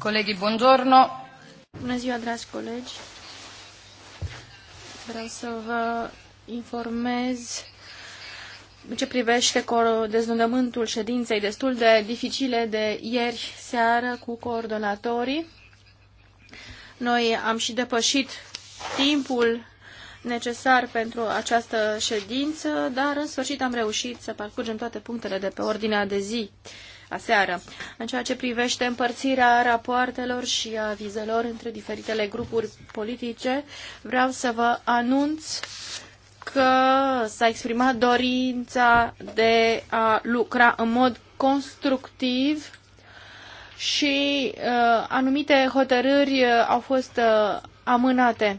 Colegi, buongiorno. Bună ziua, dragi colegi. Vreau să vă informez în ce privește deznodământul ședinței destul de dificile de ieri seară cu coordonatorii. Noi am și depășit timpul necesar pentru această ședință, dar în sfârșit am reușit să parcurgem toate punctele de pe ordinea de zi. Uh, aseară. În ceea ce privește împărțirea rapoartelor și a vizelor între diferitele grupuri politice, vreau să vă anunț că s-a exprimat dorința de a lucra în mod constructiv și uh, anumite hotărâri uh, au fost uh, amânate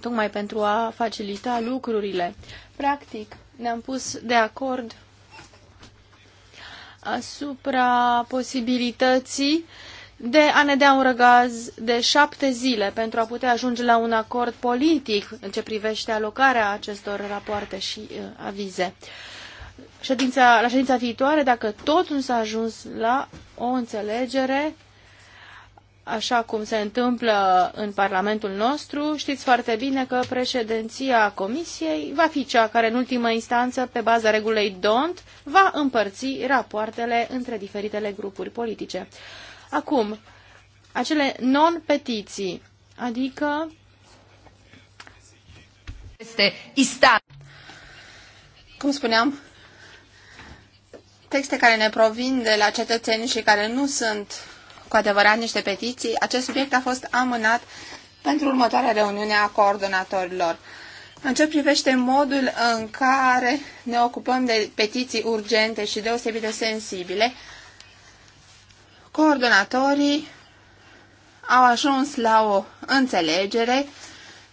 tocmai pentru a facilita lucrurile. Practic, ne-am pus de acord asupra posibilității de a ne dea un răgaz de șapte zile pentru a putea ajunge la un acord politic în ce privește alocarea acestor rapoarte și uh, avize. Ședința, la ședința viitoare, dacă tot nu s-a ajuns la o înțelegere, așa cum se întâmplă în Parlamentul nostru, știți foarte bine că președinția Comisiei va fi cea care, în ultimă instanță, pe baza regulei DONT, va împărți rapoartele între diferitele grupuri politice. Acum, acele non-petiții, adică... Este istat. Cum spuneam, texte care ne provin de la cetățeni și care nu sunt cu adevărat niște petiții, acest subiect a fost amânat pentru următoarea reuniune a coordonatorilor. În ce privește modul în care ne ocupăm de petiții urgente și deosebit de sensibile, coordonatorii au ajuns la o înțelegere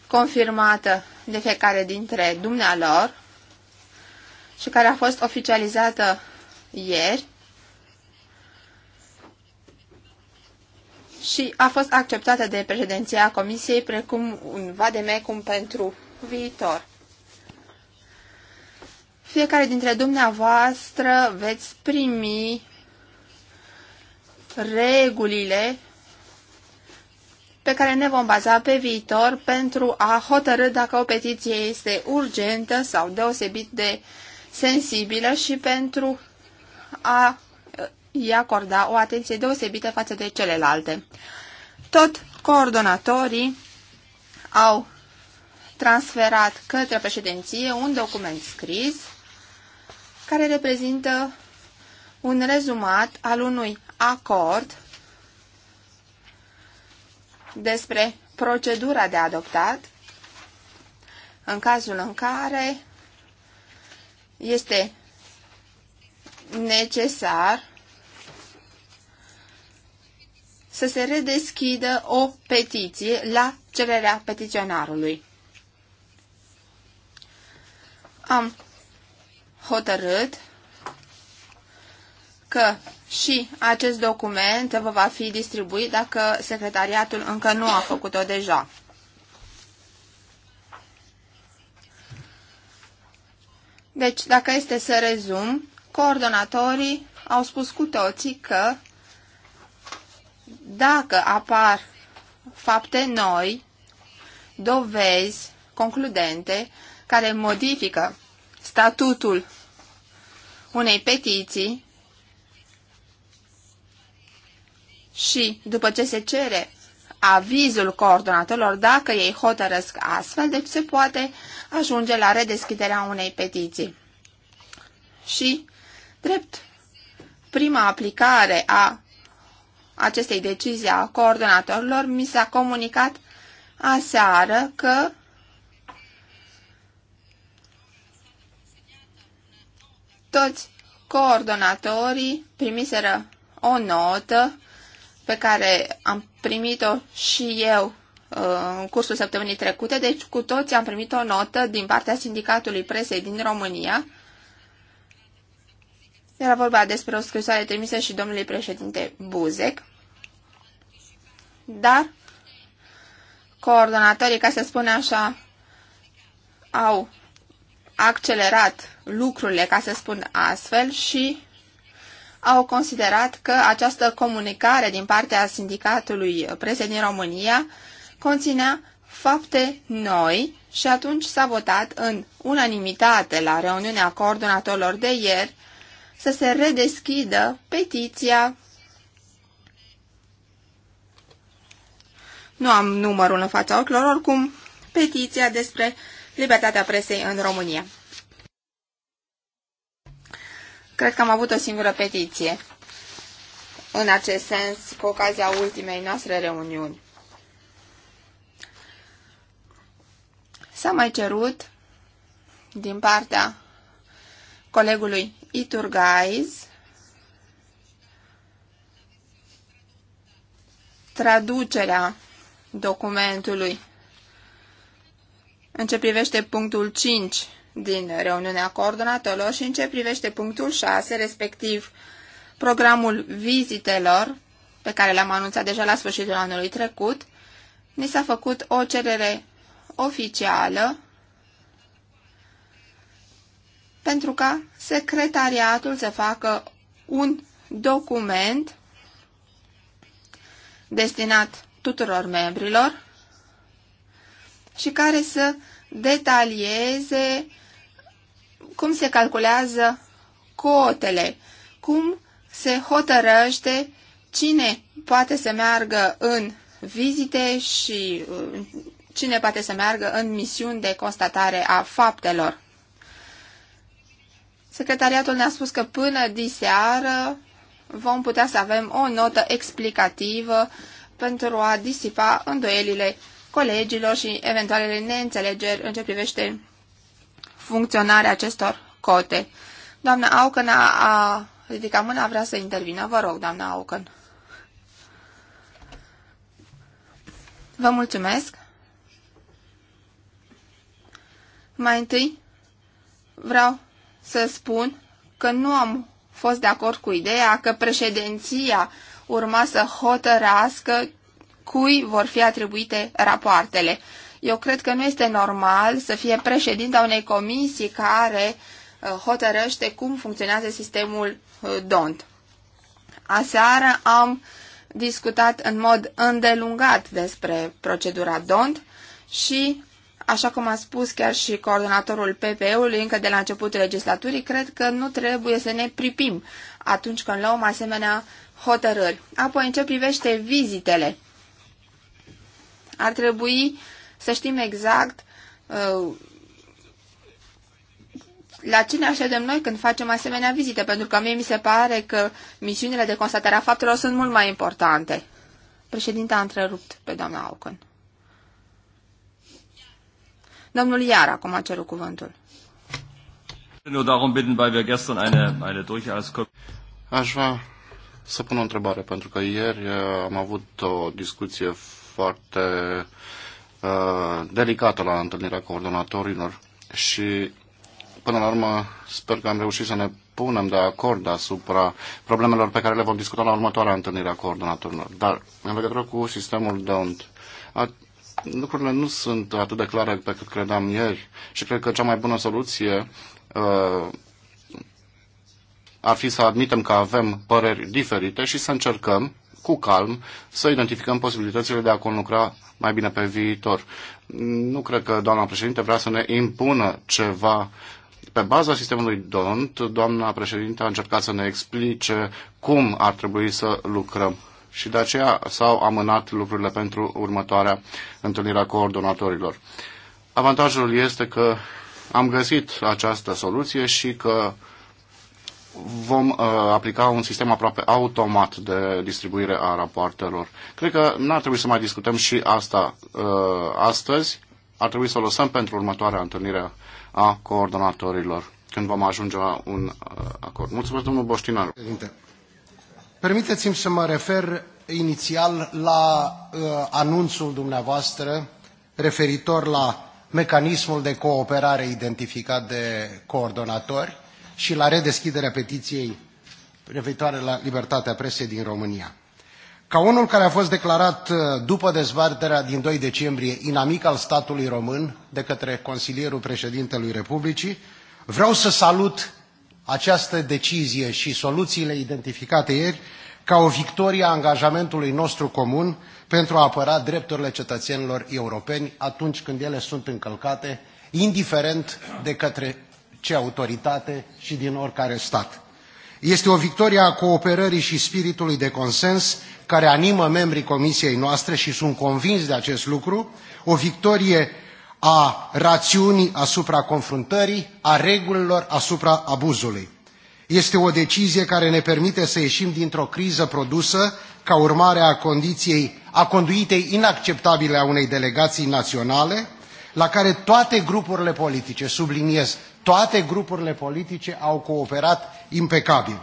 confirmată de fiecare dintre dumnealor și care a fost oficializată ieri și a fost acceptată de președinția Comisiei precum un vademecum pentru viitor. Fiecare dintre dumneavoastră veți primi regulile pe care ne vom baza pe viitor pentru a hotărâ dacă o petiție este urgentă sau deosebit de sensibilă și pentru a îi acorda o atenție deosebită față de celelalte. Tot coordonatorii au transferat către președinție un document scris care reprezintă un rezumat al unui acord despre procedura de adoptat în cazul în care este necesar să se redeschidă o petiție la cererea petiționarului. Am hotărât că și acest document vă va fi distribuit dacă secretariatul încă nu a făcut-o deja. Deci, dacă este să rezum, coordonatorii au spus cu toții că dacă apar fapte noi, dovezi concludente care modifică statutul unei petiții și după ce se cere avizul coordonatorilor, dacă ei hotărăsc astfel, deci se poate ajunge la redeschiderea unei petiții. Și, drept, prima aplicare a acestei decizii a coordonatorilor, mi s-a comunicat aseară că toți coordonatorii primiseră o notă pe care am primit-o și eu uh, în cursul săptămânii trecute, deci cu toți am primit o notă din partea Sindicatului Presei din România, era vorba despre o scrisoare trimisă și domnului președinte Buzek, dar coordonatorii, ca să spun așa, au accelerat lucrurile, ca să spun astfel, și au considerat că această comunicare din partea Sindicatului Presei din România conținea fapte noi și atunci s-a votat în unanimitate la reuniunea coordonatorilor de ieri să se redeschidă petiția. Nu am numărul în fața ochilor, oricum, petiția despre libertatea presei în România. Cred că am avut o singură petiție în acest sens cu ocazia ultimei noastre reuniuni. S-a mai cerut din partea colegului guys. traducerea documentului în ce privește punctul 5 din reuniunea coordonatorilor și în ce privește punctul 6, respectiv programul vizitelor, pe care l-am anunțat deja la sfârșitul anului trecut, ni s-a făcut o cerere oficială pentru ca secretariatul să facă un document destinat tuturor membrilor și care să detalieze cum se calculează cotele, cum se hotărăște cine poate să meargă în vizite și uh, cine poate să meargă în misiuni de constatare a faptelor. Secretariatul ne-a spus că până diseară vom putea să avem o notă explicativă pentru a disipa îndoielile colegilor și eventualele neînțelegeri în ce privește funcționarea acestor cote. Doamna Aucăn a ridicat mâna, vrea să intervină. Vă rog, doamna Aucăn. Vă mulțumesc. Mai întâi vreau să spun că nu am fost de acord cu ideea că președinția urma să hotărească cui vor fi atribuite rapoartele. Eu cred că nu este normal să fie președinta unei comisii care uh, hotărăște cum funcționează sistemul uh, DONT. Aseară am discutat în mod îndelungat despre procedura DONT și Așa cum a spus chiar și coordonatorul PPE-ului încă de la începutul legislaturii, cred că nu trebuie să ne pripim atunci când luăm asemenea hotărâri. Apoi, în ce privește vizitele, ar trebui să știm exact uh, la ce ne așteptăm noi când facem asemenea vizite, pentru că mie mi se pare că misiunile de constatare a faptelor sunt mult mai importante. Președinte a întrerupt pe doamna Aucăn. Domnul Iar, acum a cerut cuvântul. Aș vrea să pun o întrebare, pentru că ieri uh, am avut o discuție foarte uh, delicată la întâlnirea coordonatorilor și până la urmă sper că am reușit să ne punem de acord asupra problemelor pe care le vom discuta la următoarea întâlnire a coordonatorilor. Dar în legătură cu sistemul DONT, lucrurile nu sunt atât de clare pe cât credeam ieri și cred că cea mai bună soluție uh, ar fi să admitem că avem păreri diferite și să încercăm cu calm să identificăm posibilitățile de a conlucra mai bine pe viitor. Nu cred că doamna președinte vrea să ne impună ceva pe baza sistemului DONT, doamna președinte a încercat să ne explice cum ar trebui să lucrăm și de aceea s-au amânat lucrurile pentru următoarea întâlnire a coordonatorilor. Avantajul este că am găsit această soluție și că vom uh, aplica un sistem aproape automat de distribuire a rapoartelor. Cred că n-ar trebui să mai discutăm și asta uh, astăzi. Ar trebui să o lăsăm pentru următoarea întâlnire a coordonatorilor, când vom ajunge la un uh, acord. Mulțumesc, domnul Boștinaru. Permiteți-mi să mă refer inițial la uh, anunțul dumneavoastră referitor la mecanismul de cooperare identificat de coordonatori și la redeschiderea petiției referitoare la libertatea presei din România. Ca unul care a fost declarat uh, după dezbaterea din 2 decembrie inamic al statului român de către consilierul președintelui Republicii, vreau să salut această decizie și soluțiile identificate ieri ca o victorie a angajamentului nostru comun pentru a apăra drepturile cetățenilor europeni atunci când ele sunt încălcate, indiferent de către ce autoritate și din oricare stat. Este o victorie a cooperării și spiritului de consens care animă membrii comisiei noastre și sunt convins de acest lucru, o victorie a rațiunii asupra confruntării, a regulilor asupra abuzului. Este o decizie care ne permite să ieșim dintr-o criză produsă ca urmare a condiției, a conduitei inacceptabile a unei delegații naționale, la care toate grupurile politice, subliniez, toate grupurile politice au cooperat impecabil.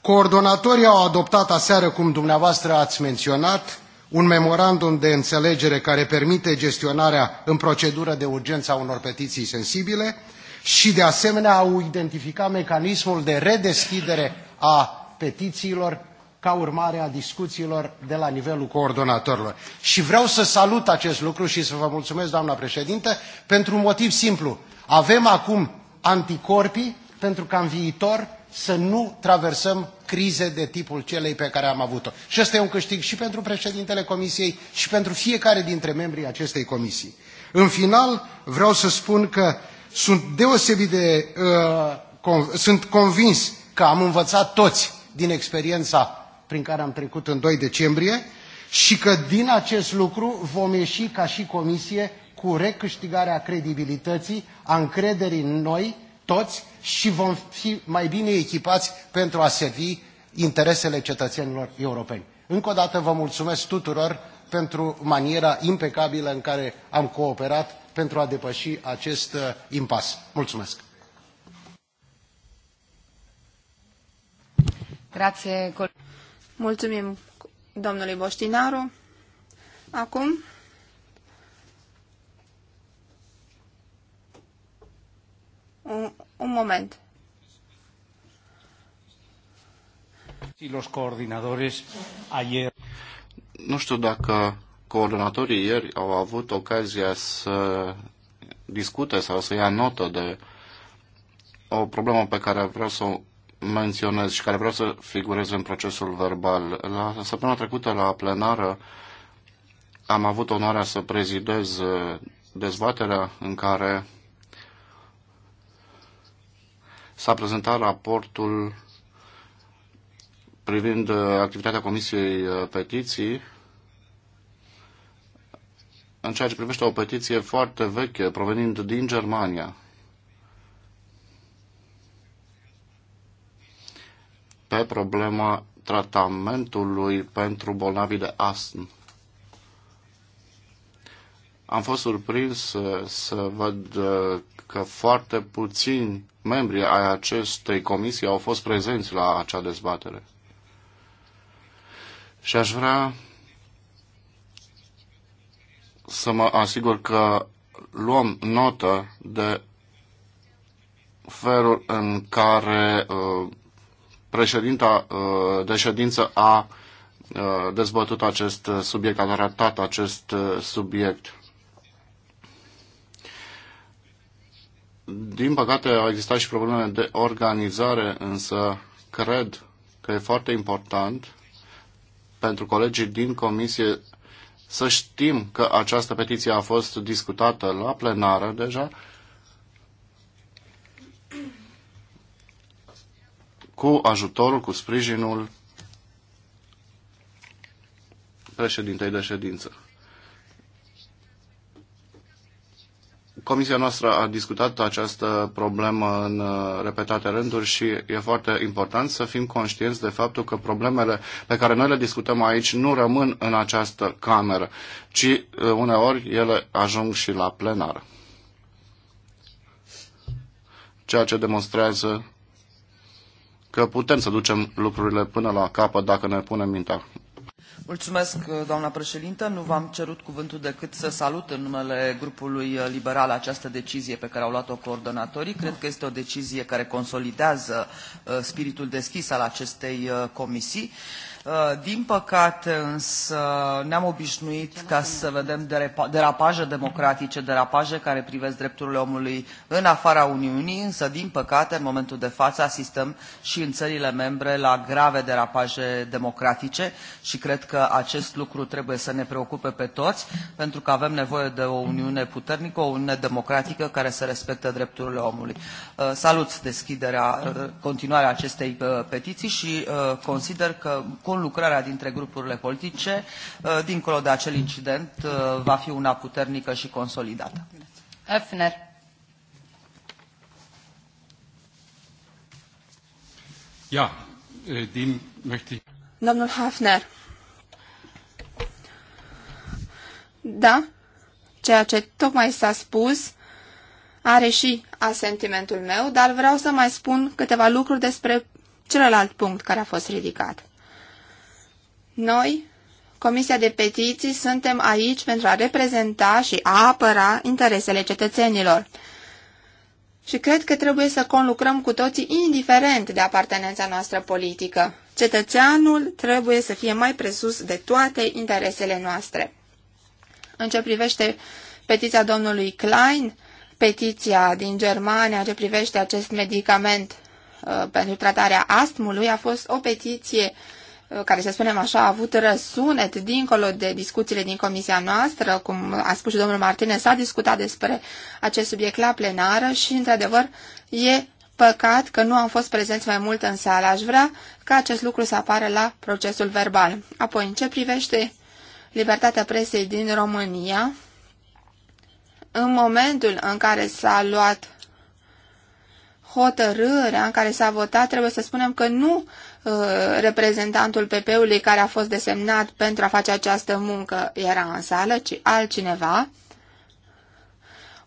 Coordonatorii au adoptat aseară, cum dumneavoastră ați menționat, un memorandum de înțelegere care permite gestionarea în procedură de urgență a unor petiții sensibile și, de asemenea, au identificat mecanismul de redeschidere a petițiilor ca urmare a discuțiilor de la nivelul coordonatorilor. Și vreau să salut acest lucru și să vă mulțumesc, doamna președinte, pentru un motiv simplu. Avem acum anticorpii pentru ca în viitor să nu traversăm crize de tipul celei pe care am avut-o. Și ăsta e un câștig și pentru președintele Comisiei și pentru fiecare dintre membrii acestei comisii. În final, vreau să spun că sunt deosebit de... Uh, con, sunt convins că am învățat toți din experiența prin care am trecut în 2 decembrie și că din acest lucru vom ieși ca și comisie cu recâștigarea credibilității, a încrederii în noi, toți, și vom fi mai bine echipați pentru a servi interesele cetățenilor europeni. Încă o dată vă mulțumesc tuturor pentru maniera impecabilă în care am cooperat pentru a depăși acest uh, impas. Mulțumesc! Grație. Mulțumim domnului Boștinaru. Acum un moment. Los coordinadores ayer. Nu știu dacă coordonatorii ieri au avut ocazia să discute sau să ia notă de o problemă pe care vreau să o menționez și care vreau să figureze în procesul verbal. La săptămâna trecută, la plenară, am avut onoarea să prezidez dezbaterea în care s-a prezentat raportul privind uh, activitatea Comisiei uh, Petiții în ceea ce privește o petiție foarte veche provenind din Germania. pe problema tratamentului pentru bolnavi de astm. Am fost surprins să, văd uh, că foarte puțini membri ai acestei comisii au fost prezenți la acea dezbatere. Și aș vrea să mă asigur că luăm notă de felul în care uh, președinta uh, de ședință a dezbătut acest subiect, a tratat acest subiect. Din păcate au existat și probleme de organizare, însă cred că e foarte important pentru colegii din comisie să știm că această petiție a fost discutată la plenară deja cu ajutorul, cu sprijinul președintei de ședință. Comisia noastră a discutat această problemă în uh, repetate rânduri și e foarte important să fim conștienți de faptul că problemele pe care noi le discutăm aici nu rămân în această cameră, ci uh, uneori ele ajung și la plenar. Ceea ce demonstrează că putem să ducem lucrurile până la capăt dacă ne punem mintea Mulțumesc, uh, doamna președintă. Nu v-am cerut cuvântul decât să salut în numele grupului uh, liberal această decizie pe care au luat-o coordonatorii. Cred că este o decizie care consolidează uh, spiritul deschis al acestei comisii. Uh, din păcate însă ne-am obișnuit ca să vedem derapaje democratice, derapaje care privesc drepturile omului în afara Uniunii, însă din păcate în momentul de față asistăm și în țările membre la grave derapaje democratice și cred că acest lucru trebuie să ne preocupe pe toți pentru că avem nevoie de o Uniune puternică, o Uniune democratică care să respecte drepturile omului. Uh, salut deschiderea, uh, continuarea acestei petiții și consider că lucrarea dintre grupurile politice, uh, dincolo de acel incident, uh, va fi una puternică și consolidată. Öfner. Ja, äh, dem möchte ich... Domnul Hafner. Da, ceea ce tocmai s-a spus are și asentimentul meu, dar vreau să mai spun câteva lucruri despre celălalt punct care a fost ridicat. Noi, Comisia de Petiții, suntem aici pentru a reprezenta și a apăra interesele cetățenilor. Și cred că trebuie să conlucrăm cu toții indiferent de apartenența noastră politică. Cetățeanul trebuie să fie mai presus de toate interesele noastre. În ce privește petiția domnului Klein, petiția din Germania ce privește acest medicament uh, pentru tratarea astmului a fost o petiție uh, Uh, care, să spunem așa, a avut răsunet dincolo de discuțiile din comisia noastră, cum a spus și domnul Martine, s-a discutat despre acest subiect la plenară și, într-adevăr, e păcat că nu am fost prezenți mai mult în sală. Aș vrea ca acest lucru să apară la procesul verbal. Apoi, în ce privește libertatea presei din România, în momentul în care s-a luat hotărârea, în care s-a votat, trebuie să spunem că nu Uh, reprezentantul PP-ului care a fost desemnat pentru a face această muncă era în sală, ci altcineva,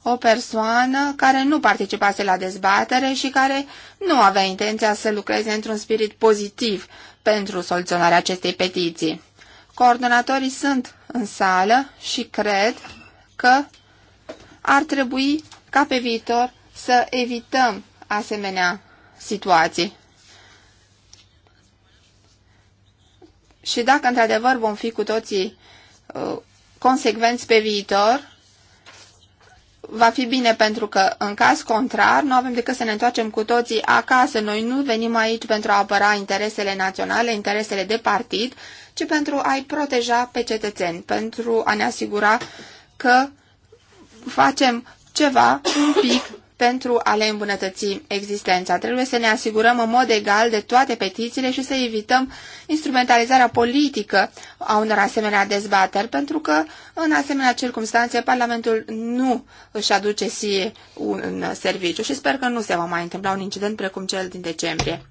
o persoană care nu participase la dezbatere și care nu avea intenția să lucreze într-un spirit pozitiv pentru soluționarea acestei petiții. Coordonatorii sunt în sală și cred că ar trebui ca pe viitor să evităm asemenea situații. și dacă într-adevăr vom fi cu toții uh, consecvenți pe viitor, va fi bine pentru că, în caz contrar, nu avem decât să ne întoarcem cu toții acasă. Noi nu venim aici pentru a apăra interesele naționale, interesele de partid, ci pentru a-i proteja pe cetățeni, pentru a ne asigura că facem ceva un pic pentru a le îmbunătăți existența. Trebuie să ne asigurăm în mod egal de toate petițiile și să evităm instrumentalizarea politică a unor asemenea dezbateri, pentru că în asemenea circunstanțe Parlamentul nu își aduce si un serviciu și sper că nu se va mai întâmpla un incident precum cel din decembrie.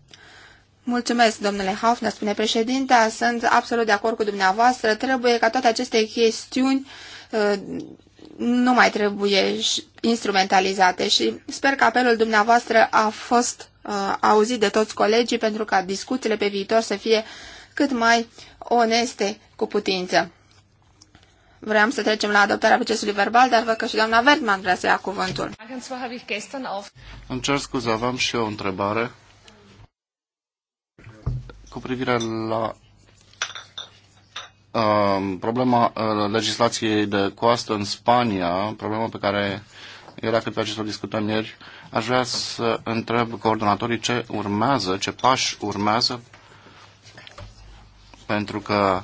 Mulțumesc, domnule Haufner, spune președinta, sunt absolut de acord cu dumneavoastră, trebuie ca toate aceste chestiuni uh, nu mai trebuie instrumentalizate și sper că apelul dumneavoastră a fost uh, auzit de toți colegii pentru ca discuțiile pe viitor să fie cât mai oneste cu putință. Vreau să trecem la adoptarea procesului verbal, dar văd că și doamna Verdman vrea să ia cuvântul. Îmi cer scuze, aveam și eu o întrebare cu privire la Um, problema uh, legislației de coastă în Spania, problema pe care era dacă pe acest o discutăm ieri, aș vrea să întreb coordonatorii ce urmează, ce pași urmează, pentru că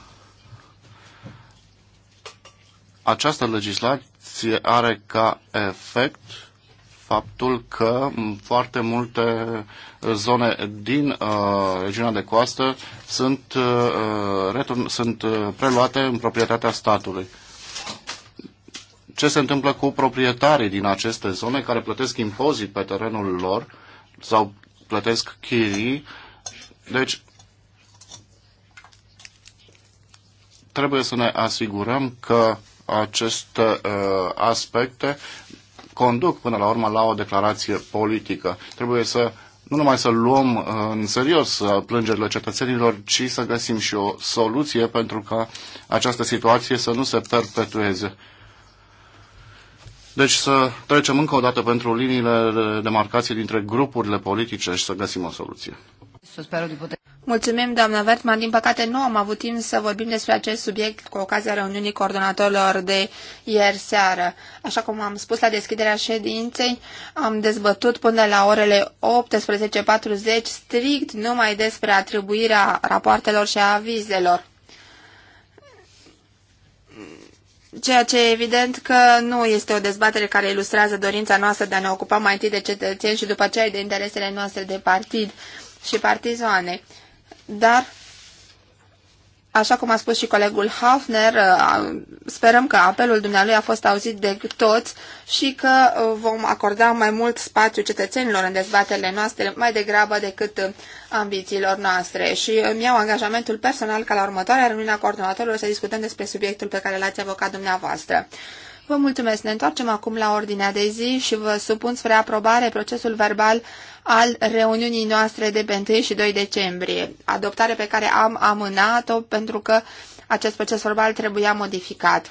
această legislație are ca efect faptul că foarte multe zone din uh, regiunea de coastă sunt, uh, return, sunt uh, preluate în proprietatea statului. Ce se întâmplă cu proprietarii din aceste zone care plătesc impozit pe terenul lor sau plătesc chirii? Deci, trebuie să ne asigurăm că aceste uh, aspecte conduc până la urmă la o declarație politică. Trebuie să nu numai să luăm uh, în serios uh, plângerile cetățenilor, ci să găsim și o soluție pentru ca această situație să nu se perpetueze. Deci să trecem încă o dată pentru liniile de demarcație dintre grupurile politice și să găsim o soluție. Mulțumim, doamnă Vertman. Din păcate nu am avut timp să vorbim despre acest subiect cu ocazia reuniunii coordonatorilor de ieri seară. Așa cum am spus la deschiderea ședinței, am dezbătut până la orele 18.40 strict numai despre atribuirea rapoartelor și a avizelor. Ceea ce e evident că nu este o dezbatere care ilustrează dorința noastră de a ne ocupa mai întâi de cetățeni și după aceea de interesele noastre de partid și partizoane dar Așa cum a spus și colegul Hafner, uh, sperăm că apelul dumnealui a fost auzit de toți și că uh, vom acorda mai mult spațiu cetățenilor în dezbaterile noastre, mai degrabă decât uh, ambițiilor noastre. Și îmi iau angajamentul personal ca la următoarea reuniune a coordonatorilor să discutăm despre subiectul pe care l-ați avocat dumneavoastră. Vă mulțumesc. Ne întoarcem acum la ordinea de zi și vă supun spre aprobare procesul verbal al reuniunii noastre de pe 1 și 2 decembrie, adoptare pe care am amânat-o pentru că acest proces verbal trebuia modificat.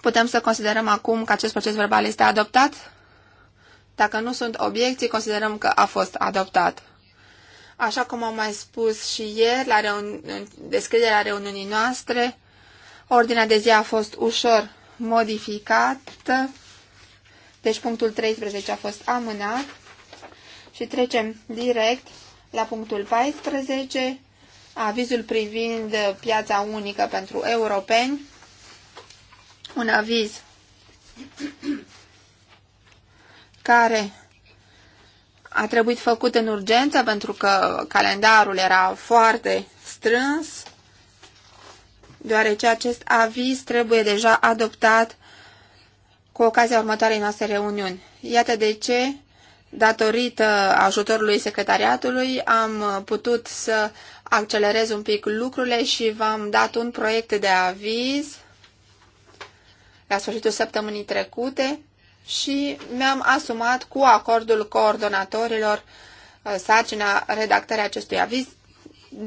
Putem să considerăm acum că acest proces verbal este adoptat? Dacă nu sunt obiecții, considerăm că a fost adoptat. Așa cum am mai spus și ieri, la reun... descrierea reuniunii noastre, ordinea de zi a fost ușor modificată, deci punctul 13 a fost amânat și trecem direct la punctul 14, avizul privind piața unică pentru europeni. Un aviz care a trebuit făcut în urgență pentru că calendarul era foarte strâns, deoarece acest aviz trebuie deja adoptat cu ocazia următoarei noastre reuniuni. Iată de ce datorită ajutorului secretariatului, am putut să accelerez un pic lucrurile și v-am dat un proiect de aviz la sfârșitul săptămânii trecute și mi-am asumat cu acordul coordonatorilor uh, sarcina redactării acestui aviz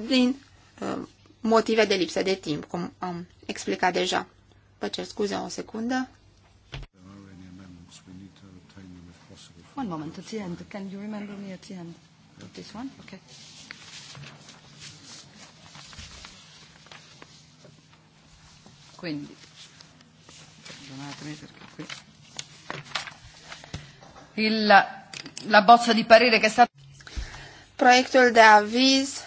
din uh, motive de lipsă de timp, cum am explicat deja. Vă cer scuze o secundă. One moment, at the end. Can you remember me at the end of this one? Okay. Quindi, Il, la bozza di parere che è stata... Proiectul de aviz,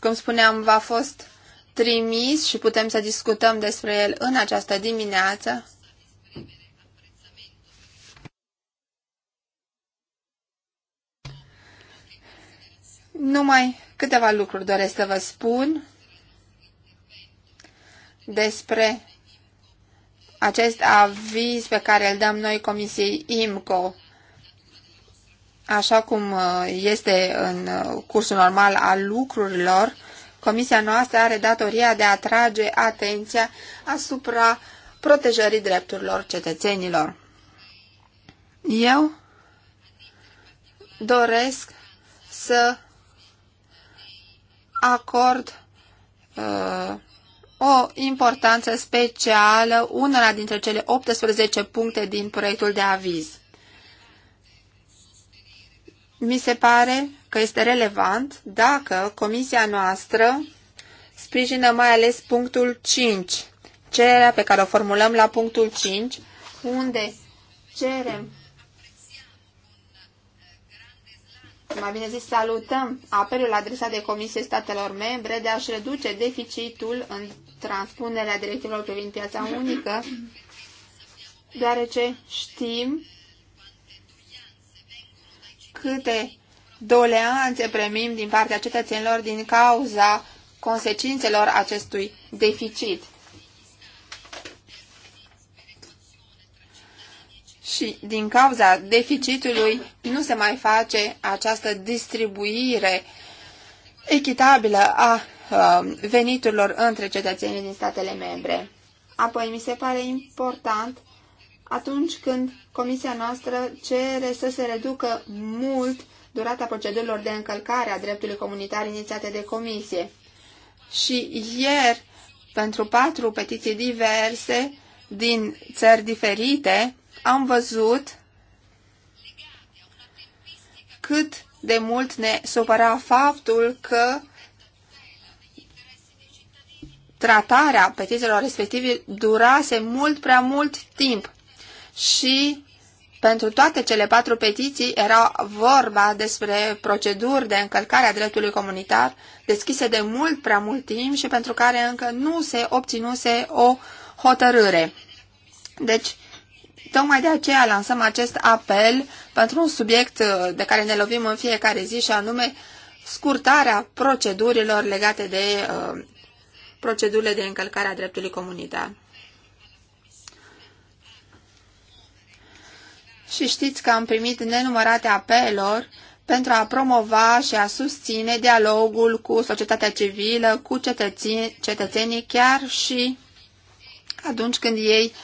cum spuneam, va fost trimis și putem să discutăm despre el în această dimineață. Numai câteva lucruri doresc să vă spun despre acest aviz pe care îl dăm noi Comisiei IMCO, așa cum uh, este în uh, cursul normal al lucrurilor, Comisia noastră are datoria de a atrage atenția asupra protejării drepturilor cetățenilor. Eu doresc să acord uh, o importanță specială unora dintre cele 18 puncte din proiectul de aviz. Mi se pare că este relevant dacă comisia noastră sprijină mai ales punctul 5, cererea pe care o formulăm la punctul 5, unde cerem mai bine zis, salutăm apelul adresat de Comisie statelor membre de a-și reduce deficitul în transpunerea directivelor privind piața unică, deoarece știm câte doleanțe primim din partea cetățenilor din cauza consecințelor acestui deficit. și din cauza deficitului nu se mai face această distribuire echitabilă a um, veniturilor între cetățenii din statele membre. Apoi, mi se pare important atunci când comisia noastră cere să se reducă mult durata procedurilor de încălcare a dreptului comunitar inițiate de comisie. Și ieri, pentru patru petiții diverse din țări diferite, am văzut cât de mult ne supăra faptul că tratarea petițiilor respective durase mult prea mult timp și pentru toate cele patru petiții era vorba despre proceduri de încălcare a dreptului comunitar deschise de mult prea mult timp și pentru care încă nu se obținuse o hotărâre. Deci, Tocmai de aceea lansăm acest apel pentru un subiect uh, de care ne lovim în fiecare zi și anume scurtarea procedurilor legate de uh, procedurile de încălcare a dreptului comunitar. Și știți că am primit nenumărate apeluri pentru a promova și a susține dialogul cu societatea civilă, cu cetățenii, cetățenii chiar și atunci când ei uh,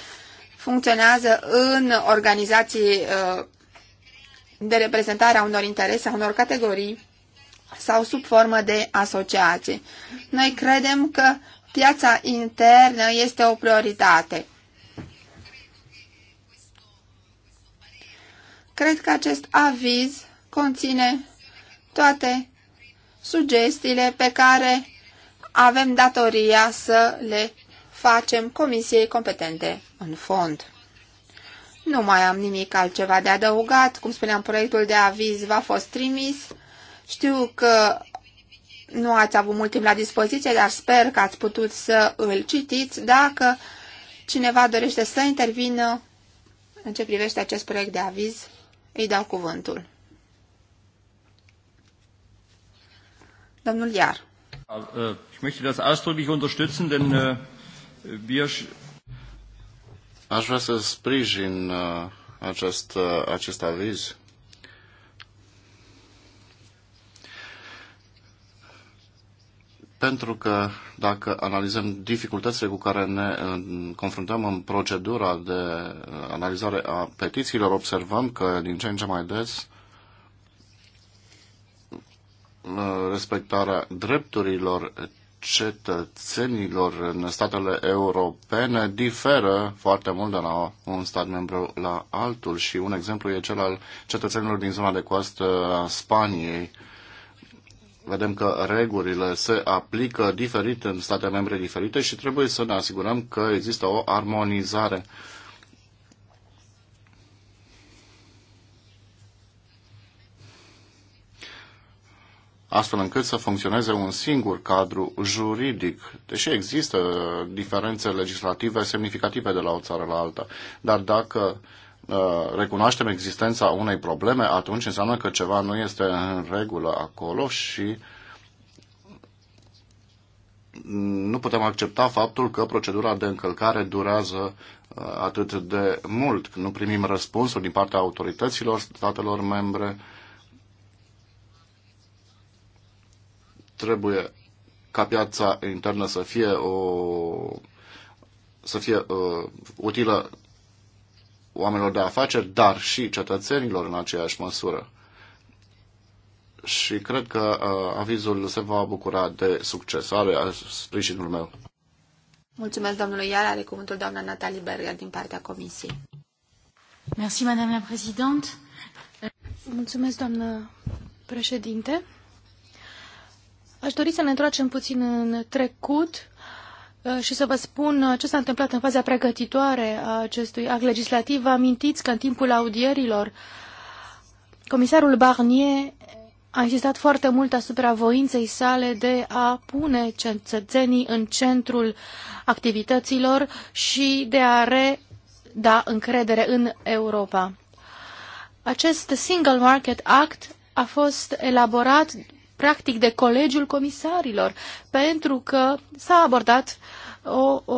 funcționează în organizații uh, de reprezentare a unor interese, a unor categorii sau sub formă de asociații. Noi credem că piața internă este o prioritate. Cred că acest aviz conține toate sugestiile pe care avem datoria să le facem comisiei competente în fond. Nu mai am nimic altceva de adăugat. Cum spuneam, proiectul de aviz v-a fost trimis. Știu că nu ați avut mult timp la dispoziție, dar sper că ați putut să îl citiți. Dacă cineva dorește să intervină în ce privește acest proiect de aviz, îi dau cuvântul. Domnul Iar. Äh, ich möchte das ausdrücklich unterstützen, denn äh, Aș vrea să sprijin uh, acest, uh, acest aviz. Pentru că dacă analizăm dificultățile cu care ne uh, confruntăm în procedura de analizare a petițiilor, observăm că din ce în ce mai des respectarea drepturilor cetățenilor în statele europene diferă foarte mult de la un stat membru la altul și un exemplu e cel al cetățenilor din zona de coastă a Spaniei. Vedem că regulile se aplică diferit în state membre diferite și trebuie să ne asigurăm că există o armonizare astfel încât să funcționeze un singur cadru juridic, deși există diferențe legislative semnificative de la o țară la alta. Dar dacă uh, recunoaștem existența unei probleme, atunci înseamnă că ceva nu este în regulă acolo și nu putem accepta faptul că procedura de încălcare durează uh, atât de mult. Nu primim răspunsuri din partea autorităților statelor membre, trebuie ca piața internă să fie o să fie uh, utilă oamenilor de afaceri, dar și cetățenilor în aceeași măsură. Și cred că uh, avizul se va bucura de succes. Are sprijinul meu. Mulțumesc, domnului Iar. Are cuvântul doamna Natalie Berger din partea Comisiei. madame la Mulțumesc, doamnă președinte. Aș dori să ne întoarcem puțin în trecut uh, și să vă spun uh, ce s-a întâmplat în faza pregătitoare a acestui act legislativ. Vă amintiți că în timpul audierilor comisarul Barnier a insistat foarte mult asupra voinței sale de a pune cetățenii în centrul activităților și de a reda încredere în Europa. Acest Single Market Act a fost elaborat practic de colegiul comisarilor, pentru că s-a abordat o, o,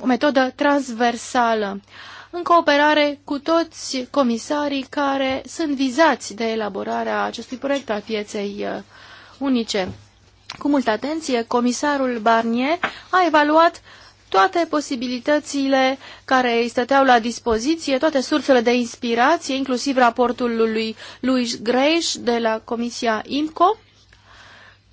o metodă transversală în cooperare cu toți comisarii care sunt vizați de elaborarea acestui proiect al pieței uh, unice. Cu multă atenție, comisarul Barnier a evaluat uh, toate posibilitățile care îi stăteau la dispoziție, toate sursele de inspirație, inclusiv raportul lui Luis Greiș de la Comisia IMCO,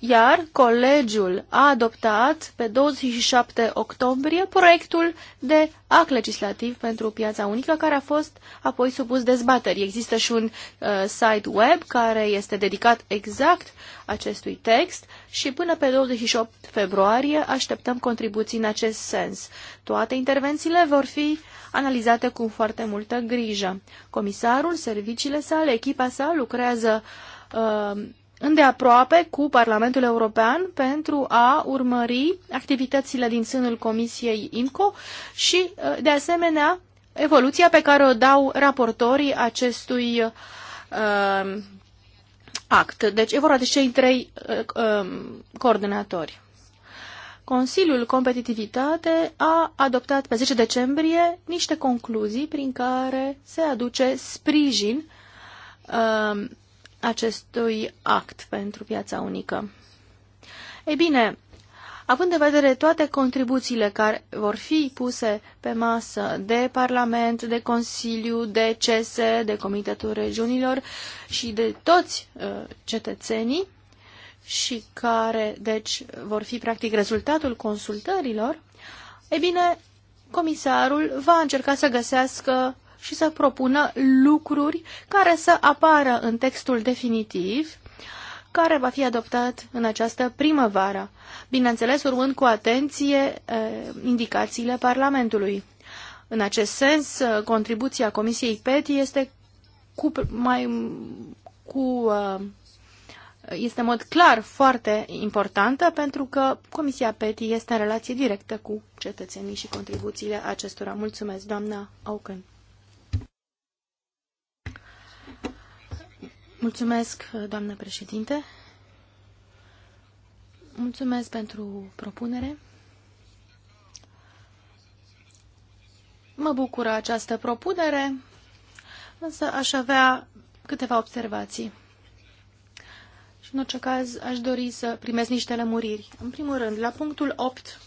iar colegiul a adoptat pe 27 octombrie proiectul de act legislativ pentru piața unică, care a fost apoi supus dezbaterii. Există și un uh, site web care este dedicat exact acestui text și până pe 28 februarie așteptăm contribuții în acest sens. Toate intervențiile vor fi analizate cu foarte multă grijă. Comisarul, serviciile sale, echipa sa lucrează uh, îndeaproape cu Parlamentul European pentru a urmări activitățile din sânul Comisiei IMCO și, uh, de asemenea, evoluția pe care o dau raportorii acestui uh, act. Deci e vorba de cei trei uh, um, coordonatori. Consiliul Competitivitate a adoptat pe 10 decembrie niște concluzii prin care se aduce sprijin uh, acestui act pentru piața unică. Ei bine, având în vedere toate contribuțiile care vor fi puse pe masă de Parlament, de Consiliu, de CESE, de Comitetul Regiunilor și de toți uh, cetățenii și care, deci, vor fi practic rezultatul consultărilor, e bine, comisarul va încerca să găsească uh, și să propună lucruri care să apară în textul definitiv care va fi adoptat în această primăvară, bineînțeles urmând cu atenție eh, indicațiile Parlamentului. În acest sens, eh, contribuția Comisiei PETI este cu, mai, cu, eh, este în mod clar foarte importantă pentru că Comisia PETI este în relație directă cu cetățenii și contribuțiile acestora. Mulțumesc, doamna Auken. Mulțumesc, doamnă președinte. Mulțumesc pentru propunere. Mă bucură această propunere, însă aș avea câteva observații. Și în orice caz aș dori să primesc niște lămuriri. În primul rând, la punctul 8,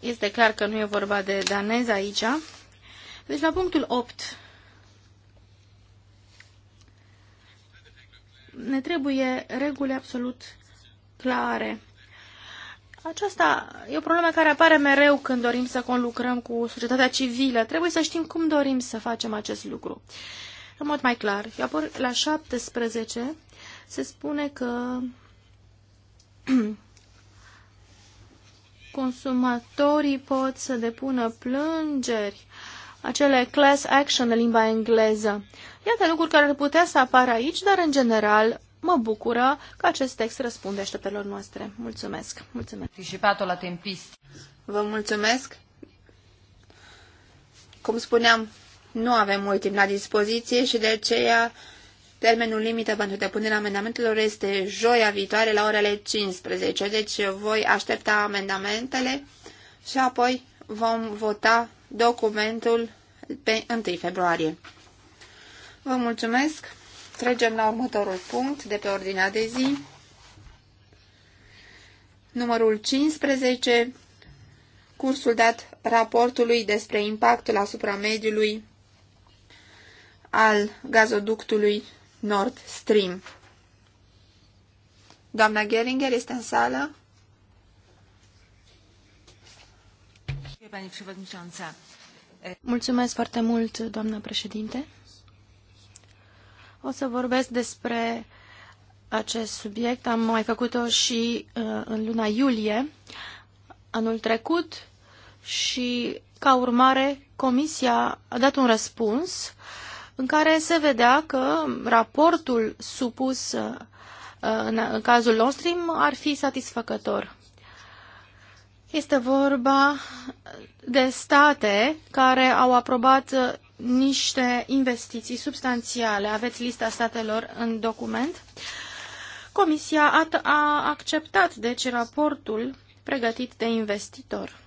este clar că nu e vorba de danez aici, deci la punctul 8 ne trebuie reguli absolut clare. Aceasta e o problemă care apare mereu când dorim să conlucrăm cu societatea civilă. Trebuie să știm cum dorim să facem acest lucru. În mod mai clar, apoi la 17 se spune că consumatorii pot să depună plângeri acele class action de limba engleză. Iată lucruri care ar putea să apară aici, dar în general mă bucură că acest text răspunde așteptărilor noastre. Mulțumesc! Mulțumesc! Anticipatul la tempist. Vă mulțumesc! Cum spuneam, nu avem mult timp la dispoziție și de aceea termenul limită pentru depunerea amendamentelor este joia viitoare la orele 15, deci voi aștepta amendamentele și apoi vom vota documentul pe 1 februarie. Vă mulțumesc! Trecem la următorul punct de pe ordinea de zi. Numărul 15. Cursul dat raportului despre impactul asupra mediului al gazoductului Nord Stream. Doamna Geringer este în sală? Mulțumesc foarte mult, doamnă președinte. O să vorbesc despre acest subiect. Am mai făcut-o și în luna iulie anul trecut și, ca urmare, Comisia a dat un răspuns în care se vedea că raportul supus în, în cazul Nord Stream ar fi satisfăcător. Este vorba de state care au aprobat uh, niște investiții substanțiale. Aveți lista statelor în document. Comisia a, a acceptat, deci, raportul pregătit de investitor.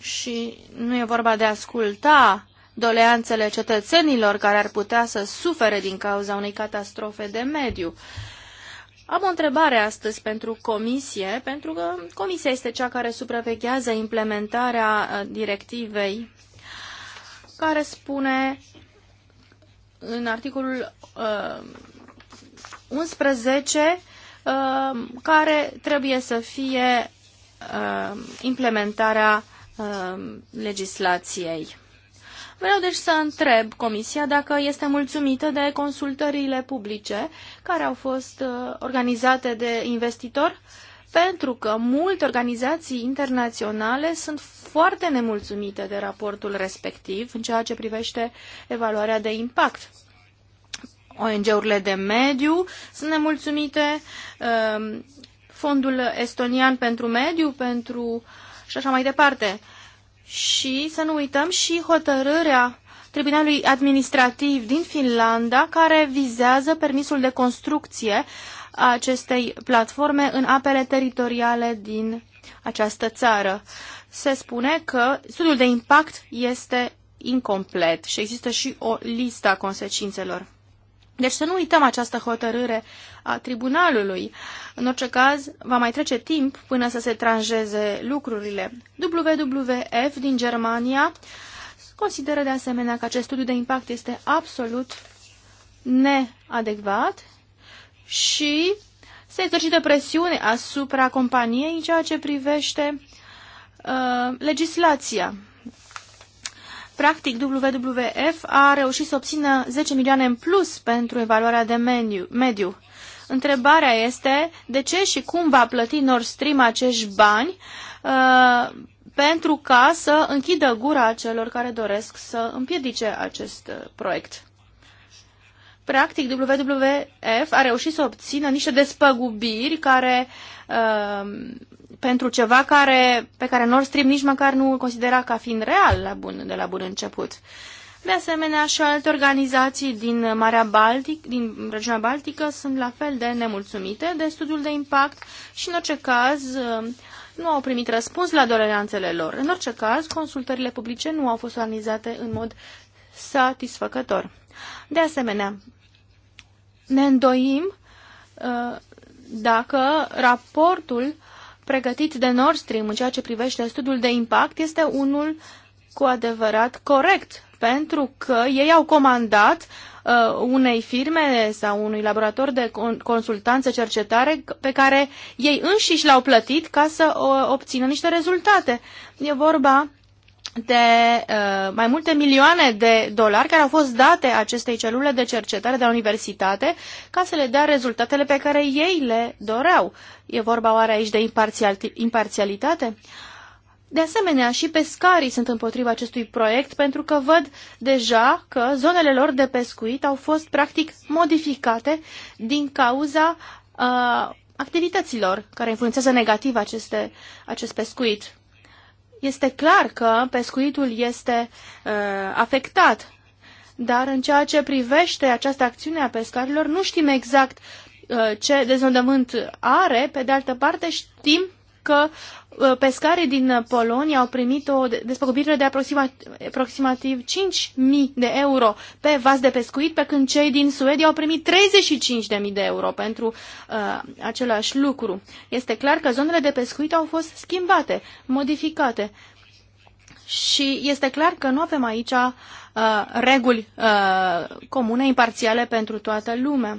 Și nu e vorba de a asculta doleanțele cetățenilor care ar putea să sufere din cauza unei catastrofe de mediu. Uh, am o întrebare astăzi pentru comisie, pentru că comisia este cea care supraveghează implementarea uh, directivei care spune în articolul uh, 11 uh, care trebuie să fie uh, implementarea uh, legislației. Vreau deci să întreb Comisia dacă este mulțumită de consultările publice care au fost uh, organizate de investitor, pentru că multe organizații internaționale sunt foarte nemulțumite de raportul respectiv în ceea ce privește evaluarea de impact. ONG-urile de mediu sunt nemulțumite, um, fondul estonian pentru mediu, pentru și așa mai departe și să nu uităm și hotărârea Tribunalului Administrativ din Finlanda care vizează permisul de construcție a acestei platforme în apele teritoriale din această țară. Se spune că studiul de impact este incomplet și există și o listă a consecințelor. Deci să nu uităm această hotărâre a tribunalului. În orice caz, va mai trece timp până să se tranjeze lucrurile. WWF din Germania consideră de asemenea că acest studiu de impact este absolut neadecvat și se exercită presiune asupra companiei în ceea ce privește uh, legislația Practic, WWF a reușit să obțină 10 milioane în plus pentru evaluarea de meniu, mediu. Întrebarea este de ce și cum va plăti Nord Stream acești bani uh, pentru ca să închidă gura celor care doresc să împiedice acest uh, proiect. Practic, WWF a reușit să obțină niște despăgubiri care uh, pentru ceva care, pe care Nord Stream nici măcar nu îl considera ca fiind real la bun, de la bun început. De asemenea, și alte organizații din Marea Baltic, din regiunea Baltică sunt la fel de nemulțumite de studiul de impact și, în orice caz, nu au primit răspuns la doleanțele lor. În orice caz, consultările publice nu au fost organizate în mod satisfăcător. De asemenea, ne îndoim uh, dacă raportul pregătit de Nord Stream în ceea ce privește studiul de impact este unul cu adevărat corect, pentru că ei au comandat uh, unei firme sau unui laborator de con- consultanță cercetare pe care ei înșiși l-au plătit ca să uh, obțină niște rezultate. E vorba de uh, mai multe milioane de dolari care au fost date acestei celule de cercetare de la universitate ca să le dea rezultatele pe care ei le doreau. E vorba oare aici de imparțial, imparțialitate? De asemenea, și pescarii sunt împotriva acestui proiect pentru că văd deja că zonele lor de pescuit au fost practic modificate din cauza uh, activităților care influențează negativ aceste, acest pescuit. Este clar că pescuitul este uh, afectat, dar în ceea ce privește această acțiune a pescarilor, nu știm exact uh, ce dezondământ are, pe de altă parte știm că Uh, pescare din Polonia au primit o despăgubire de aproximativ 5.000 de euro pe vas de pescuit, pe când cei din Suedia au primit 35.000 de euro pentru uh, același lucru. Este clar că zonele de pescuit au fost schimbate, modificate. Și este clar că nu avem aici uh, reguli uh, comune, imparțiale pentru toată lumea.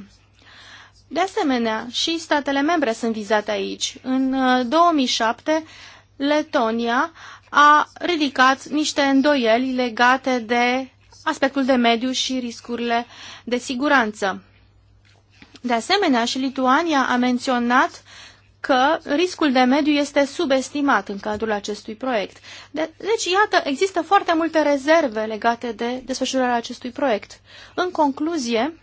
De asemenea, și statele membre sunt vizate aici. În 2007, uh, Letonia a ridicat niște îndoieli legate de aspectul de mediu și riscurile de siguranță. De asemenea, și Lituania a menționat că riscul de mediu este subestimat în cadrul acestui proiect. De deci, iată, există foarte multe rezerve legate de desfășurarea acestui proiect. În concluzie,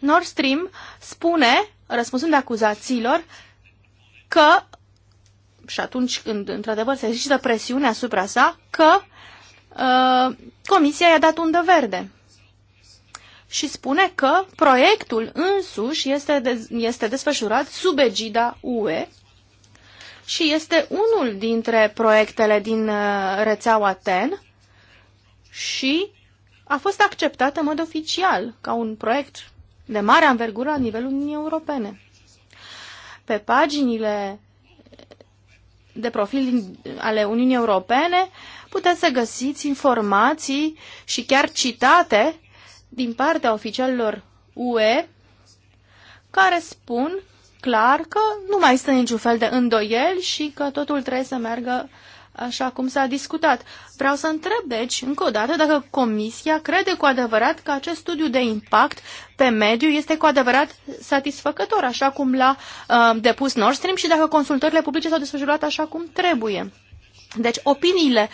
Nord Stream spune, răspunsând acuzațiilor, că, și atunci când într-adevăr se există presiune asupra sa, că uh, Comisia i-a dat undă verde și spune că proiectul însuși este, de, este desfășurat sub egida UE și este unul dintre proiectele din uh, rețeaua TEN și a fost acceptat în mod oficial ca un proiect de mare anvergură la nivelul Uniunii Europene. Pe paginile de profil ale Uniunii Europene puteți să găsiți informații și chiar citate din partea oficialilor UE care spun clar că nu mai este niciun fel de îndoieli și că totul trebuie să meargă așa cum s-a discutat. Vreau să întreb, deci, încă o dată, dacă Comisia crede cu adevărat că acest studiu de impact pe mediu este cu adevărat satisfăcător, așa cum l-a uh, depus Nord Stream și dacă consultările publice s-au desfășurat așa cum trebuie. Deci, opiniile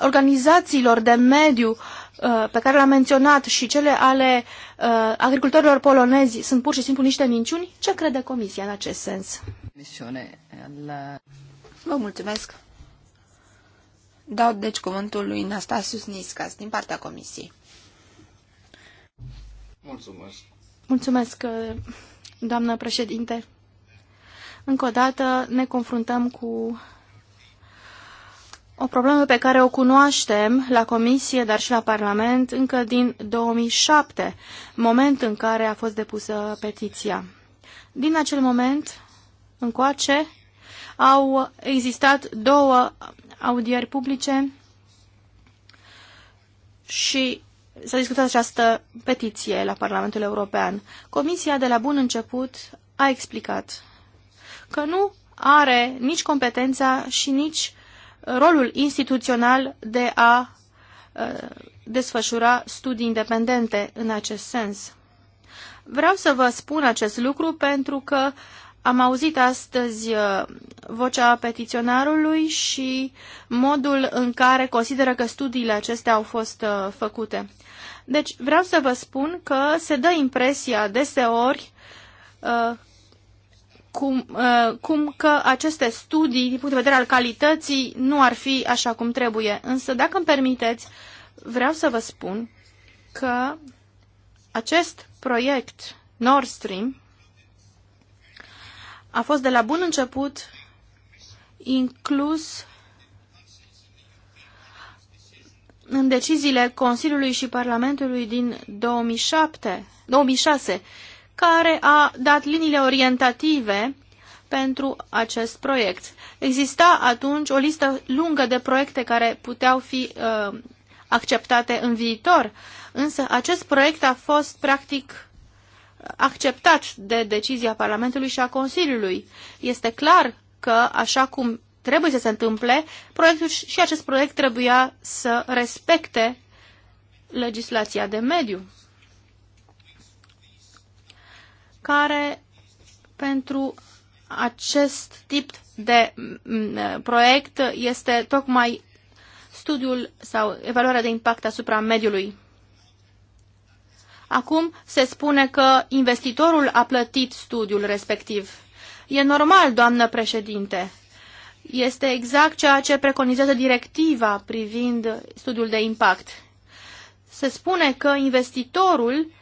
organizațiilor de mediu uh, pe care le-am menționat și cele ale uh, agricultorilor polonezi sunt pur și simplu niște minciuni? Ce crede Comisia în acest sens? Misiune la... Vă mulțumesc! Dau deci cuvântul lui Nastasius Niscas din partea comisiei. Mulțumesc. Mulțumesc, uh, doamnă președinte. Încă o dată ne confruntăm cu o problemă pe care o cunoaștem la Comisie, dar și la Parlament, încă din 2007, moment în care a fost depusă petiția. Din acel moment încoace au existat două audieri publice și s-a discutat această petiție la Parlamentul European. Comisia de la bun început a explicat că nu are nici competența și nici rolul instituțional de a uh, desfășura studii independente în acest sens. Vreau să vă spun acest lucru pentru că am auzit astăzi uh, vocea petiționarului și modul în care consideră că studiile acestea au fost uh, făcute. Deci vreau să vă spun că se dă impresia deseori uh, cum, cum că aceste studii, din punct de vedere al calității, nu ar fi așa cum trebuie. Însă, dacă îmi permiteți, vreau să vă spun că acest proiect Nord Stream a fost de la bun început inclus în deciziile Consiliului și Parlamentului din 2007, 2006, care a dat liniile orientative pentru acest proiect. Exista atunci o listă lungă de proiecte care puteau fi uh, acceptate în viitor, însă acest proiect a fost practic acceptat de decizia Parlamentului și a Consiliului. Este clar că, așa cum trebuie să se întâmple, proiectul și acest proiect trebuia să respecte legislația de mediu, care pentru acest tip de mm, proiect este tocmai studiul sau evaluarea de impact asupra mediului. Acum se spune că investitorul a plătit studiul respectiv. E normal, doamnă președinte. Este exact ceea ce preconizează directiva privind studiul de impact. Se spune că investitorul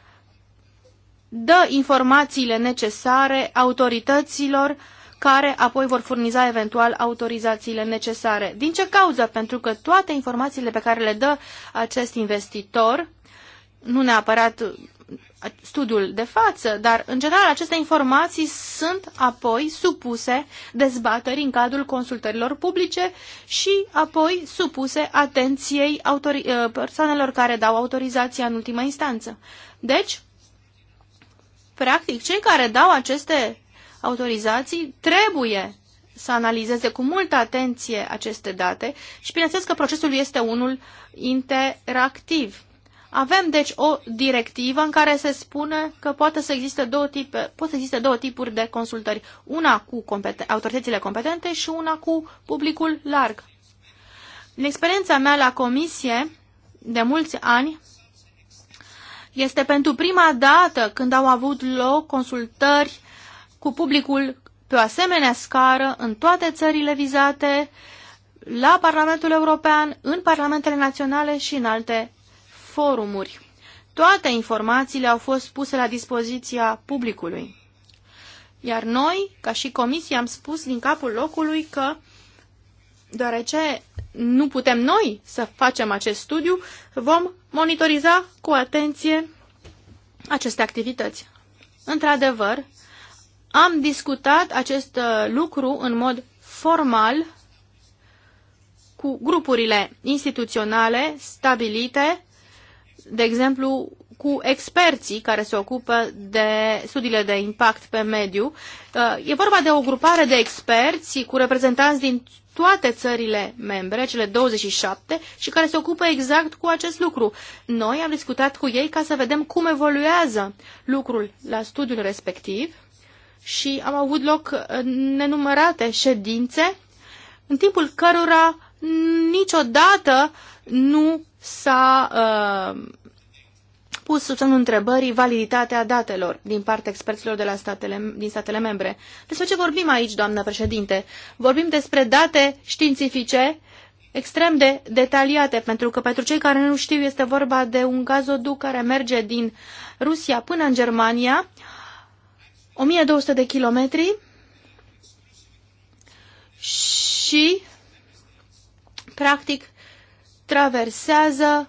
dă informațiile necesare autorităților care apoi vor furniza eventual autorizațiile necesare. Din ce cauză? Pentru că toate informațiile pe care le dă acest investitor nu neapărat studiul de față, dar în general aceste informații sunt apoi supuse dezbaterii în cadrul consultărilor publice și apoi supuse atenției uh, persoanelor care dau autorizația în ultima instanță. Deci, practic, cei care dau aceste autorizații trebuie să analizeze cu multă atenție aceste date și bineînțeles că procesul este unul interactiv. Avem, deci, o directivă în care se spune că poate să existe două, tipe, pot să existe două tipuri de consultări. Una cu competen- autoritățile competente și una cu publicul larg. În experiența mea la comisie, de mulți ani, este pentru prima dată când au avut loc consultări cu publicul pe o asemenea scară în toate țările vizate, la Parlamentul European, în Parlamentele Naționale și în alte forumuri. Toate informațiile au fost puse la dispoziția publicului. Iar noi, ca și comisie, am spus din capul locului că, deoarece nu putem noi să facem acest studiu, vom monitoriza cu atenție aceste activități. Într-adevăr, am discutat acest uh, lucru în mod formal cu grupurile instituționale stabilite de exemplu, cu experții care se ocupă de studiile de impact pe mediu. Uh, e vorba de o grupare de experți cu reprezentanți din toate țările membre, cele 27, și care se ocupă exact cu acest lucru. Noi am discutat cu ei ca să vedem cum evoluează lucrul la studiul respectiv și am avut loc uh, nenumărate ședințe în timpul cărora niciodată uh, nu s-a uh, pus sub semnul întrebării validitatea datelor din partea experților de la statele, din statele membre. Despre ce vorbim aici, doamnă președinte? Vorbim despre date științifice extrem de detaliate, pentru că pentru cei care nu știu este vorba de un gazoduc care merge din Rusia până în Germania, 1200 de kilometri și practic traversează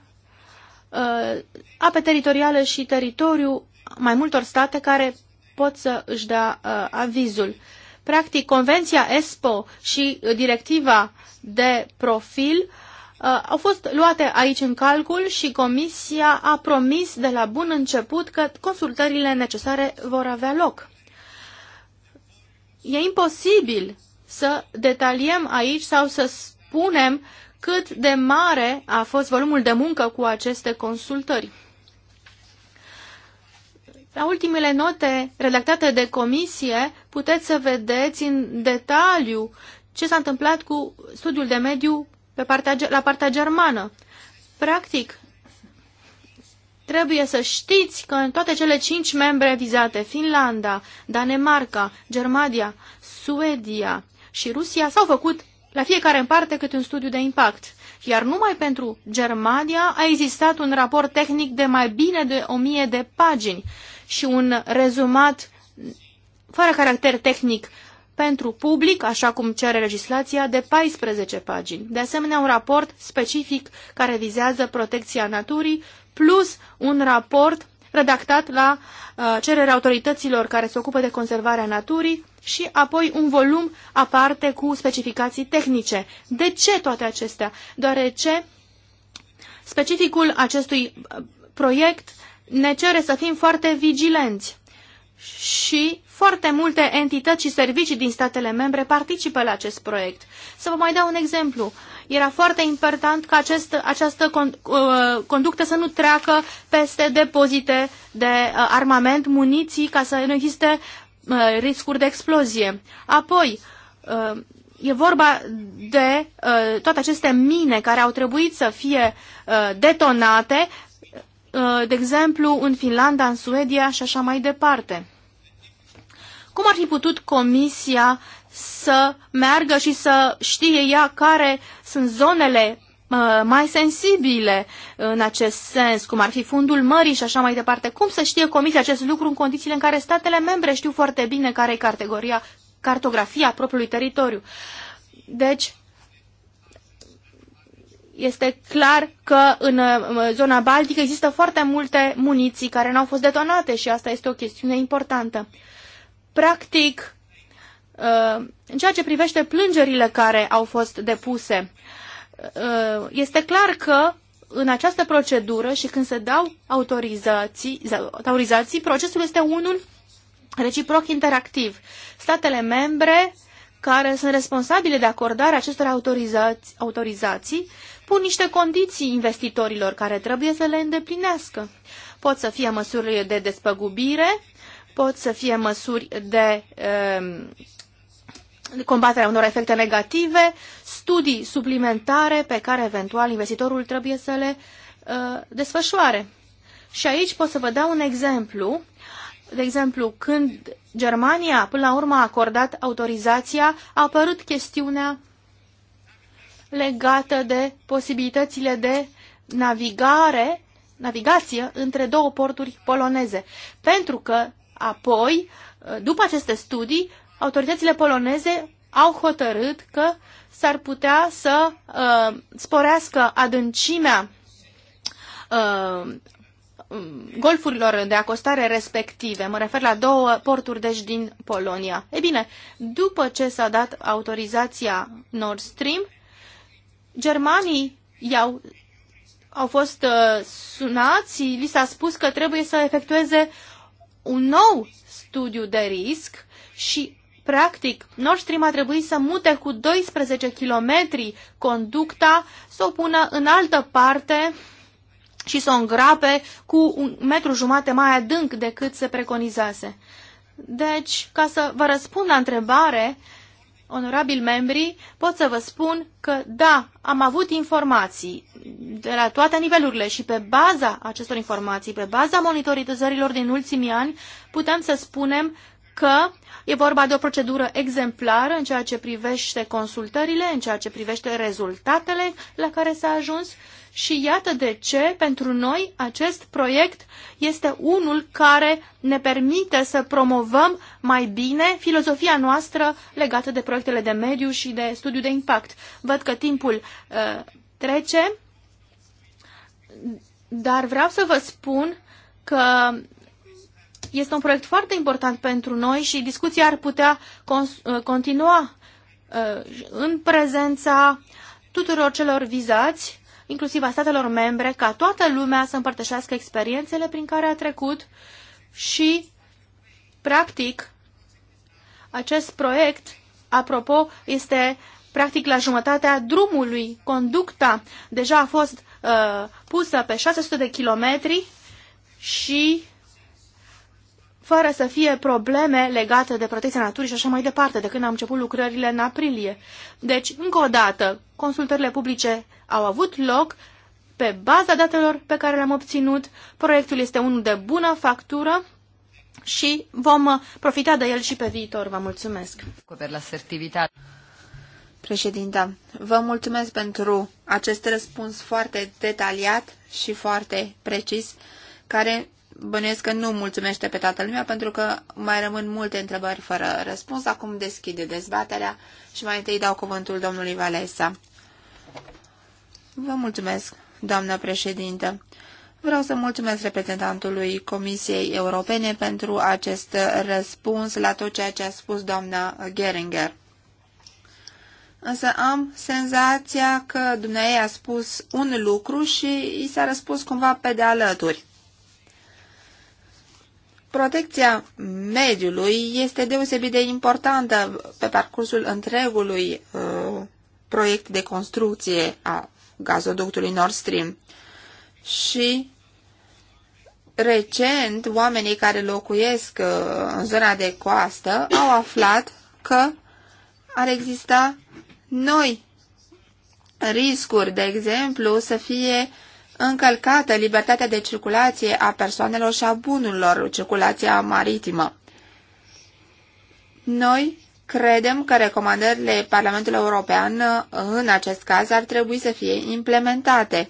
uh, ape teritoriale și teritoriu mai multor state care pot să își dea uh, avizul. Practic, Convenția ESPO și Directiva de Profil uh, au fost luate aici în calcul și Comisia a promis de la bun început că consultările necesare vor avea loc. E imposibil să detaliem aici sau să spunem cât de mare a fost volumul de muncă cu aceste consultări. La ultimele note redactate de comisie puteți să vedeți în detaliu ce s-a întâmplat cu studiul de mediu pe partea, la partea germană. Practic, trebuie să știți că în toate cele cinci membre vizate, Finlanda, Danemarca, Germania, Suedia și Rusia, s-au făcut la fiecare în parte câte un studiu de impact. Iar numai pentru Germania a existat un raport tehnic de mai bine de 1000 de pagini și un rezumat fără caracter tehnic pentru public, așa cum cere legislația, de 14 pagini. De asemenea, un raport specific care vizează protecția naturii, plus un raport redactat la uh, cererea autorităților care se ocupă de conservarea naturii și apoi un volum aparte cu specificații tehnice. De ce toate acestea? Deoarece specificul acestui uh, proiect ne cere să fim foarte vigilenți și foarte multe entități și servicii din statele membre participă la acest proiect. Să vă mai dau un exemplu. Era foarte important ca acest, această con, uh, conductă să nu treacă peste depozite de uh, armament, muniții, ca să nu existe uh, riscuri de explozie. Apoi, uh, e vorba de uh, toate aceste mine care au trebuit să fie uh, detonate, uh, de exemplu, în Finlanda, în Suedia și așa mai departe. Cum ar fi putut Comisia să meargă și să știe ea care sunt zonele uh, mai sensibile în acest sens, cum ar fi fundul mării și așa mai departe. Cum să știe Comisia acest lucru în condițiile în care statele membre știu foarte bine care e categoria, cartografia propriului teritoriu? Deci, este clar că în uh, zona Baltică există foarte multe muniții care n-au fost detonate și asta este o chestiune importantă. Practic, Uh, în ceea ce privește plângerile care au fost depuse, uh, este clar că în această procedură și când se dau autorizații, autorizații procesul este unul reciproc interactiv. Statele membre care sunt responsabile de acordarea acestor autorizați, autorizații pun niște condiții investitorilor care trebuie să le îndeplinească. Pot să fie măsuri de despăgubire, pot să fie măsuri de um, combaterea unor efecte negative, studii suplimentare pe care eventual investitorul trebuie să le uh, desfășoare. Și aici pot să vă dau un exemplu. De exemplu, când Germania până la urmă a acordat autorizația, a apărut chestiunea legată de posibilitățile de navigare, navigație între două porturi poloneze. Pentru că apoi, uh, după aceste studii, autoritățile poloneze au hotărât că s-ar putea să uh, sporească adâncimea uh, golfurilor de acostare respective. Mă refer la două porturi, deci, din Polonia. E bine, după ce s-a dat autorizația Nord Stream, germanii i-au au fost uh, sunați, li s-a spus că trebuie să efectueze un nou studiu de risc și Practic, Nord Stream a trebuit să mute cu 12 km conducta, să o pună în altă parte și să o îngrape cu un metru jumate mai adânc decât se preconizase. Deci, ca să vă răspund la întrebare, onorabili membri, pot să vă spun că da, am avut informații de la toate nivelurile și pe baza acestor informații, pe baza monitorizărilor din ultimii ani, putem să spunem că e vorba de o procedură exemplară în ceea ce privește consultările, în ceea ce privește rezultatele la care s-a ajuns și iată de ce pentru noi acest proiect este unul care ne permite să promovăm mai bine filozofia noastră legată de proiectele de mediu și de studiu de impact. Văd că timpul uh, trece, dar vreau să vă spun că este un proiect foarte important pentru noi și discuția ar putea uh, continua uh, în prezența tuturor celor vizați, inclusiv a statelor membre, ca toată lumea să împărtășească experiențele prin care a trecut și, practic, acest proiect, apropo, este practic la jumătatea drumului. Conducta deja a fost uh, pusă pe 600 de kilometri și fără să fie probleme legate de protecția naturii și așa mai departe, de când am început lucrările în aprilie. Deci, încă o dată, consultările publice au avut loc pe baza datelor pe care le-am obținut. Proiectul este unul de bună factură și vom profita de el și pe viitor. Vă mulțumesc! Președinta, vă mulțumesc pentru acest răspuns foarte detaliat și foarte precis, care bănuiesc că nu mulțumește pe toată lumea pentru că mai rămân multe întrebări fără răspuns. Acum deschide dezbaterea și mai întâi dau cuvântul domnului Valesa. Vă mulțumesc, doamnă președintă. Vreau să mulțumesc reprezentantului Comisiei Europene pentru acest răspuns la tot ceea ce a spus doamna Geringer. Însă am senzația că dumneavoastră a spus un lucru și i s-a răspuns cumva pe de alături. Protecția mediului este deosebit de importantă pe parcursul întregului uh, proiect de construcție a gazoductului Nord Stream. Și recent, oamenii care locuiesc uh, în zona de coastă au aflat că ar exista noi riscuri, de exemplu, să fie uh, încălcată libertatea de circulație a persoanelor și a bunurilor, circulația maritimă. Noi credem că recomandările Parlamentului European în acest caz ar trebui să fie implementate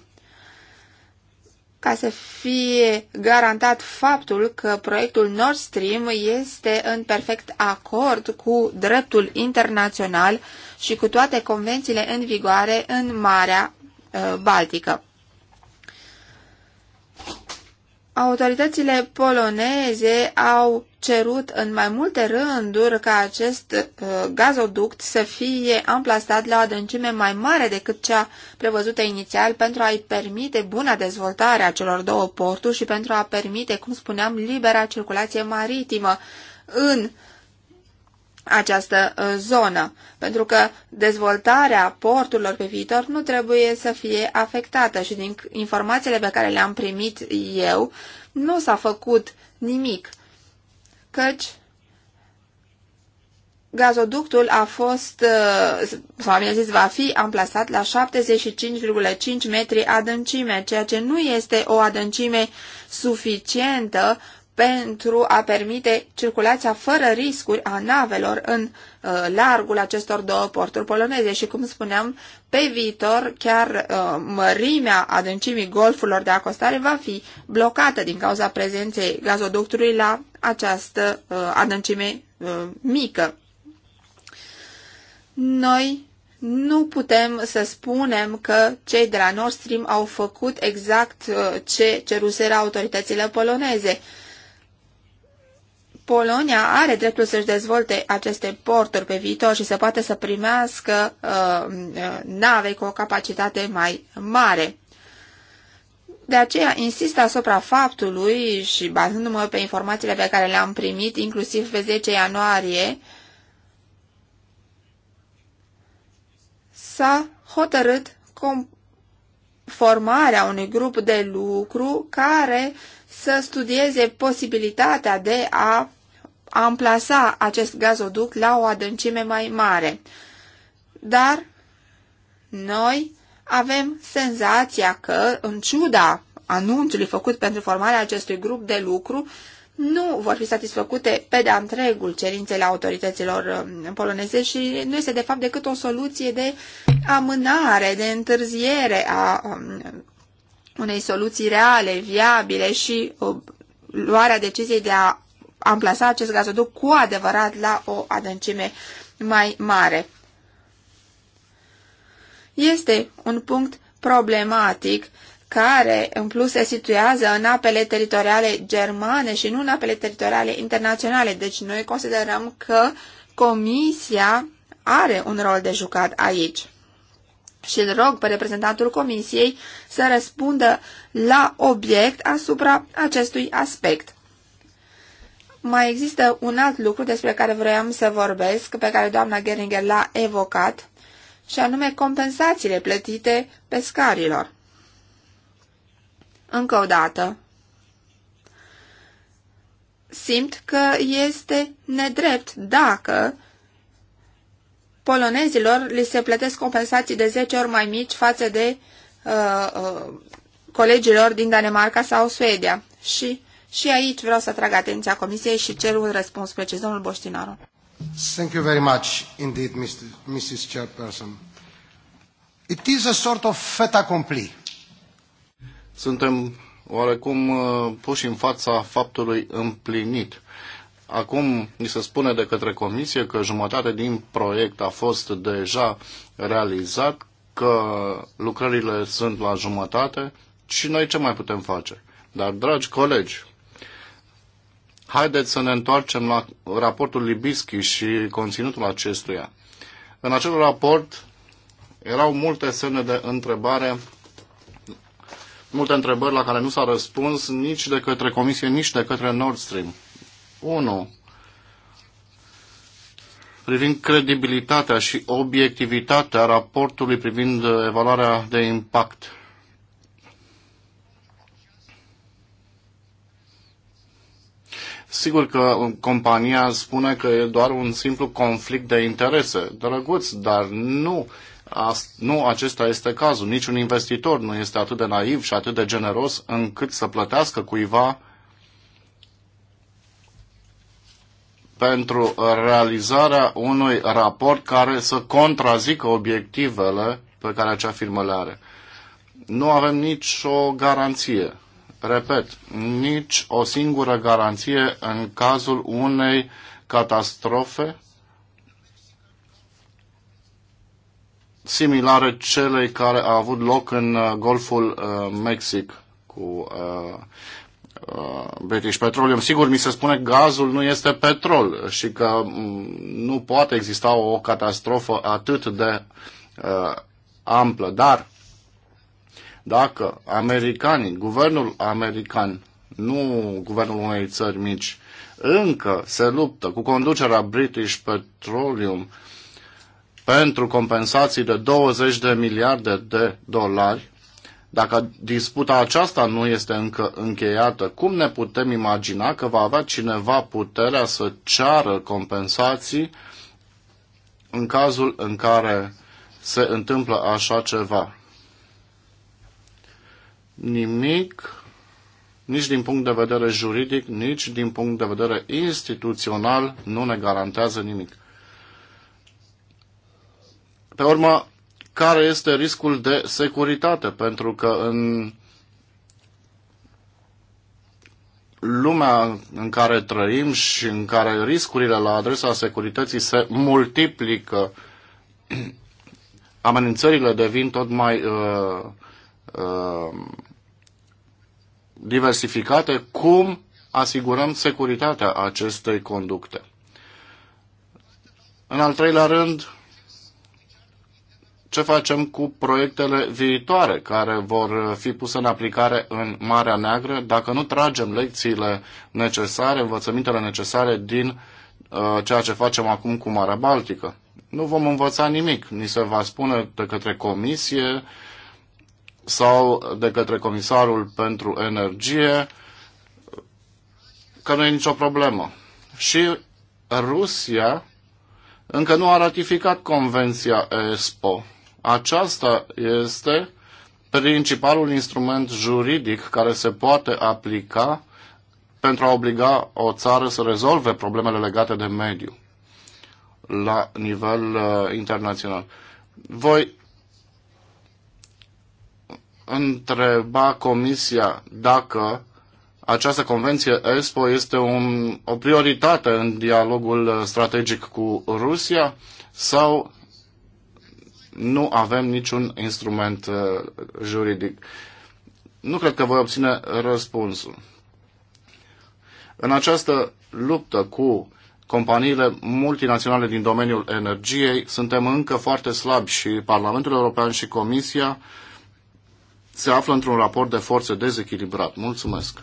ca să fie garantat faptul că proiectul Nord Stream este în perfect acord cu dreptul internațional și cu toate convențiile în vigoare în Marea uh, Baltică. Autoritățile poloneze au cerut în mai multe rânduri ca acest uh, gazoduct să fie amplasat la o adâncime mai mare decât cea prevăzută inițial pentru a-i permite buna dezvoltare a celor două porturi și pentru a permite, cum spuneam, libera circulație maritimă în această uh, zonă, pentru că dezvoltarea porturilor pe viitor nu trebuie să fie afectată și din informațiile pe care le-am primit eu, nu s-a făcut nimic, căci gazoductul a fost, uh, sau am zis, va fi amplasat la 75,5 metri adâncime, ceea ce nu este o adâncime suficientă pentru a permite circulația fără riscuri a navelor în uh, largul acestor două porturi poloneze și, cum spuneam, pe viitor chiar uh, mărimea adâncimii golfurilor de acostare va fi blocată din cauza prezenței gazoductului la această uh, adâncime uh, mică. Noi nu putem să spunem că cei de la Nord Stream au făcut exact uh, ce ceruseră autoritățile poloneze Polonia are dreptul să-și dezvolte aceste porturi pe viitor și să poată să primească uh, uh, nave cu o capacitate mai mare. De aceea insist asupra faptului și bazându-mă pe informațiile pe care le-am primit, inclusiv pe 10 ianuarie, s-a hotărât formarea unui grup de lucru care să studieze posibilitatea de a amplasa acest gazoduct la o adâncime mai mare. Dar noi avem senzația că, în ciuda anunțului făcut pentru formarea acestui grup de lucru, nu vor fi satisfăcute pe de-a întregul cerințele autorităților um, poloneze și nu este de fapt decât o soluție de amânare, de întârziere a um, unei soluții reale, viabile și uh, luarea deciziei de a amplasa acest gazoduc cu adevărat la o adâncime mai mare. Este un punct problematic care, în plus, se situează în apele teritoriale germane și nu în apele teritoriale internaționale. Deci noi considerăm că Comisia are un rol de jucat aici. Și îl rog pe reprezentantul Comisiei să răspundă la obiect asupra acestui aspect. Mai există un alt lucru despre care vroiam să vorbesc, pe care doamna Geringer l-a evocat, și anume compensațiile plătite pescarilor. Încă o dată, simt că este nedrept dacă polonezilor li se plătesc compensații de 10 ori mai mici față de uh, uh, colegilor din Danemarca sau Suedia. Și și aici vreau să atrag atenția Comisiei și cer un răspuns precis. Domnul Boștinaru. Thank you very much indeed, Mrs. Chairperson. It is a sort of fait accompli. Suntem oarecum uh, puși în fața faptului împlinit. Acum ni se spune de către Comisie că jumătate din proiect a fost deja realizat, că lucrările sunt la jumătate și noi ce mai putem face? Dar, dragi colegi, Haideți să ne întoarcem la raportul Libischi și conținutul acestuia. În acel raport erau multe semne de întrebare, multe întrebări la care nu s-a răspuns nici de către Comisie, nici de către Nord Stream. 1. Privind credibilitatea și obiectivitatea raportului privind evaluarea de impact Sigur că um, compania spune că e doar un simplu conflict de interese, drăguț, dar nu, nu acesta este cazul. Niciun investitor nu este atât de naiv și atât de generos încât să plătească cuiva pentru realizarea unui raport care să contrazică obiectivele pe care acea firmă le are. Nu avem nicio garanție Repet, nici o singură garanție în cazul unei catastrofe similare celei care a avut loc în uh, Golful uh, Mexic cu uh, uh, British Petroleum. Sigur, mi se spune că gazul nu este petrol și că mm, nu poate exista o catastrofă atât de uh, amplă, dar dacă americanii, guvernul american, nu guvernul unei țări mici, încă se luptă cu conducerea British Petroleum pentru compensații de 20 de miliarde de dolari, dacă disputa aceasta nu este încă încheiată, cum ne putem imagina că va avea cineva puterea să ceară compensații în cazul în care se întâmplă așa ceva? nimic nici din punct de vedere juridic, nici din punct de vedere instituțional nu ne garantează nimic. Pe urmă, care este riscul de securitate? Pentru că în lumea în care trăim și în care riscurile la adresa securității se multiplică, amenințările devin tot mai uh, uh, diversificate, cum asigurăm securitatea acestei conducte. În al treilea rând, ce facem cu proiectele viitoare care vor fi puse în aplicare în Marea Neagră dacă nu tragem lecțiile necesare, învățămintele necesare din uh, ceea ce facem acum cu Marea Baltică. Nu vom învăța nimic. Ni se va spune de către comisie sau de către Comisarul pentru Energie, că nu e nicio problemă. Și Rusia încă nu a ratificat Convenția ESPO. Aceasta este principalul instrument juridic care se poate aplica pentru a obliga o țară să rezolve problemele legate de mediu la nivel uh, internațional. Voi întreba Comisia dacă această convenție ESPO este un, o prioritate în dialogul strategic cu Rusia sau nu avem niciun instrument uh, juridic. Nu cred că voi obține răspunsul. În această luptă cu companiile multinaționale din domeniul energiei suntem încă foarte slabi și Parlamentul European și Comisia uh, se află într-un raport de forțe dezechilibrat. Mulțumesc.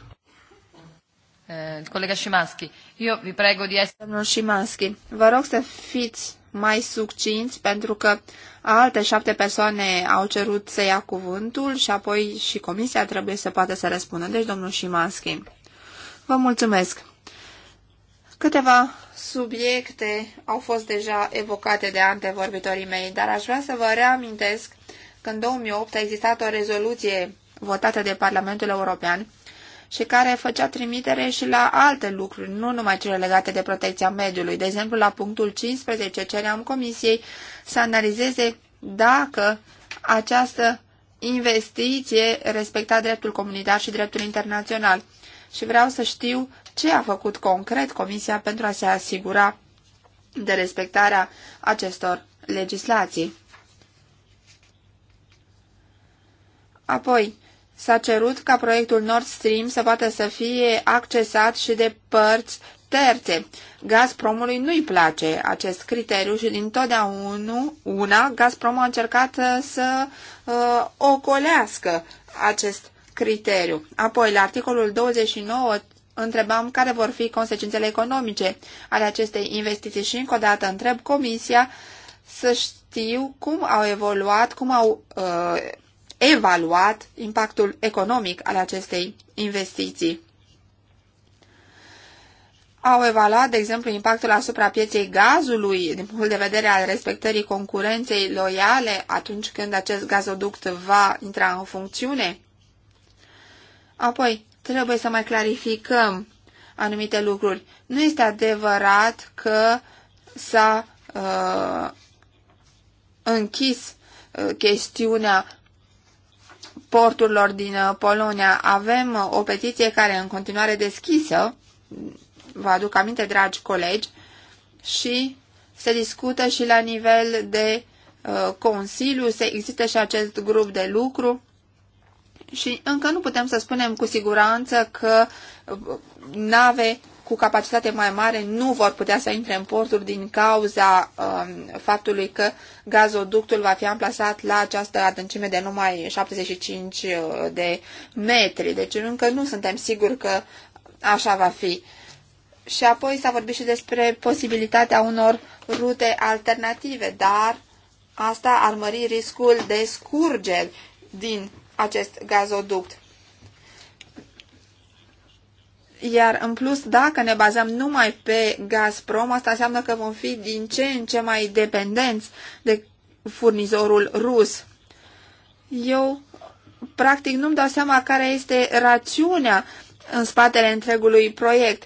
Eh, colega Șimanski, eu vi prego di essere... Domnul Șimanski, vă rog să fiți mai succinți pentru că alte șapte persoane au cerut să ia cuvântul și apoi și comisia trebuie să poată să răspundă. Deci, domnul Șimanski, vă mulțumesc. Câteva subiecte au fost deja evocate de antevorbitorii mei, dar aș vrea să vă reamintesc că în 2008 a existat o rezoluție votată de Parlamentul European și care făcea trimitere și la alte lucruri, nu numai cele legate de protecția mediului. De exemplu, la punctul 15 ceream Comisiei să analizeze dacă această investiție respecta dreptul comunitar și dreptul internațional. Și vreau să știu ce a făcut concret Comisia pentru a se asigura de respectarea acestor legislații. Apoi, s-a cerut ca proiectul Nord Stream să poată să fie accesat și de părți terțe. Gazpromului nu-i place acest criteriu și din totdeauna una, Gazprom a încercat să uh, ocolească acest criteriu. Apoi, la articolul 29, întrebam care vor fi consecințele economice ale acestei investiții și încă o dată întreb Comisia să știu cum au evoluat, cum au uh, evaluat impactul economic al acestei investiții. Au evaluat, de exemplu, impactul asupra pieței gazului din punct de vedere al respectării concurenței loiale atunci când acest gazoduct va intra în funcțiune. Apoi, trebuie să mai clarificăm anumite lucruri. Nu este adevărat că s-a uh, închis uh, chestiunea porturilor din uh, Polonia. Avem uh, o petiție care în continuare deschisă, vă aduc aminte, dragi colegi, și se discută și la nivel de uh, Consiliu, se există și acest grup de lucru și încă nu putem să spunem cu siguranță că uh, nave cu capacitate mai mare nu vor putea să intre în porturi din cauza uh, faptului că gazoductul va fi amplasat la această adâncime de numai 75 uh, de metri. Deci încă nu suntem siguri că așa va fi. Și apoi s-a vorbit și despre posibilitatea unor rute alternative, dar asta ar mări riscul de scurgeri din acest gazoduct. Iar în plus, dacă ne bazăm numai pe Gazprom, asta înseamnă că vom fi din ce în ce mai dependenți de furnizorul rus. Eu, practic, nu-mi dau seama care este rațiunea în spatele întregului proiect.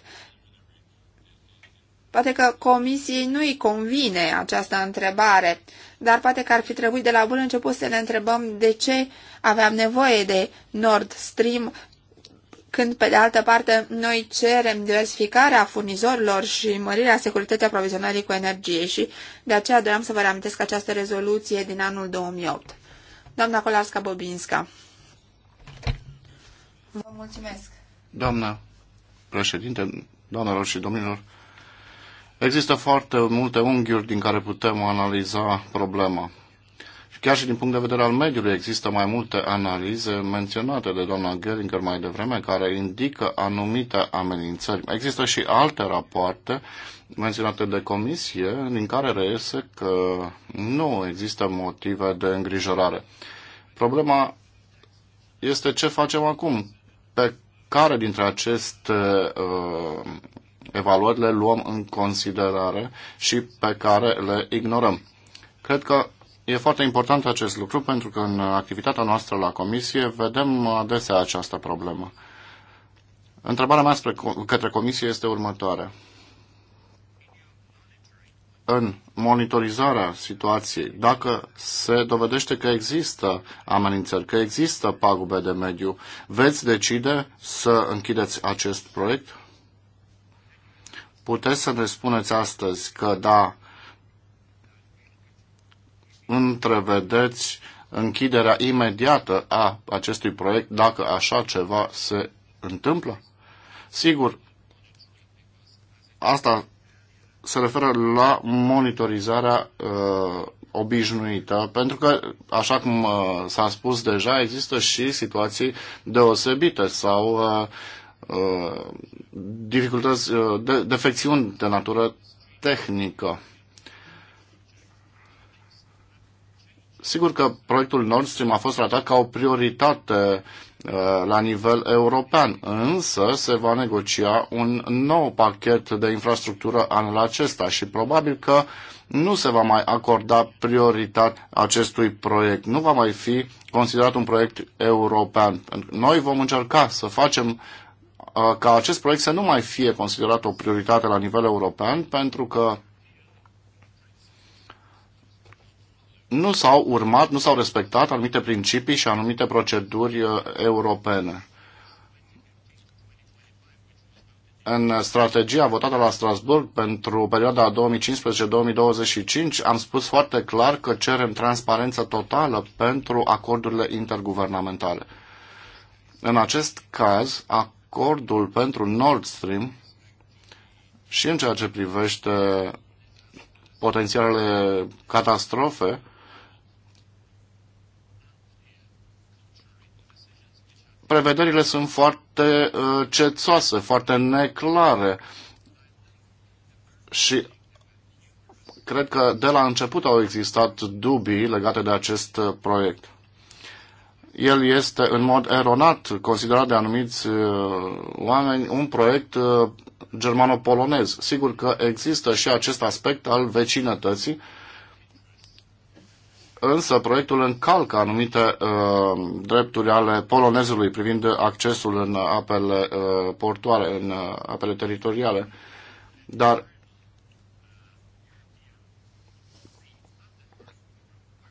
Poate că comisiei nu-i convine această întrebare, dar poate că ar fi trebuit de la bun început să ne întrebăm de ce aveam nevoie de Nord Stream când, pe de altă parte, noi cerem diversificarea furnizorilor și mărirea securității aprovizionării cu energie și de aceea doream să vă reamintesc această rezoluție din anul 2008. Doamna Kolarska-Bobinska. Vă mulțumesc. Doamna președinte, doamnelor și domnilor, există foarte multe unghiuri din care putem analiza problema. Chiar și din punct de vedere al mediului există mai multe analize menționate de doamna Geringer mai devreme care indică anumite amenințări. Există și alte rapoarte menționate de comisie din care reiese că nu există motive de îngrijorare. Problema este ce facem acum, pe care dintre aceste uh, evaluări le luăm în considerare și pe care le ignorăm. Cred că E foarte important acest lucru pentru că în activitatea noastră la comisie vedem adesea această problemă. Întrebarea mea spre, către comisie este următoarea. În monitorizarea situației, dacă se dovedește că există amenințări, că există pagube de mediu, veți decide să închideți acest proiect? Puteți să ne spuneți astăzi că da, întrevedeți închiderea imediată a acestui proiect dacă așa ceva se întâmplă? Sigur, asta se referă la monitorizarea uh, obișnuită, pentru că, așa cum uh, s-a spus deja, există și situații deosebite sau uh, uh, dificultăți, uh, de, defecțiuni de natură tehnică. Sigur că proiectul Nord Stream a fost tratat ca o prioritate uh, la nivel european, însă se va negocia un nou pachet de infrastructură anul acesta și probabil că nu se va mai acorda prioritate acestui proiect, nu va mai fi considerat un proiect european. Noi vom încerca să facem uh, ca acest proiect să nu mai fie considerat o prioritate la nivel european, pentru că nu s-au urmat, nu s-au respectat anumite principii și anumite proceduri uh, europene. În strategia votată la Strasburg pentru perioada 2015-2025 am spus foarte clar că cerem transparență totală pentru acordurile interguvernamentale. În acest caz, acordul pentru Nord Stream și în ceea ce privește potențialele catastrofe prevederile sunt foarte uh, cețoase, foarte neclare și cred că de la început au existat dubii legate de acest uh, proiect. El este în mod eronat considerat de anumiți uh, oameni un proiect germano-polonez. Sigur că există și acest aspect al vecinătății, însă proiectul încalcă anumite uh, drepturi ale polonezului privind accesul în apele uh, portoare, în uh, apele teritoriale. Dar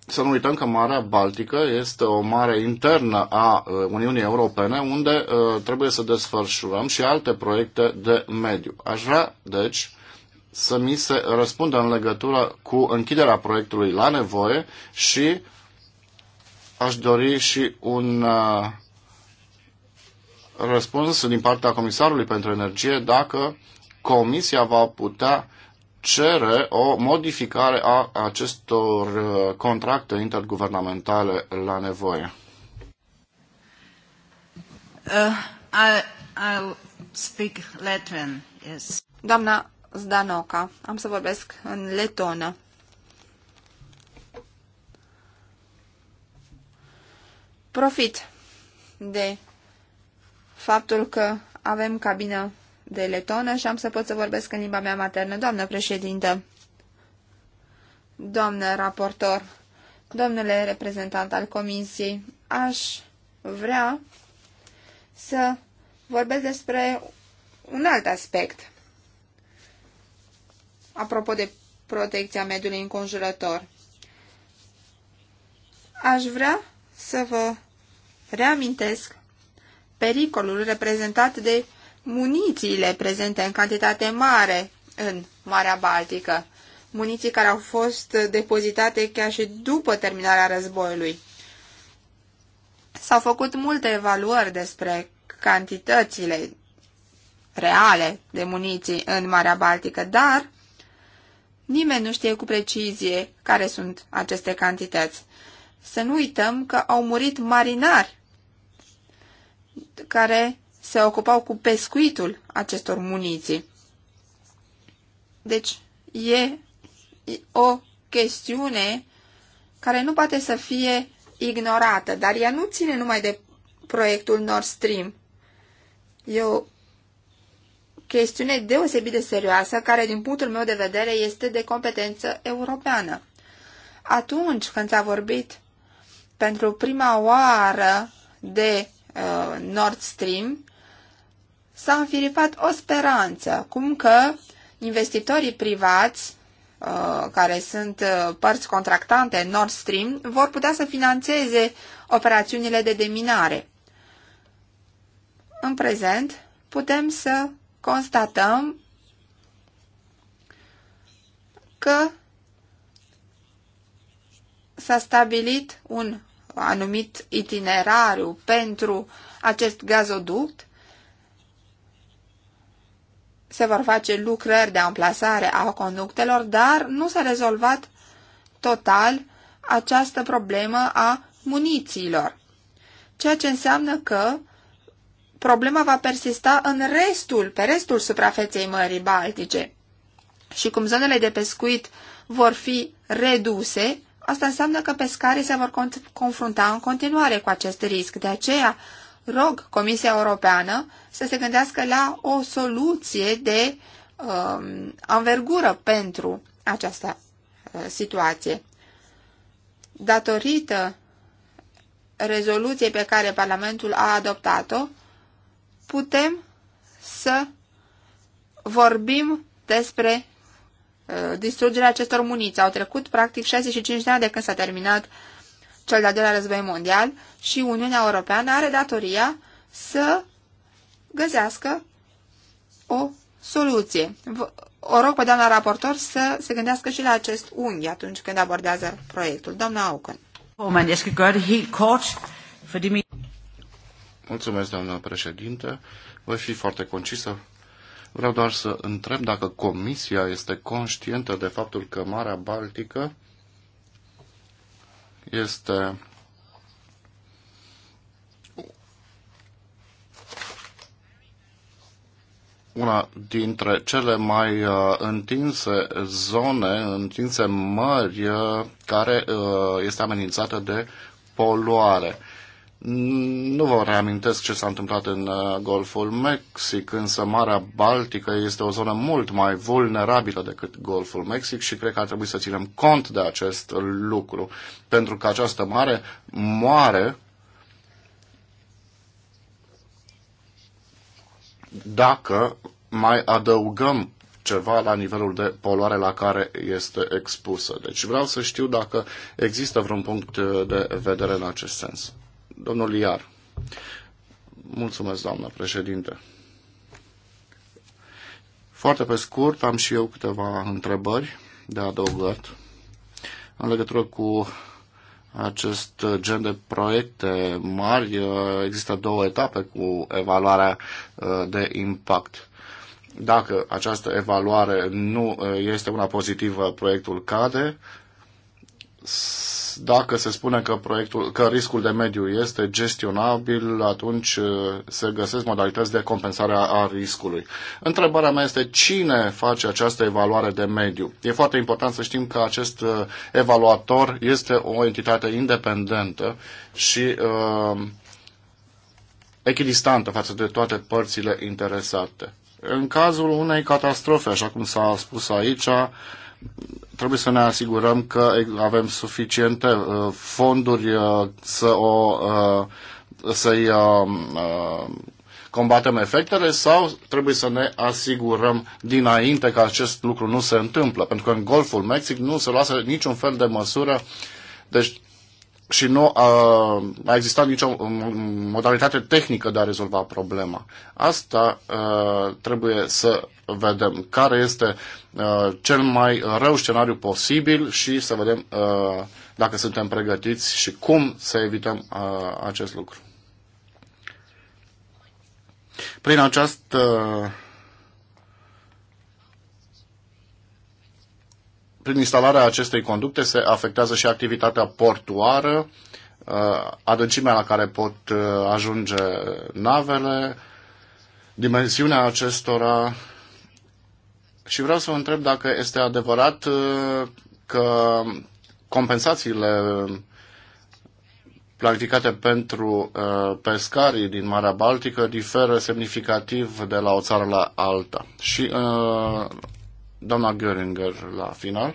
să nu uităm că Marea Baltică este o mare internă a uh, Uniunii Europene unde uh, trebuie să desfășurăm și alte proiecte de mediu. Aș vrea, deci, să mi se răspundă în legătură cu închiderea proiectului la nevoie și aș dori și un uh, răspuns din partea Comisarului pentru Energie dacă Comisia va putea cere o modificare a acestor uh, contracte interguvernamentale la nevoie. Uh, I, I'll speak Latvian, yes. Doamna Zdanoca. Am să vorbesc în letonă. Profit de faptul că avem cabină de letonă și am să pot să vorbesc în limba mea maternă. Doamnă președintă, doamnă raportor, domnule reprezentant al comisiei, aș vrea să vorbesc despre un alt aspect apropo de protecția mediului înconjurător. Aș vrea să vă reamintesc pericolul reprezentat de munițiile prezente în cantitate mare în Marea Baltică, muniții care au fost depozitate chiar și după terminarea războiului. S-au făcut multe evaluări despre cantitățile reale de muniții în Marea Baltică, dar Nimeni nu știe cu precizie care sunt aceste cantități. Să nu uităm că au murit marinari care se ocupau cu pescuitul acestor muniții. Deci e o chestiune care nu poate să fie ignorată, dar ea nu ține numai de proiectul Nord Stream. E o chestiune deosebit de serioasă, care, din punctul meu de vedere, este de competență europeană. Atunci când s-a vorbit pentru prima oară de uh, Nord Stream, s-a înfiripat o speranță, cum că investitorii privați, uh, care sunt uh, părți contractante Nord Stream, vor putea să financeze operațiunile de deminare. În prezent, putem să constatăm că s-a stabilit un anumit itinerariu pentru acest gazoduct. Se vor face lucrări de amplasare a conductelor, dar nu s-a rezolvat total această problemă a munițiilor. Ceea ce înseamnă că problema va persista în restul, pe restul suprafeței Mării Baltice. Și cum zonele de pescuit vor fi reduse, asta înseamnă că pescarii se vor confrunta în continuare cu acest risc. De aceea, rog Comisia Europeană să se gândească la o soluție de um, anvergură pentru această uh, situație. Datorită rezoluției pe care Parlamentul a adoptat-o, putem să vorbim despre uh, distrugerea acestor muniții. Au trecut practic 65 de ani de când s-a terminat cel de-al doilea război mondial și Uniunea Europeană are datoria să găsească o soluție. V o rog pe doamna raportor să se gândească și la acest unghi atunci când abordează proiectul. Doamna Auken. Formand, jeg skal gøre det helt kort, fordi min... Mulțumesc, doamna președinte. Voi fi foarte concisă. Vreau doar să întreb dacă Comisia este conștientă de faptul că Marea Baltică este una dintre cele mai uh, întinse zone, întinse mări, uh, care uh, este amenințată de poluare. Nu vă reamintesc ce s-a întâmplat în uh, Golful Mexic, însă Marea Baltică este o zonă mult mai vulnerabilă decât Golful Mexic și cred că ar trebui să ținem cont de acest lucru, pentru că această mare moare dacă mai adăugăm ceva la nivelul de poluare la care este expusă. Deci vreau să știu dacă există vreun punct uh, de vedere în acest sens. Domnul Iar. Mulțumesc, doamnă președinte. Foarte pe scurt, am și eu câteva întrebări de adăugat în legătură cu acest gen de proiecte mari. Există două etape cu evaluarea uh, de impact. Dacă această evaluare nu uh, este una pozitivă, proiectul cade dacă se spune că, proiectul, că riscul de mediu este gestionabil, atunci uh, se găsesc modalități de compensare a riscului. Întrebarea mea este cine face această evaluare de mediu. E foarte important să știm că acest uh, evaluator este o entitate independentă și uh, echidistantă față de toate părțile interesate. În cazul unei catastrofe, așa cum s-a spus aici, trebuie să ne asigurăm că avem suficiente uh, fonduri uh, să o uh, să-i combatem efectele sau trebuie să ne asigurăm dinainte că acest lucru nu se întâmplă, pentru că în Golful Mexic nu se lasă niciun fel de măsură, deci și nu a, a existat nicio modalitate tehnică de a rezolva problema. Asta a, trebuie să vedem care este a, cel mai rău scenariu posibil și să vedem a, dacă suntem pregătiți și cum să evităm a, acest lucru. Prin această prin instalarea acestei conducte se afectează și activitatea portuară, uh, adâncimea la care pot uh, ajunge navele, dimensiunea acestora. Și vreau să vă întreb dacă este adevărat uh, că compensațiile planificate pentru pescarii din Marea Baltică diferă semnificativ de la o țară la alta. Și doamna Göringer la final.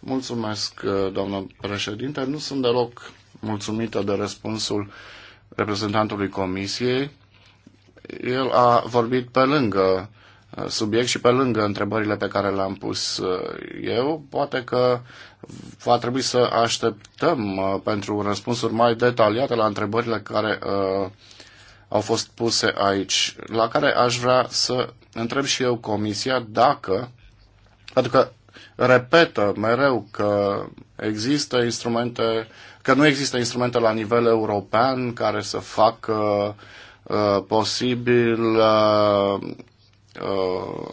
Mulțumesc, uh, doamnă președinte. Nu sunt deloc mulțumită de răspunsul reprezentantului Comisiei. El a vorbit pe lângă uh, subiect și pe lângă întrebările pe care le-am pus uh, eu. Poate că va trebui să așteptăm pentru răspunsuri mai detaliate la întrebările care au fost puse aici, la care aș vrea să întreb și eu Comisia dacă că repetă mereu că există instrumente, că nu există instrumente la nivel european care să facă uh, posibil uh, uh,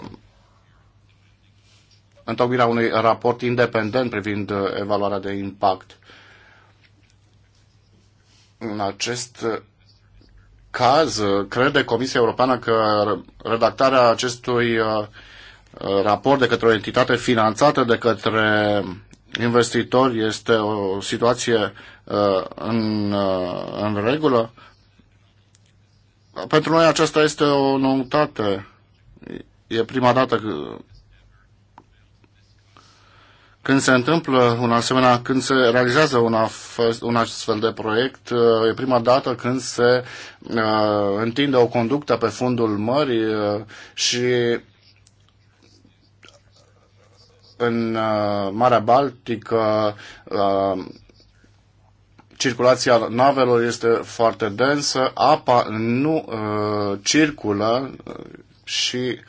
întocmirea unui raport independent privind uh, evaluarea de impact. În acest caz, crede Comisia Europeană că redactarea acestui uh, Uh, raport de către o entitate finanțată de către investitori este o situație uh, în, uh, în regulă. Pentru noi aceasta este o noutate. E prima dată când se întâmplă un asemenea, când se realizează un, af, un astfel de proiect, e prima dată când se uh, întinde o conductă pe fundul mării uh, și în uh, Marea Baltică uh, circulația navelor este foarte densă, apa nu uh, circulă și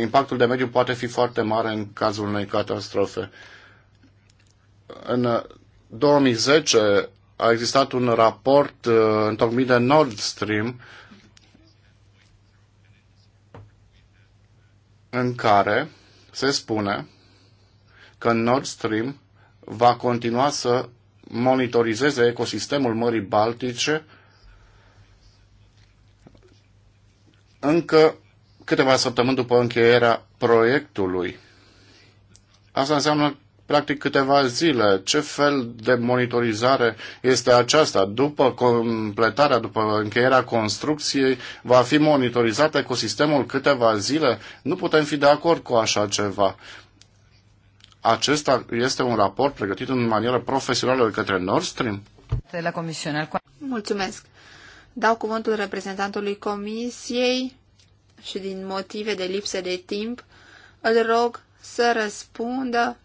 impactul de mediu poate fi foarte mare în cazul unei catastrofe. În 2010 a existat un raport întocmit de Nord Stream în care se spune că Nord Stream va continua să monitorizeze ecosistemul Mării Baltice încă câteva săptămâni după încheierea proiectului. Asta înseamnă practic câteva zile. Ce fel de monitorizare este aceasta? După completarea, după încheierea construcției, va fi monitorizat ecosistemul câteva zile? Nu putem fi de acord cu așa ceva. Acesta este un raport pregătit în manieră profesională de către Nord Stream? De la comisional. Mulțumesc. Dau cuvântul reprezentantului comisiei și din motive de lipsă de timp îl rog să răspundă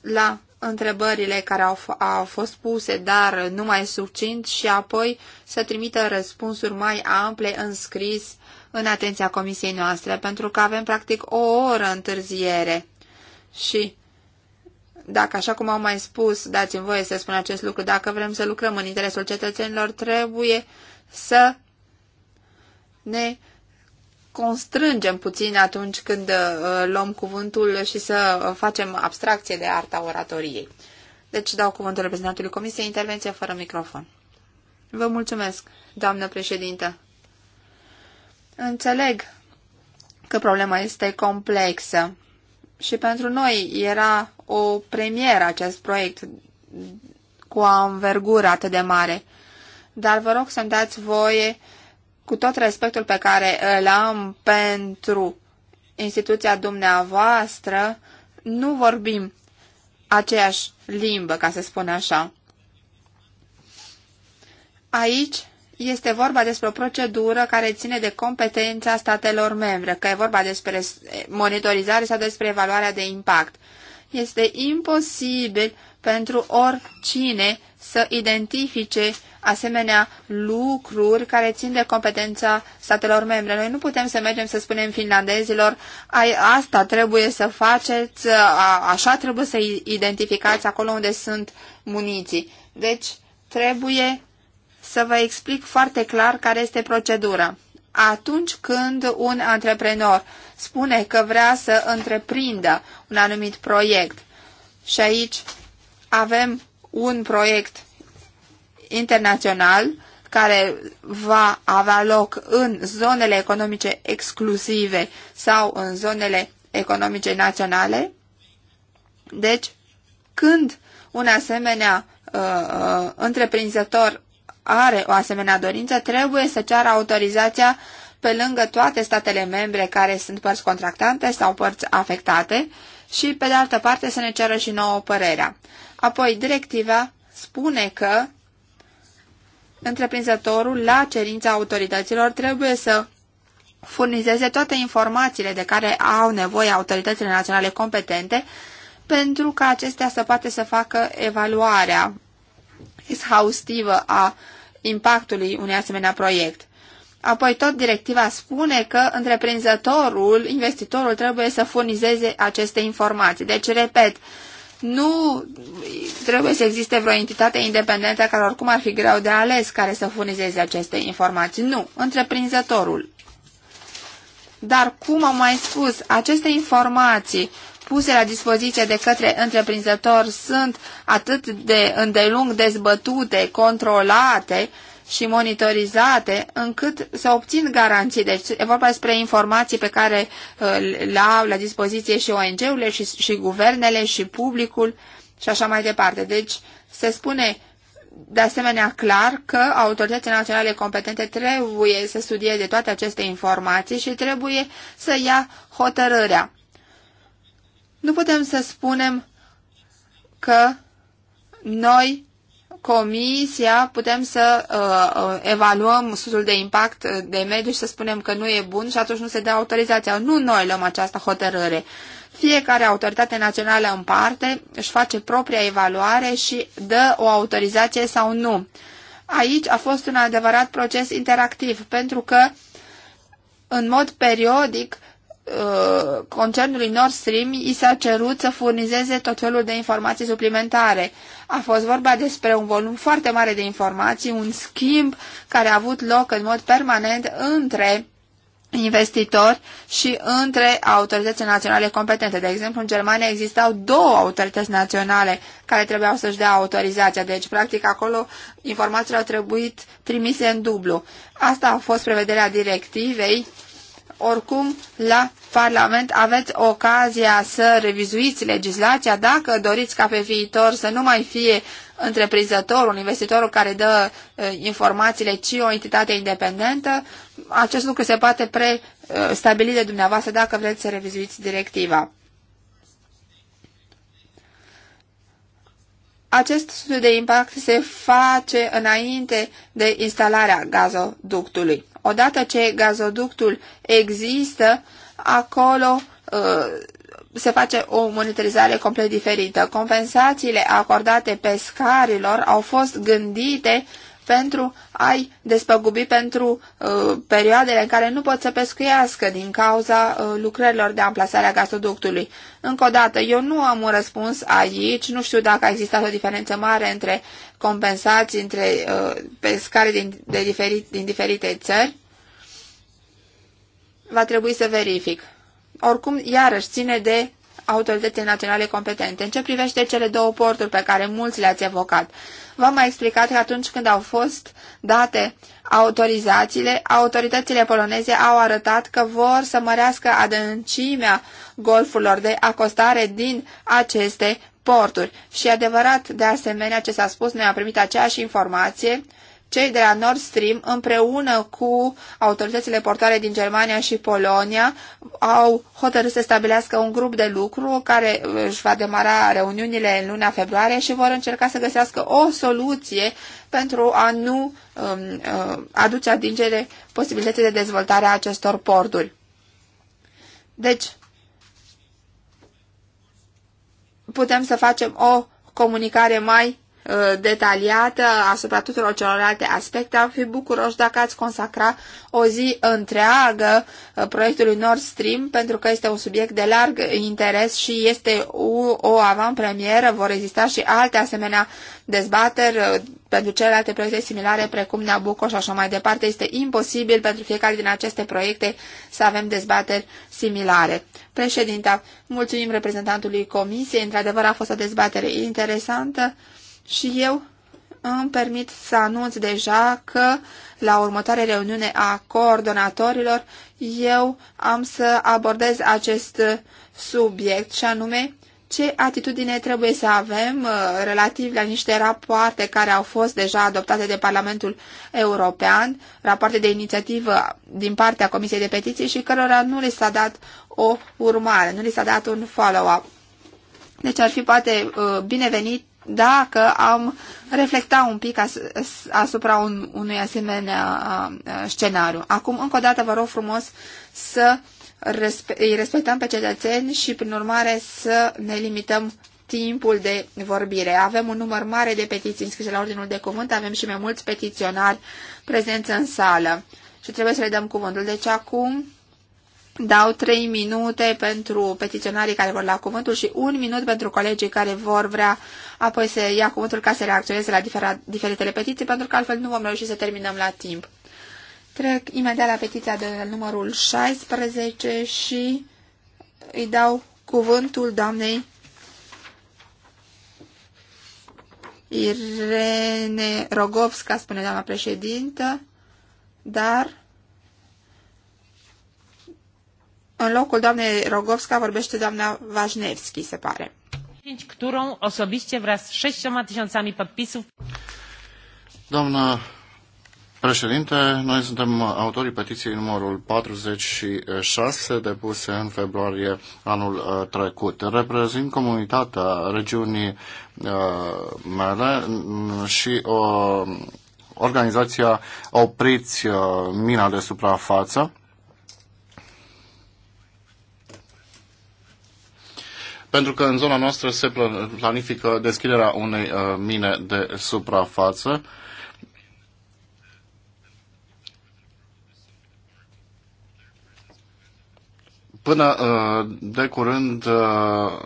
la întrebările care au, au fost puse, dar nu mai succint și apoi să trimită răspunsuri mai ample în scris în atenția comisiei noastre, pentru că avem practic o oră întârziere și dacă, așa cum am mai spus, dați-mi voie să spun acest lucru, dacă vrem să lucrăm în interesul cetățenilor, trebuie să ne constrângem puțin atunci când uh, luăm cuvântul și să uh, facem abstracție de arta oratoriei. Deci dau cuvântul reprezentantului Comisiei, intervenție fără microfon. Vă mulțumesc, doamnă președintă. Înțeleg că problema este complexă și pentru noi era o premieră acest proiect cu o învergură atât de mare. Dar vă rog să-mi dați voie, cu tot respectul pe care îl am pentru instituția dumneavoastră, nu vorbim aceeași limbă, ca să spun așa. Aici este vorba despre o procedură care ține de competența statelor membre, că e vorba despre monitorizare sau despre evaluarea de impact. Este imposibil pentru oricine să identifice asemenea lucruri care țin de competența statelor membre. Noi nu putem să mergem să spunem finlandezilor, ai, asta trebuie să faceți, a, așa trebuie să identificați acolo unde sunt muniții. Deci trebuie să vă explic foarte clar care este procedura. Atunci când un antreprenor spune că vrea să întreprindă un anumit proiect și aici avem un proiect internațional care va avea loc în zonele economice exclusive sau în zonele economice naționale. Deci, când un asemenea uh, uh întreprinzător are o asemenea dorință trebuie să ceară autorizația pe lângă toate statele membre care sunt părți contractante sau părți afectate și, pe de altă parte, să ne ceară și nouă părerea. Apoi, directiva spune că întreprinzătorul, la cerința autorităților, trebuie să furnizeze toate informațiile de care au nevoie autoritățile naționale competente pentru ca acestea să poate să facă evaluarea exhaustivă a impactului unui asemenea proiect. Apoi tot directiva spune că întreprinzătorul, investitorul trebuie să furnizeze aceste informații. Deci, repet, nu trebuie să existe vreo entitate independentă care oricum ar fi greu de ales care să furnizeze aceste informații. Nu, întreprinzătorul. Dar, cum am mai spus, aceste informații puse la dispoziție de către întreprinzători sunt atât de îndelung dezbătute, controlate și monitorizate, încât să obțin garanții. Deci e vorba despre informații pe care uh, le au la dispoziție și ONG-urile și, și guvernele și publicul și așa mai departe. Deci se spune de asemenea clar că autoritățile naționale competente trebuie să studieze toate aceste informații și trebuie să ia hotărârea. Nu putem să spunem că noi, comisia, putem să uh, uh, evaluăm studiul de impact de mediu și să spunem că nu e bun și atunci nu se dă autorizația. Nu noi luăm această hotărâre. Fiecare autoritate națională în parte își face propria evaluare și dă o autorizație sau nu. Aici a fost un adevărat proces interactiv, pentru că în mod periodic Uh, concernului Nord Stream i s-a cerut să furnizeze tot felul de informații suplimentare. A fost vorba despre un volum foarte mare de informații, un schimb care a avut loc în mod permanent între investitori și între autorități naționale competente. De exemplu, în Germania existau două autorități naționale care trebuiau să-și dea autorizația, deci, practic, acolo informațiile au trebuit trimise în dublu. Asta a fost prevederea directivei oricum, la Parlament aveți ocazia să revizuiți legislația dacă doriți ca pe viitor să nu mai fie întreprinzătorul, investitorul care dă informațiile, ci o entitate independentă. Acest lucru se poate prestabili de dumneavoastră dacă vreți să revizuiți directiva. Acest studiu de impact se face înainte de instalarea gazoductului. Odată ce gazoductul există, acolo uh, se face o monitorizare complet diferită. Compensațiile acordate pescarilor au fost gândite pentru a-i despăgubi pentru uh, perioadele în care nu pot să pescuiască din cauza uh, lucrărilor de amplasare a gasoductului. Încă o dată, eu nu am un răspuns aici, nu știu dacă a existat o diferență mare între compensații între uh, pescari din, de diferit, din diferite țări. Va trebui să verific. Oricum, iarăși ține de autoritățile naționale competente. În ce privește cele două porturi pe care mulți le-ați evocat, v-am mai explicat că atunci când au fost date autorizațiile, autoritățile poloneze au arătat că vor să mărească adâncimea golfurilor de acostare din aceste porturi. Și adevărat, de asemenea, ce s-a spus, noi am primit aceeași informație cei de la Nord Stream, împreună cu autoritățile portoare din Germania și Polonia, au hotărât să stabilească un grup de lucru care uh, își va demara reuniunile în luna februarie și vor încerca să găsească o soluție pentru a nu um, uh, aduce atingere posibilității de dezvoltare a acestor porturi. Deci, putem să facem o comunicare mai Uh, detaliată asupra tuturor celorlalte aspecte. Am fi bucuroși dacă ați consacra o zi întreagă uh, proiectului Nord Stream, pentru că este un subiect de larg interes și este o, o avantpremieră. Vor exista și alte asemenea dezbateri uh, pentru celelalte proiecte similare, precum Nabucco și așa mai departe. Este imposibil pentru fiecare din aceste proiecte să avem dezbateri similare. Președinta, mulțumim reprezentantului Comisiei. Într-adevăr, a fost o dezbatere interesantă. Și eu îmi permit să anunț deja că la următoarea reuniune a coordonatorilor eu am să abordez acest subiect și anume ce atitudine trebuie să avem uh, relativ la niște rapoarte care au fost deja adoptate de Parlamentul European, rapoarte de inițiativă din partea Comisiei de Petiții și cărora nu li s-a dat o urmare, nu li s-a dat un follow-up. Deci ar fi poate uh, binevenit dacă am reflecta un pic as, asupra un, unui asemenea scenariu. Acum, încă o dată, vă rog frumos să respe- îi respectăm pe cetățeni și, prin urmare, să ne limităm timpul de vorbire. Avem un număr mare de petiții înscrise la ordinul de cuvânt, avem și mai mulți petiționari prezenți în sală și trebuie să le dăm cuvântul. Deci acum dau trei minute pentru petiționarii care vor lua cuvântul și un minut pentru colegii care vor vrea apoi să ia cuvântul ca să reacționeze la diferitele petiții, pentru că altfel nu vom reuși să terminăm la timp. Trec imediat la petiția de numărul 16 și îi dau cuvântul doamnei Irene Rogovska, spune doamna președintă, dar În locul doamnei Rogovska vorbește doamna Vajnevski, se pare. Doamna președinte, noi suntem autorii petiției numărul 46 depuse în februarie anul uh, trecut. Reprezint comunitatea regiunii uh, mele mm, și o uh, organizația Opriți Mina de Suprafață pentru că în zona noastră se planifică deschiderea unei uh, mine de suprafață Până uh, de curând, uh,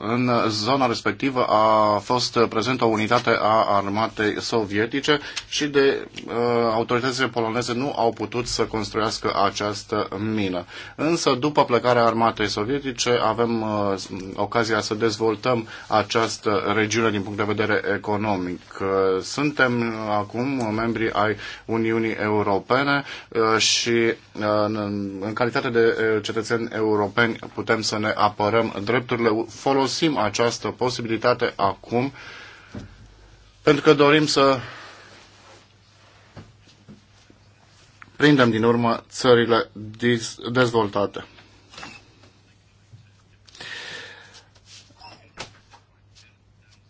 în zona respectivă a fost prezentă o unitate a armatei sovietice și de uh, autoritățile poloneze nu au putut să construiască această mină. Însă, după plecarea armatei sovietice, avem ocazia să dezvoltăm această regiune din punct de vedere economic. Suntem acum membri ai Uniunii Europene și în calitate de cetățeni europeni europeni putem să ne apărăm drepturile. Folosim această posibilitate acum pentru că dorim să prindem din urmă țările dezvoltate.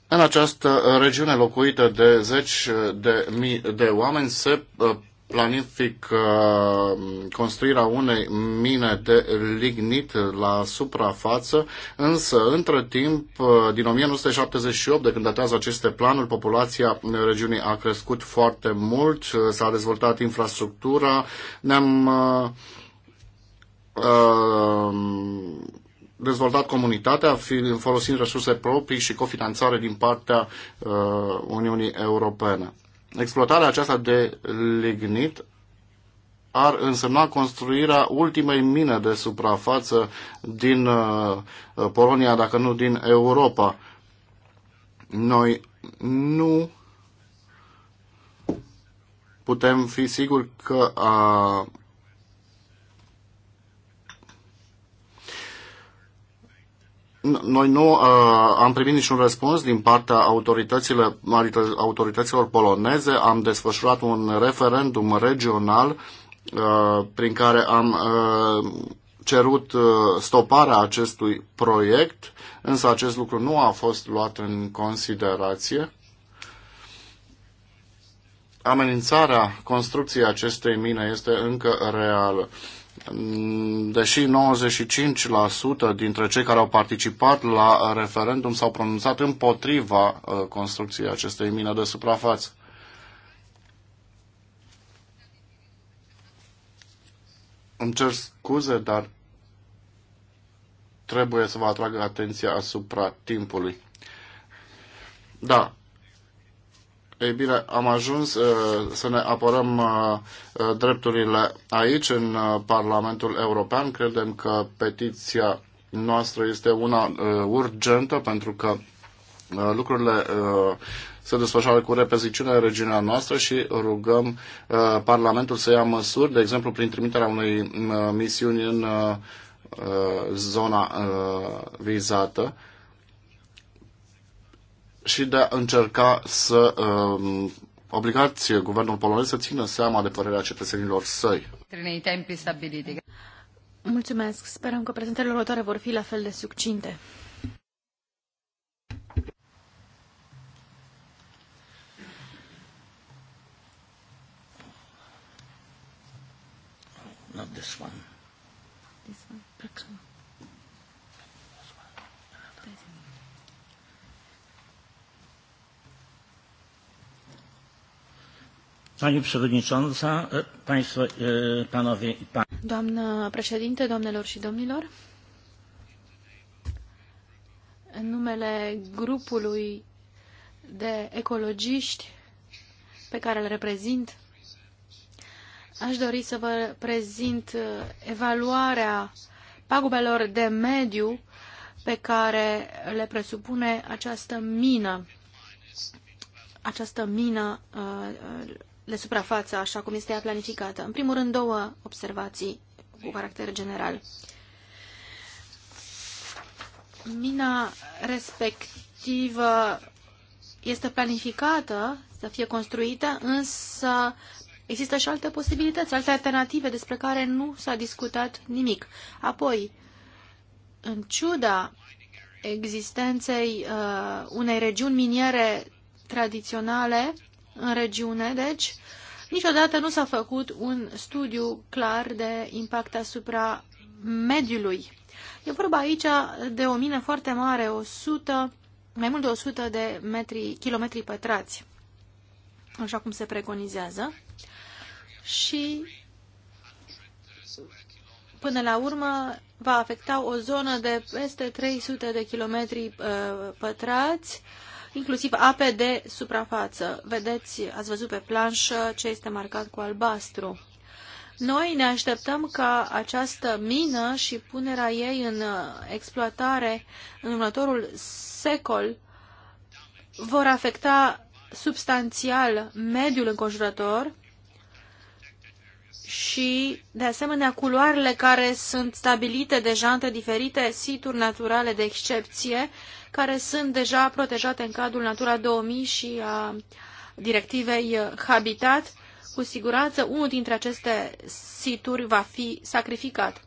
În această regiune locuită de zeci de mii de oameni se uh, planific uh, construirea unei mine de lignit la suprafață, însă între timp, uh, din 1978, de când datează aceste planuri, populația regiunii a crescut foarte mult, uh, s-a dezvoltat infrastructura, ne-am dezvoltat comunitatea folosind resurse proprii și cofinanțare din partea Uniunii Europene. Exploatarea aceasta de lignit ar însemna construirea ultimei mine de suprafață din uh, Polonia, dacă nu din Europa. Noi nu putem fi siguri că Noi nu uh, am primit niciun răspuns din partea autorităților, autorităților poloneze. Am desfășurat un referendum regional uh, prin care am uh, cerut uh, stoparea acestui proiect, însă acest lucru nu a fost luat în considerație. Amenințarea construcției acestei mine este încă reală. Uh, Mm, deși 95% dintre cei care au participat la referendum s-au pronunțat împotriva uh, construcției acestei mine de suprafață. Îmi cer scuze, dar trebuie să vă atrag atenția asupra timpului. Da, ei bine, am ajuns uh, să ne apărăm uh, uh, drepturile aici, în uh, Parlamentul European. Credem că petiția noastră este una uh, urgentă pentru că uh, lucrurile uh, se desfășoară cu repeziciune în regiunea noastră și rugăm uh, Parlamentul să ia măsuri, de exemplu, prin trimiterea unei uh, misiuni în uh, uh zona uh, vizată. Uh, și de a încerca să um, obligați guvernul polonez să țină seama de părerea cetățenilor săi. Mulțumesc. Sperăm că prezentările următoare vor fi la fel de succinte. Not this one. Pani Przewodnicząca, Państwo, Panowie i Panie. Doamnă președinte, doamnelor și domnilor, în numele grupului de ecologiști pe care îl reprezint, aș dori să vă prezint evaluarea pagubelor de mediu pe care le presupune această mină, această mină de suprafață, așa cum este ea planificată. În primul rând, două observații cu caracter general. Mina respectivă este planificată să fie construită, însă există și alte posibilități, alte alternative despre care nu s-a discutat nimic. Apoi, în ciuda existenței uh, unei regiuni miniere tradiționale, în regiune, deci niciodată nu s-a făcut un studiu clar de impact asupra mediului. E vorba aici de o mină foarte mare, 100, mai mult de 100 de metri, kilometri pătrați, așa cum se preconizează. Și până la urmă va afecta o zonă de peste 300 de kilometri uh, pătrați, uh, inclusiv ape de suprafață. Vedeți, ați văzut pe planșă ce este marcat cu albastru. Noi ne așteptăm ca această mină și punerea ei în exploatare în următorul secol vor afecta substanțial mediul înconjurător și, de asemenea, culoarele care sunt stabilite deja între diferite situri naturale de excepție care sunt deja protejate în cadrul Natura 2000 și a directivei uh, Habitat. Cu siguranță, unul dintre aceste situri va fi sacrificat.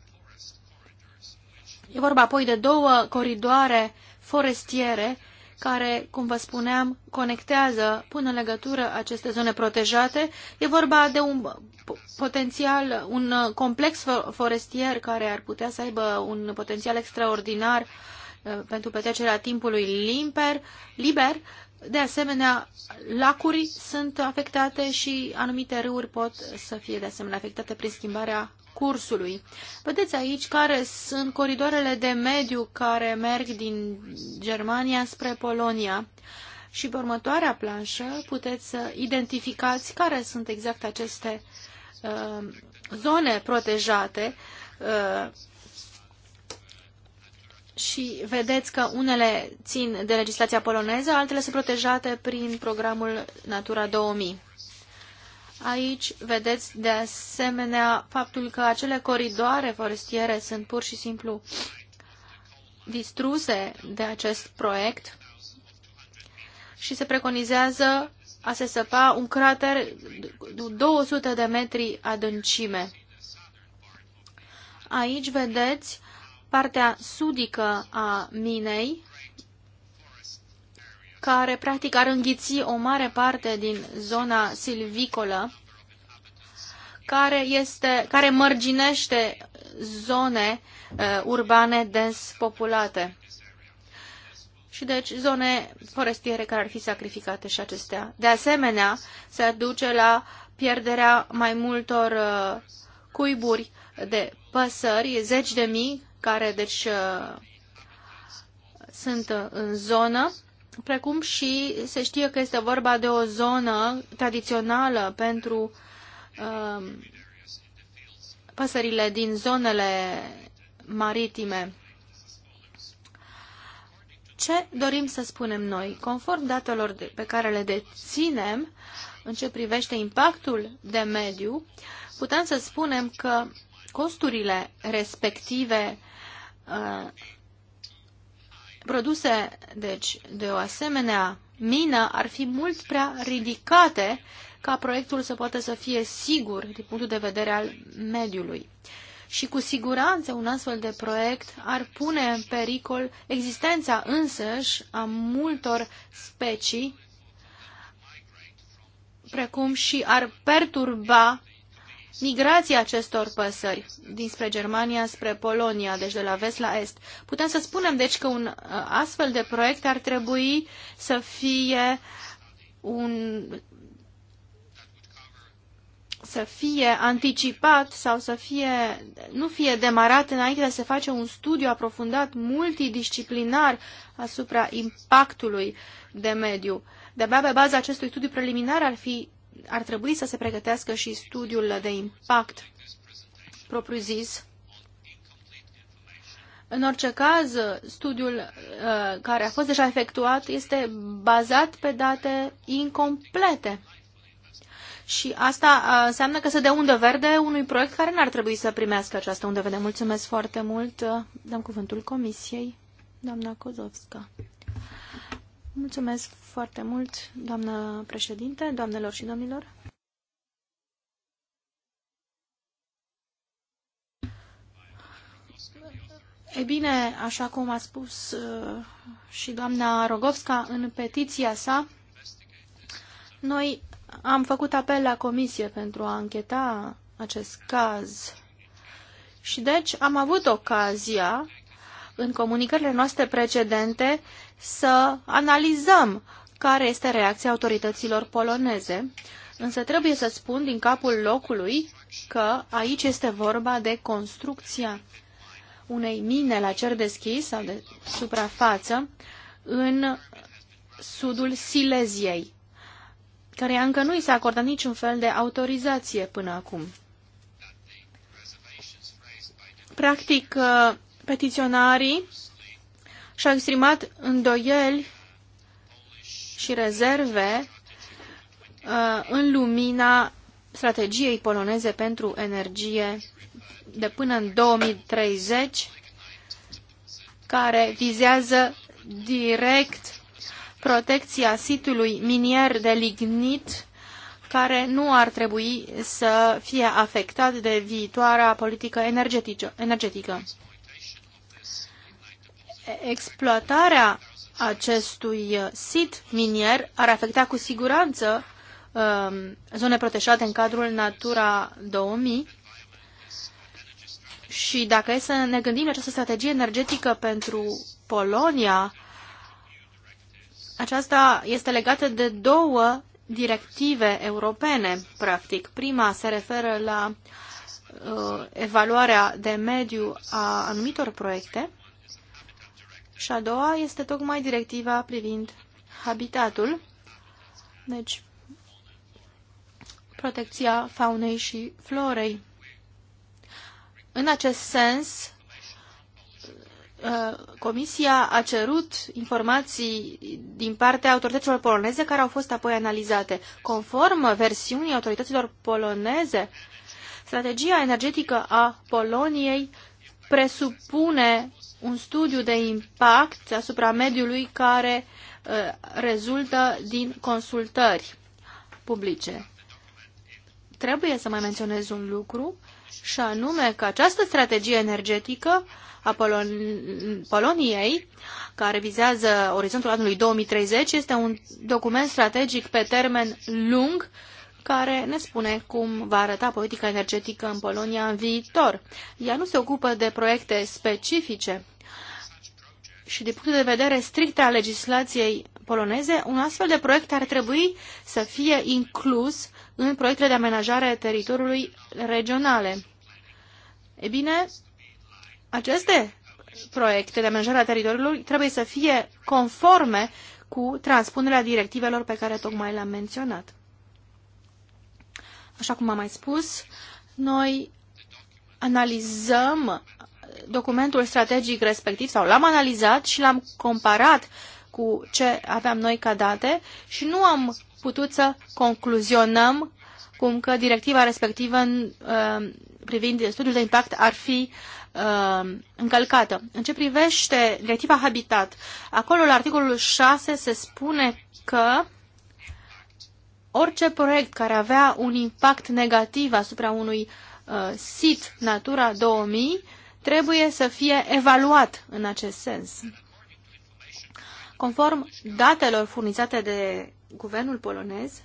E vorba apoi de două coridoare forestiere care, cum vă spuneam, conectează, pun în legătură aceste zone protejate. E vorba de un potențial, un uh, complex forestier care ar putea să aibă un potențial extraordinar Uh, pentru petrecerea timpului limper, liber. De asemenea, lacuri sunt afectate și anumite râuri pot să fie de asemenea afectate prin schimbarea cursului. Vedeți aici care sunt coridoarele de mediu care merg din Germania spre Polonia. Și pe următoarea planșă puteți să identificați care sunt exact aceste uh, zone protejate uh, și vedeți că unele țin de legislația poloneză, altele sunt protejate prin programul Natura 2000. Aici vedeți de asemenea faptul că acele coridoare forestiere sunt pur și simplu distruse de acest proiect și se preconizează a se săpa un crater 200 de metri adâncime. Aici vedeți partea sudică a minei, care practic ar înghiți o mare parte din zona silvicolă, care, este, care mărginește zone uh, urbane dens populate. Și deci zone forestiere care ar fi sacrificate și acestea. De asemenea, se duce la pierderea mai multor uh, cuiburi de păsări, zeci de mii, care deci uh, sunt în zonă, precum și se știe că este vorba de o zonă tradițională pentru uh, păsările din zonele maritime. Ce dorim să spunem noi? Conform datelor pe care le deținem în ce privește impactul de mediu, putem să spunem că costurile respective Uh, produse deci, de o asemenea mină ar fi mult prea ridicate ca proiectul să poată să fie sigur din punctul de vedere al mediului. Și cu siguranță un astfel de proiect ar pune în pericol existența însăși a multor specii, precum și ar perturba migrația acestor păsări dinspre Germania spre Polonia, deci de la vest la est. Putem să spunem, deci, că un uh, astfel de proiect ar trebui să fie un să fie anticipat sau să fie, nu fie demarat înainte de să se face un studiu aprofundat multidisciplinar asupra impactului de mediu. De-abia pe baza acestui studiu preliminar ar fi ar trebui să se pregătească și studiul de impact propriu-zis. În orice caz, studiul uh, care a fost deja efectuat este bazat pe date incomplete. Și asta uh, înseamnă că se dă undă verde unui proiect care n-ar trebui să primească această undă verde. Mulțumesc foarte mult. Dăm cuvântul Comisiei, doamna Kozovska. Mulțumesc foarte mult, doamnă președinte, doamnelor și domnilor. E bine, așa cum a spus uh, și doamna Rogovska în petiția sa, noi am făcut apel la comisie pentru a încheta acest caz. Și deci am avut ocazia, în comunicările noastre precedente, să analizăm care este reacția autorităților poloneze, însă trebuie să spun din capul locului că aici este vorba de construcția unei mine la cer deschis sau de suprafață în sudul Sileziei, care încă nu i s-a acordat niciun fel de autorizație până acum. Practic, uh, petiționarii și a exprimat îndoieli și rezerve uh, în lumina strategiei poloneze pentru energie de până în 2030, care vizează direct protecția sitului minier de lignit, care nu ar trebui să fie afectat de viitoarea politică energetică. energetică exploatarea acestui uh, sit minier ar afecta cu siguranță um, zone protejate în cadrul Natura 2000 și dacă e să ne gândim la această strategie energetică pentru Polonia, aceasta este legată de două directive europene, practic. Prima se referă la uh, evaluarea de mediu a anumitor proiecte și a doua este tocmai directiva privind habitatul, deci protecția faunei și florei. În acest sens, uh, Comisia a cerut informații din partea autorităților poloneze care au fost apoi analizate. Conform versiunii autorităților poloneze, strategia energetică a Poloniei presupune un studiu de impact asupra mediului care uh, rezultă din consultări publice. Trebuie să mai menționez un lucru și anume că această strategie energetică a Polon Poloniei, care vizează orizontul anului 2030, este un document strategic pe termen lung care ne spune cum va arăta politica energetică în Polonia în viitor. Ea nu se ocupă de proiecte specifice și din punct de vedere strict al legislației poloneze, un astfel de proiect ar trebui să fie inclus în proiectele de amenajare a teritoriului regionale. E bine, aceste proiecte de amenajare a teritoriului trebuie să fie conforme cu transpunerea directivelor pe care tocmai le-am menționat. Așa cum am mai spus, noi analizăm documentul strategic respectiv sau l-am analizat și l-am comparat cu ce aveam noi ca date și nu am putut să concluzionăm cum că directiva respectivă în, uh, privind studiul de impact ar fi uh, încălcată. În ce privește directiva Habitat, acolo la articolul 6 se spune că orice proiect care avea un impact negativ asupra unui uh, sit Natura 2000 trebuie să fie evaluat în acest sens. Conform datelor furnizate de guvernul polonez,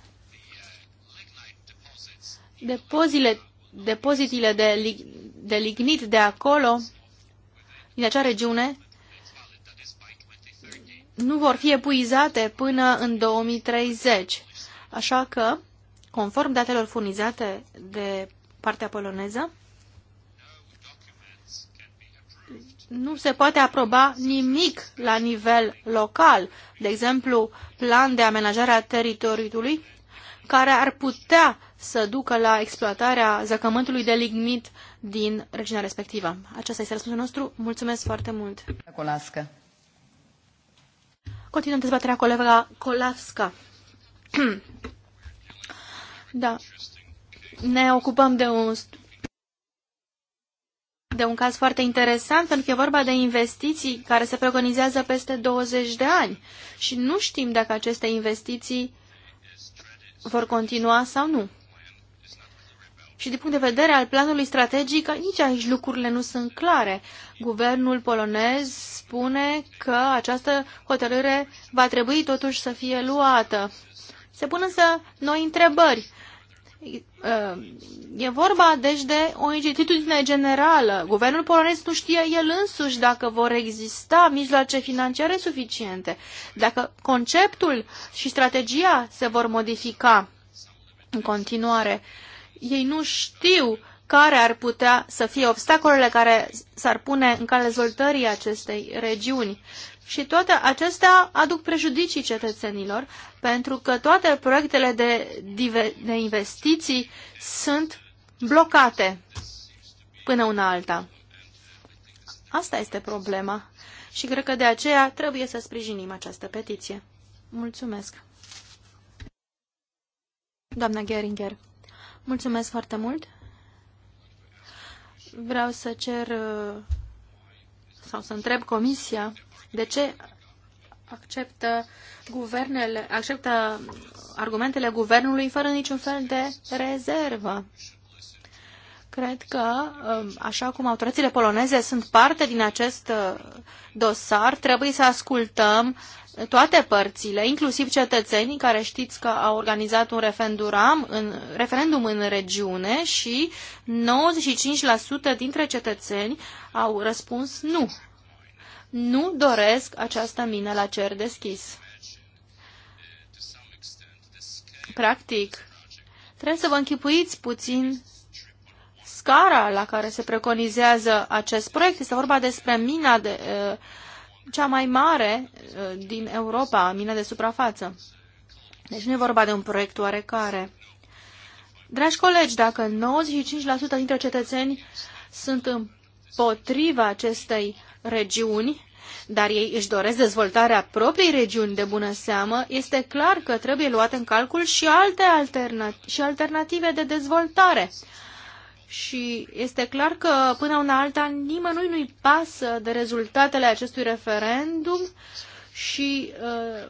depozile, depozitile de, lig, de lignit de acolo, din acea regiune, nu vor fi epuizate până în 2030. Așa că, conform datelor furnizate de partea poloneză, nu se poate aproba nimic la nivel local, de exemplu, plan de amenajare a teritoriului, care ar putea să ducă la exploatarea zăcământului de lignit din regiunea respectivă. Acesta este răspunsul nostru. Mulțumesc foarte mult! Colasca. Continuăm dezbaterea colega Colasca. da. Ne ocupăm de un de un caz foarte interesant, pentru că e vorba de investiții care se preconizează peste 20 de ani și nu știm dacă aceste investiții vor continua sau nu. Și din punct de vedere al planului strategic, nici aici lucrurile nu sunt clare. Guvernul polonez spune că această hotărâre va trebui totuși să fie luată. Se pun însă noi întrebări. E vorba, deci, de o incertitudine generală. Guvernul polonez nu știe el însuși dacă vor exista mijloace financiare suficiente, dacă conceptul și strategia se vor modifica în continuare. Ei nu știu care ar putea să fie obstacolele care s-ar pune în cale dezvoltării acestei regiuni și toate acestea aduc prejudicii cetățenilor, pentru că toate proiectele de, de investiții sunt blocate până una alta. Asta este problema și cred că de aceea trebuie să sprijinim această petiție. Mulțumesc! Doamna Geringer, mulțumesc foarte mult! Vreau să cer uh, sau să întreb comisia de ce acceptă, guvernele, acceptă argumentele guvernului fără niciun fel de rezervă? Cred că, um, așa cum autoritățile poloneze sunt parte din acest uh, dosar, trebuie să ascultăm toate părțile, inclusiv cetățenii care știți că au organizat un referendum în, referendum în regiune și 95% dintre cetățeni au răspuns nu nu doresc această mină la cer deschis. Practic, trebuie să vă închipuiți puțin scara la care se preconizează acest proiect. Este vorba despre mina de, cea mai mare din Europa, mina de suprafață. Deci nu e vorba de un proiect oarecare. Dragi colegi, dacă 95% dintre cetățeni sunt împotriva acestei regiuni, dar ei își doresc dezvoltarea propriei regiuni de bună seamă, este clar că trebuie luat în calcul și alte alterna și alternative de dezvoltare. Și este clar că până una alta nimănui nu-i pasă de rezultatele acestui referendum și uh,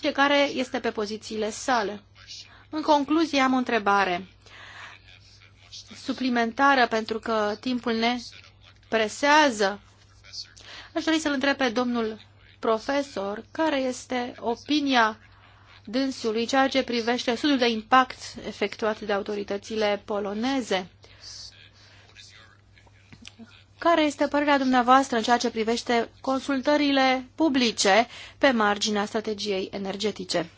fiecare este pe pozițiile sale. În concluzie am o întrebare suplimentară pentru că timpul ne presează Aș dori să-l întreb pe domnul profesor care este opinia dânsului ceea ce privește studiul de impact efectuat de autoritățile poloneze. Care este părerea dumneavoastră în ceea ce privește consultările publice pe marginea strategiei energetice?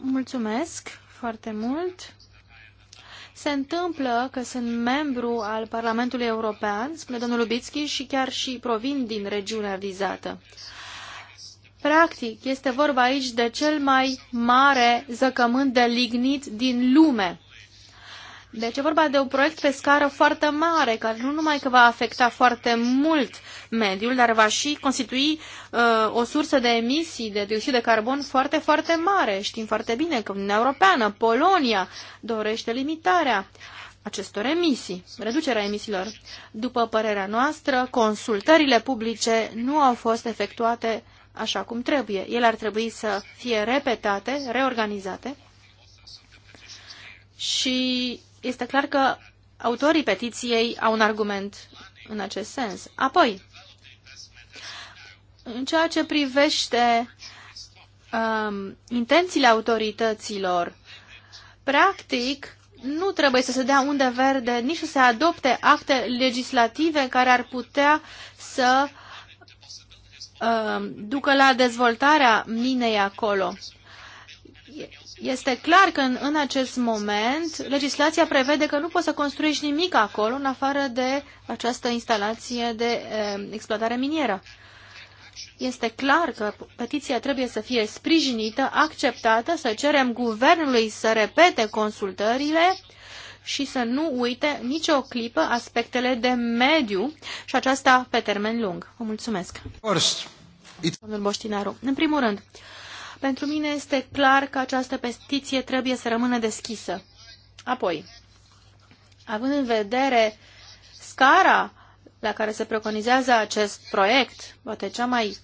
Mulțumesc foarte mult. Se întâmplă că sunt membru al Parlamentului European, spune domnul Lubitski, și chiar și provin din regiunea vizată. Practic, este vorba aici de cel mai mare zăcământ de lignit din lume. Deci e vorba de un proiect pe scară foarte mare, care nu numai că va afecta foarte mult mediul, dar va și constitui uh, o sursă de emisii de dioxid de carbon foarte, foarte mare. Știm foarte bine că Uniunea Europeană, Polonia, dorește limitarea acestor emisii, reducerea emisiilor. După părerea noastră, consultările publice nu au fost efectuate așa cum trebuie. Ele ar trebui să fie repetate, reorganizate și este clar că autorii petiției au un argument în acest sens. Apoi, în ceea ce privește um, intențiile autorităților, practic, nu trebuie să se dea unde verde, nici să se adopte acte legislative care ar putea să uh, ducă la dezvoltarea minei acolo. Este clar că în, în acest moment legislația prevede că nu poți să construiești nimic acolo în afară de această instalație de uh, exploatare minieră. Este clar că petiția trebuie să fie sprijinită, acceptată, să cerem guvernului să repete consultările și să nu uite nicio clipă aspectele de mediu și aceasta pe termen lung. Vă mulțumesc. Domnul Boștinaru, în primul rând, uh, pentru mine este clar că această petiție trebuie să rămână deschisă. Apoi, având în vedere scara la care se preconizează acest proiect, poate cea mai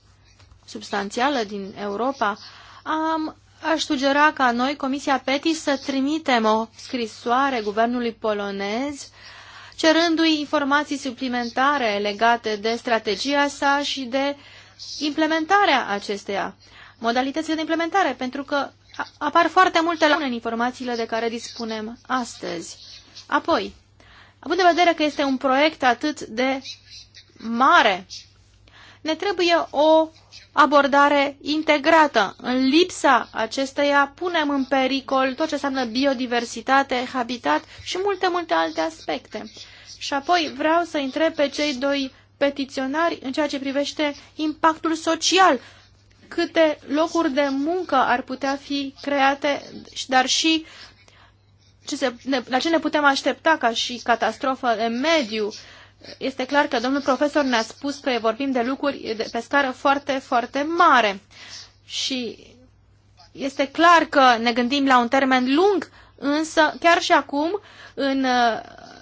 substanțială din Europa, am, aș sugera ca noi, Comisia PETI, să trimitem o scrisoare guvernului polonez cerându-i informații suplimentare legate de strategia sa și de implementarea acesteia modalitățile de implementare, pentru că apar foarte multe lacune în informațiile de care dispunem astăzi. Apoi, având în vedere că este un proiect atât de mare, ne trebuie o abordare integrată. În lipsa acesteia punem în pericol tot ce înseamnă biodiversitate, habitat și multe, multe alte aspecte. Și apoi vreau să întreb pe cei doi petiționari în ceea ce privește impactul social câte locuri de muncă ar putea fi create, dar și ce se, ne, la ce ne putem aștepta ca și catastrofă în mediu. Este clar că domnul profesor ne-a spus că vorbim de lucruri de, pe scară foarte, foarte mare. Și este clar că ne gândim la un termen lung, însă chiar și acum, în,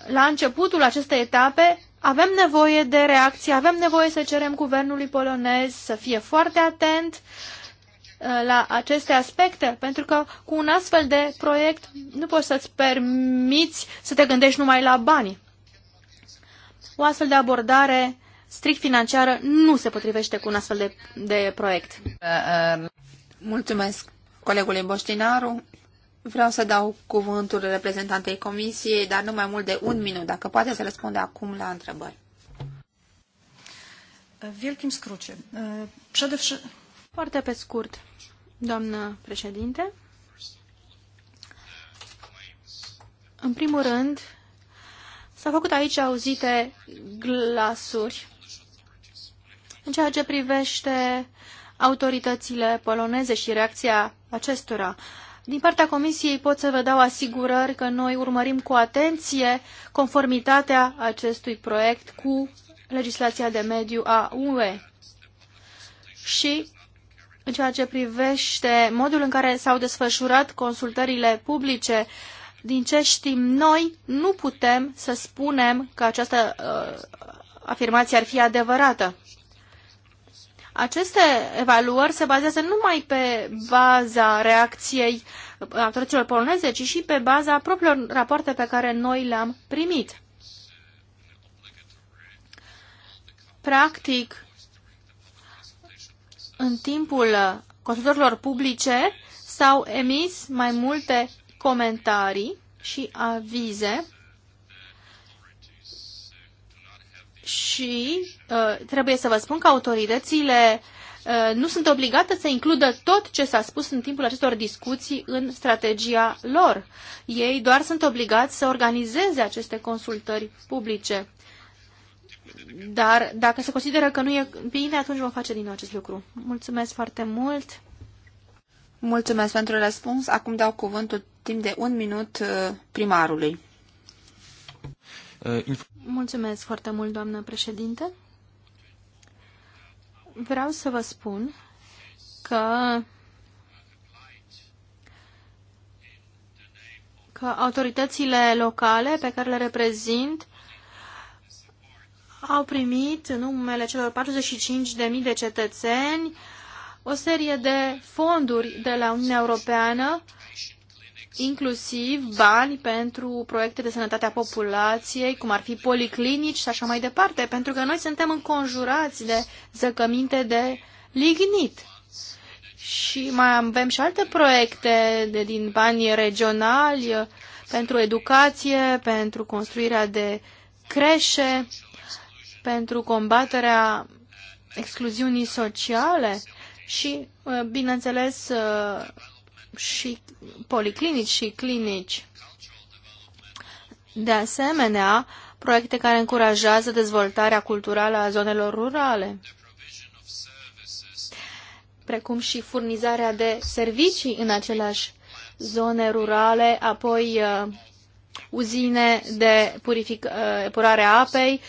la începutul acestei etape, avem nevoie de reacție, avem nevoie să cerem guvernului polonez să fie foarte atent uh, la aceste aspecte, pentru că cu un astfel de proiect nu poți să-ți permiți să te gândești numai la bani. O astfel de abordare strict financiară nu se potrivește cu un astfel de, de proiect. Uh, uh, mulțumesc colegului Boștinaru. Vreau să dau cuvântul reprezentantei comisiei, dar nu mai mult de un minut, dacă poate să răspunde acum la întrebări. Wielkim scruce. Foarte pe scurt, doamnă președinte. În primul rând, s-au făcut aici auzite glasuri în ceea ce privește autoritățile poloneze și reacția acestora. Din partea Comisiei pot să vă dau asigurări că noi urmărim cu atenție conformitatea acestui proiect cu legislația de mediu a UE. Și în ceea ce privește modul în care s-au desfășurat consultările publice, din ce știm noi, nu putem să spunem că această uh, afirmație ar fi adevărată. Aceste evaluări se bazează numai pe baza reacției autorităților poloneze, ci și pe baza propriilor rapoarte pe care noi le-am primit. Practic, în timpul consultorilor publice s-au emis mai multe comentarii și avize și uh, trebuie să vă spun că autoritățile uh, nu sunt obligate să includă tot ce s-a spus în timpul acestor discuții în strategia lor. Ei doar sunt obligați să organizeze aceste consultări publice. Dar dacă se consideră că nu e bine, atunci vom face din nou acest lucru. Mulțumesc foarte mult! Mulțumesc pentru răspuns. Acum dau cuvântul timp de un minut uh, primarului. Uh, Mulțumesc foarte mult, doamnă președinte. Vreau să vă spun că că autoritățile locale pe care le reprezint au primit în numele celor 45.000 de cetățeni o serie de fonduri de la Uniunea Europeană inclusiv bani pentru proiecte de sănătate a populației, cum ar fi policlinici și așa mai departe, pentru că noi suntem înconjurați de zăcăminte de lignit. Și mai avem și alte proiecte de, din bani regionali pentru educație, pentru construirea de creșe, pentru combaterea excluziunii sociale și, bineînțeles, și policlinici și clinici. De asemenea, proiecte care încurajează dezvoltarea culturală a zonelor rurale, precum și furnizarea de servicii în aceleași zone rurale, apoi uh, uzine de purific, uh, epurare a apei.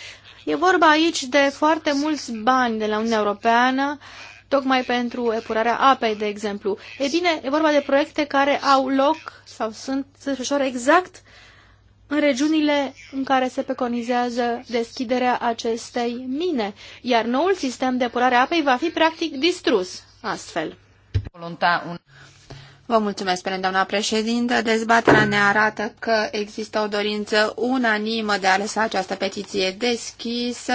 E vorba aici de foarte mulți bani de la Uniunea Europeană tocmai pentru epurarea apei, de exemplu. E bine, e vorba de proiecte care au loc sau sunt desfășoară exact în regiunile în care se preconizează deschiderea acestei mine, iar noul sistem de epurare a apei va fi practic distrus astfel. Vă mulțumesc, doamna președintă. Dezbaterea ne arată că există o dorință unanimă de a lăsa această petiție deschisă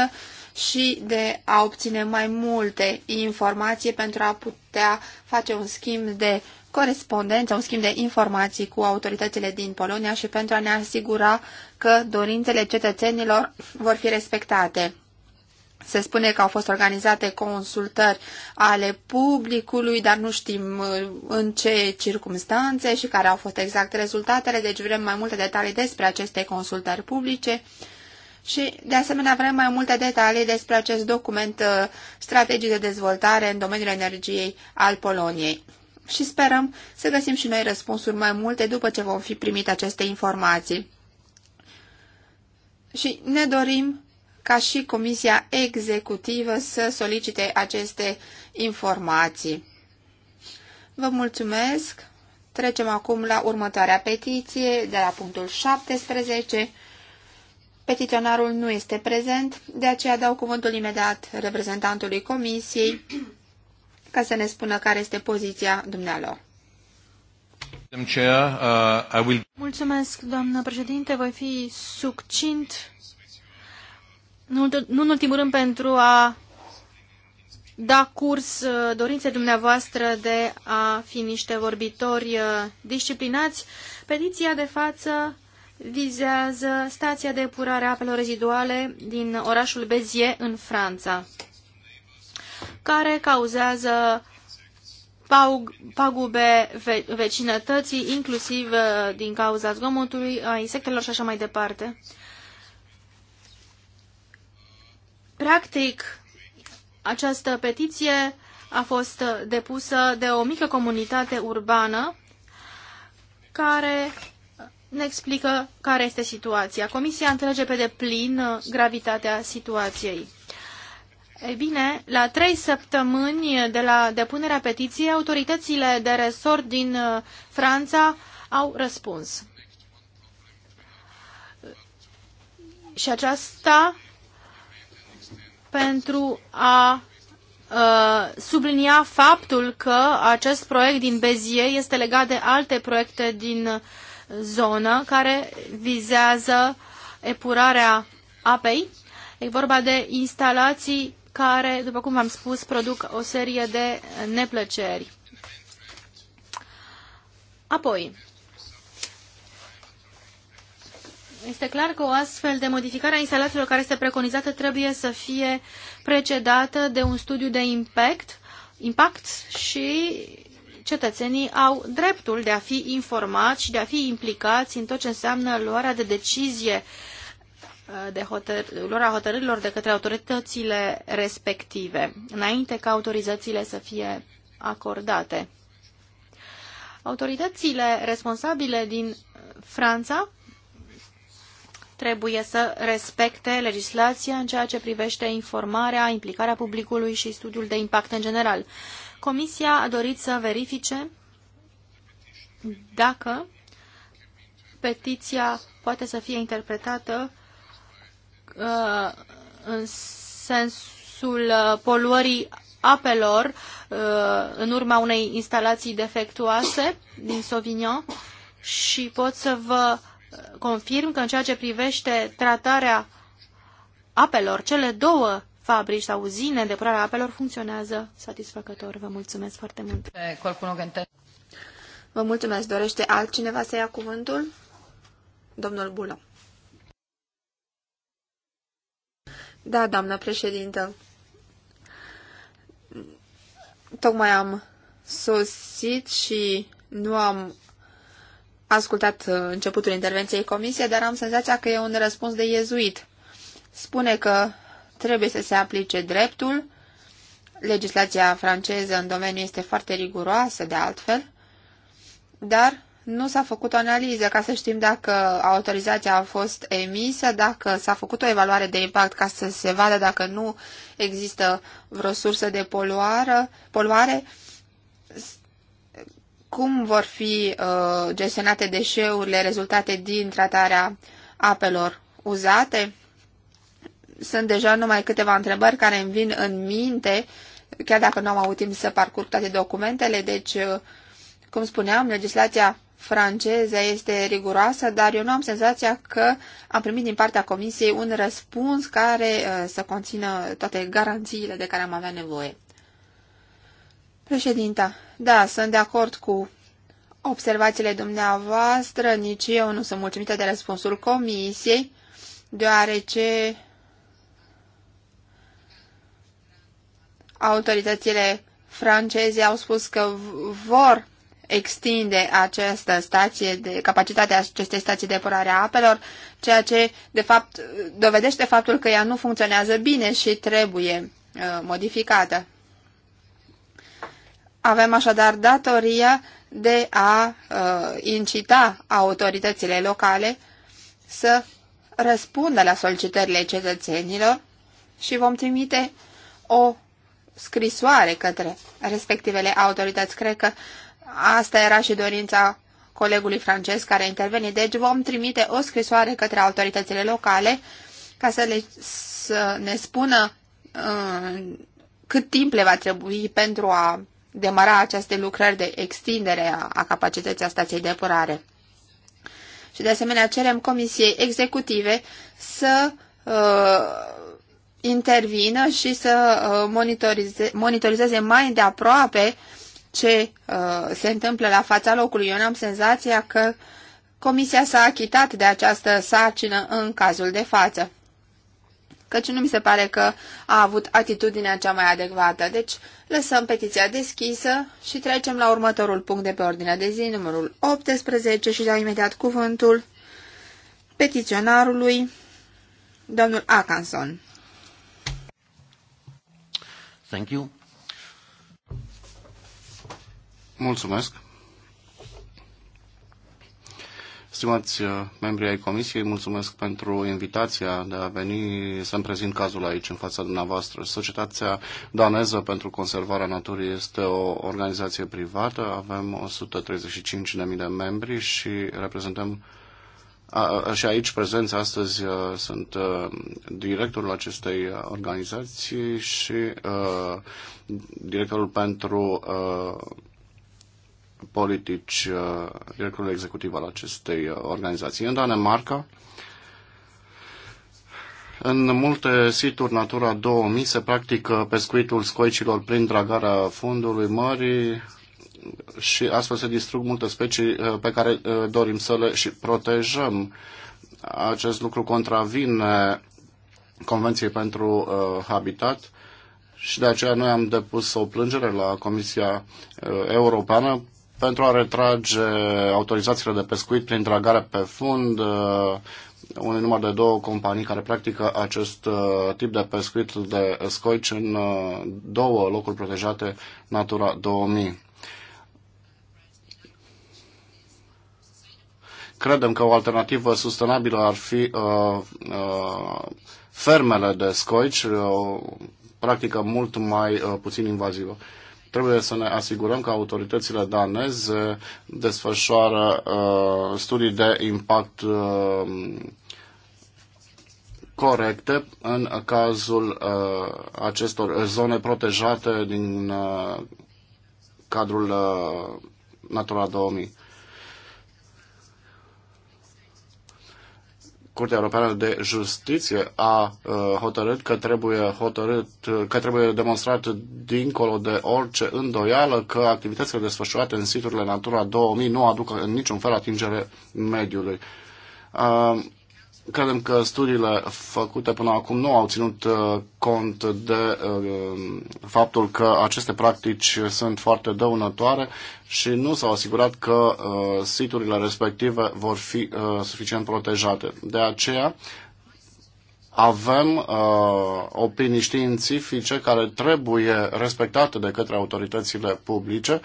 și de a obține mai multe informații pentru a putea face un schimb de corespondență, un schimb de informații cu autoritățile din Polonia și pentru a ne asigura că dorințele cetățenilor vor fi respectate. Se spune că au fost organizate consultări ale publicului, dar nu știm uh, în ce circumstanțe și care au fost exact rezultatele, deci vrem mai multe detalii despre aceste consultări publice și, de asemenea, vrem mai multe detalii despre acest document uh, strategic de dezvoltare în domeniul energiei al Poloniei. Și sperăm să găsim și noi răspunsuri mai multe după ce vom fi primit aceste informații. Și ne dorim ca și Comisia Executivă să solicite aceste informații. Vă mulțumesc! Trecem acum la următoarea petiție de la punctul 17 Petiționarul nu este prezent, de aceea dau cuvântul imediat reprezentantului comisiei ca să ne spună care este poziția dumnealor. Uh, Mulțumesc, doamnă președinte, voi fi succint, nu, în ultimul rând pentru a da curs uh, dorinței dumneavoastră de a fi niște vorbitori uh, disciplinați. Petiția de față vizează stația de epurare a apelor reziduale din orașul Bezier în Franța, care cauzează pagube vecinătății, inclusiv uh, din cauza zgomotului, a insectelor și așa mai departe. Practic, această petiție a fost depusă de o mică comunitate urbană care ne explică care este situația. Comisia înțelege pe deplin uh, gravitatea situației. Ei bine, la trei săptămâni de la depunerea petiției, autoritățile de resort din uh, Franța au răspuns. Și aceasta pentru a uh, sublinia faptul că acest proiect din Bezie este legat de alte proiecte din zonă care vizează epurarea apei. E vorba de instalații care, după cum v-am spus, produc o serie de neplăceri. Apoi, este clar că o astfel de modificare a instalațiilor care este preconizată trebuie să fie precedată de un studiu de impact, impact și cetățenii au dreptul de a fi informați și de a fi implicați în tot ce înseamnă luarea de decizie uh, de hotăr luarea hotărârilor de către autoritățile respective, înainte ca autorizațiile să fie acordate. Autoritățile responsabile din Franța trebuie să respecte legislația în ceea ce privește informarea, implicarea publicului și studiul de impact în general. Comisia a dorit să verifice dacă petiția poate să fie interpretată uh, în sensul uh, poluării apelor uh, în urma unei instalații defectuoase din Sauvignon și pot să vă uh, confirm că în ceea ce privește tratarea apelor, cele două fabrici sau uzine de a apelor funcționează satisfăcător. Vă mulțumesc foarte mult. Eh, Vă mulțumesc. Dorește altcineva să ia cuvântul? Domnul Bulă. Da, doamnă președintă. Tocmai am sosit și nu am ascultat începutul intervenției comisiei, dar am senzația că e un răspuns de iezuit. Spune că trebuie să se aplice dreptul. Legislația franceză în domeniu este foarte riguroasă, de altfel, dar nu s-a făcut o analiză ca să știm dacă autorizația a fost emisă, dacă s-a făcut o evaluare de impact ca să se vadă dacă nu există vreo sursă de poluare, poluare cum vor fi uh, gestionate deșeurile rezultate din tratarea apelor uzate sunt deja numai câteva întrebări care îmi vin în minte, chiar dacă nu am avut timp să parcurg toate documentele, deci, uh, cum spuneam, legislația franceză este riguroasă, dar eu nu am senzația că am primit din partea comisiei un răspuns care uh, să conțină toate garanțiile de care am avea nevoie. Președinta, da, sunt de acord cu observațiile dumneavoastră, nici eu nu sunt mulțumită de răspunsul comisiei, deoarece Autoritățile franceze au spus că vor extinde această stație de capacitatea acestei stații de epurare a apelor, ceea ce de fapt dovedește faptul că ea nu funcționează bine și trebuie uh, modificată. Avem așadar datoria de a uh, incita autoritățile locale să răspundă la solicitările cetățenilor și vom trimite o scrisoare către respectivele autorități. Cred că asta era și dorința colegului francez care a intervenit. Deci vom trimite o scrisoare către autoritățile locale ca să, le, să ne spună uh, cât timp le va trebui pentru a demara aceste lucrări de extindere a, a capacității a stației de epurare. Și de asemenea cerem Comisiei Executive să uh, intervină și să uh, monitorize, monitorizeze mai de aproape ce uh, se întâmplă la fața locului. Eu am senzația că comisia s-a achitat de această sarcină în cazul de față, căci nu mi se pare că a avut atitudinea cea mai adecvată. Deci lăsăm petiția deschisă și trecem la următorul punct de pe ordinea de zi, numărul 18 și dau imediat cuvântul petiționarului, domnul Akanson. Thank you. Mulțumesc. Stimați uh, membrii ai Comisiei, mulțumesc pentru invitația de a veni să-mi prezint cazul aici în fața dumneavoastră. Societatea Daneză pentru Conservarea Naturii este o organizație privată, avem 135.000 de membri și reprezentăm a, și aici prezenți astăzi sunt directorul acestei organizații și uh, directorul pentru uh, politici, uh, directorul executiv al acestei organizații. În Danemarca, în multe situri Natura 2000 se practică pescuitul scoicilor prin dragarea fundului mării, și astfel se distrug multe specii uh, pe care uh, dorim să le și protejăm. Acest lucru contravine Convenției pentru uh, Habitat și de aceea noi am depus o plângere la Comisia Europeană pentru a retrage autorizațiile de pescuit prin dragare pe fund unui număr de două companii care practică acest tip de pescuit de scoici în două locuri protejate Natura 2000. Credem că o alternativă sustenabilă ar fi uh, uh, fermele de scoici, o uh, practică mult mai uh, puțin invazivă. Trebuie să ne asigurăm că autoritățile daneze desfășoară uh, studii de impact uh, corecte în cazul uh, acestor zone protejate din uh, cadrul uh, Natura 2000. Curtea Europeană de Justiție a uh, hotărât că trebuie hotărât uh, că trebuie demonstrat dincolo de orice îndoială că activitățile desfășurate în siturile Natura 2000 nu aduc în niciun fel atingere mediului. Uh, Credem că studiile făcute până acum nu au ținut uh, cont de uh, um, faptul că aceste practici sunt foarte dăunătoare și nu s-au asigurat că uh, siturile respective vor fi suficient protejate. De aceea, avem opinii științifice care trebuie respectate de către autoritățile publice.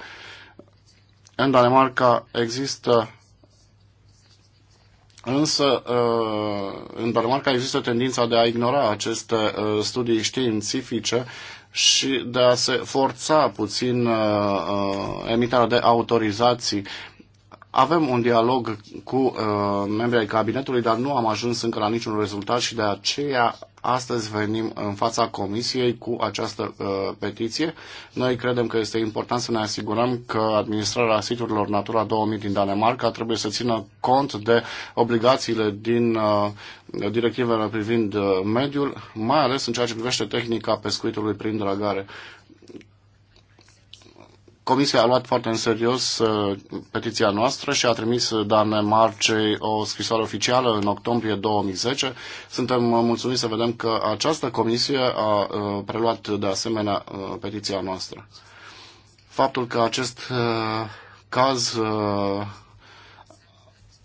În Danemarca există Însă, uh, în Danemarca există tendința de a ignora aceste uh, studii științifice și de a se forța puțin uh, emiterea de autorizații avem un dialog cu uh, membrii cabinetului, dar nu am ajuns încă la niciun rezultat și de aceea astăzi venim în fața comisiei cu această uh, petiție. Noi credem că este important să ne asigurăm că administrarea siturilor Natura 2000 din Danemarca trebuie să țină cont de obligațiile din uh, directivele privind uh, mediul, mai ales în ceea ce privește tehnica pescuitului prin dragare. Uh, Comisia a luat foarte în serios uh, petiția noastră și a trimis Marce o scrisoare oficială în octombrie 2010. Suntem uh, mulțumiți să vedem că această comisie a uh, preluat de asemenea petiția noastră. Faptul că acest caz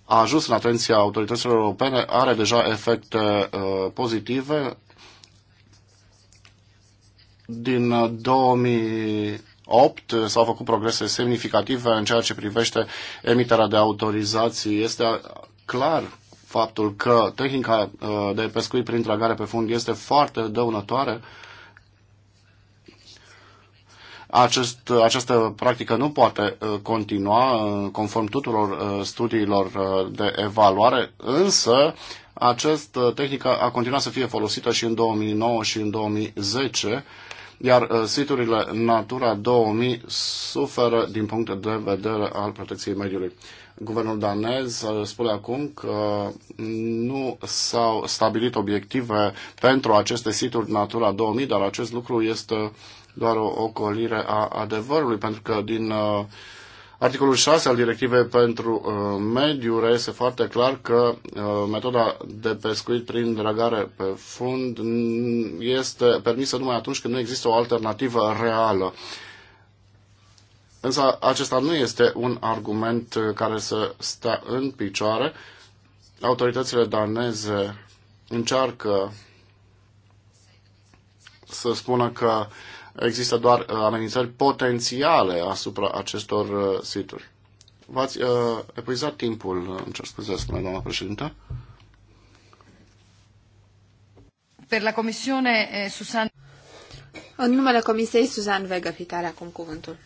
a ajuns în atenția autorităților europene are deja efecte pozitive. Din 2000 8 s-au făcut progrese semnificative în ceea ce privește emiterea de autorizații. Este clar faptul că tehnica uh, de pescuit prin tragare pe fund este foarte dăunătoare. Acest, această practică nu poate uh, continua uh, conform tuturor studiilor de evaluare, însă această tehnică a continuat să fie folosită și în 2009 și în 2010 iar uh, siturile Natura 2000 suferă din punct de vedere al protecției mediului. Guvernul danez uh, spune acum că nu s-au stabilit obiective pentru aceste situri Natura 2000, dar acest lucru este doar o ocolire a adevărului, pentru că din uh, Articolul 6 al directivei pentru uh, mediu reiese foarte clar că uh, metoda de pescuit prin dragare pe fund este permisă numai atunci când nu există o alternativă reală. Însă acesta nu este un argument uh, care să stea în picioare. Autoritățile daneze încearcă să spună că uh, Există doar uh, amenințări potențiale asupra acestor uh, situri. V-ați uh, epuizat timpul, uh, îmi cer scuze, spune doamna președinte. Per la Comisiune, eh, Susan... În numele Comisiei, Susan Vega Pitare, acum cuvântul.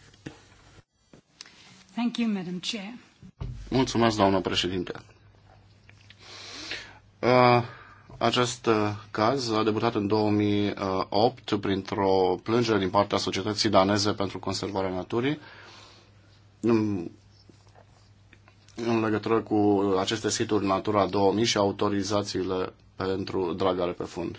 Thank you, Madam Chair. Mulțumesc, doamna președinte. Uh, acest uh, caz a debutat în 2008 printr-o plângere din partea societății daneze pentru conservarea naturii în legătură cu aceste situri Natura 2000 și autorizațiile pentru dragare pe fund.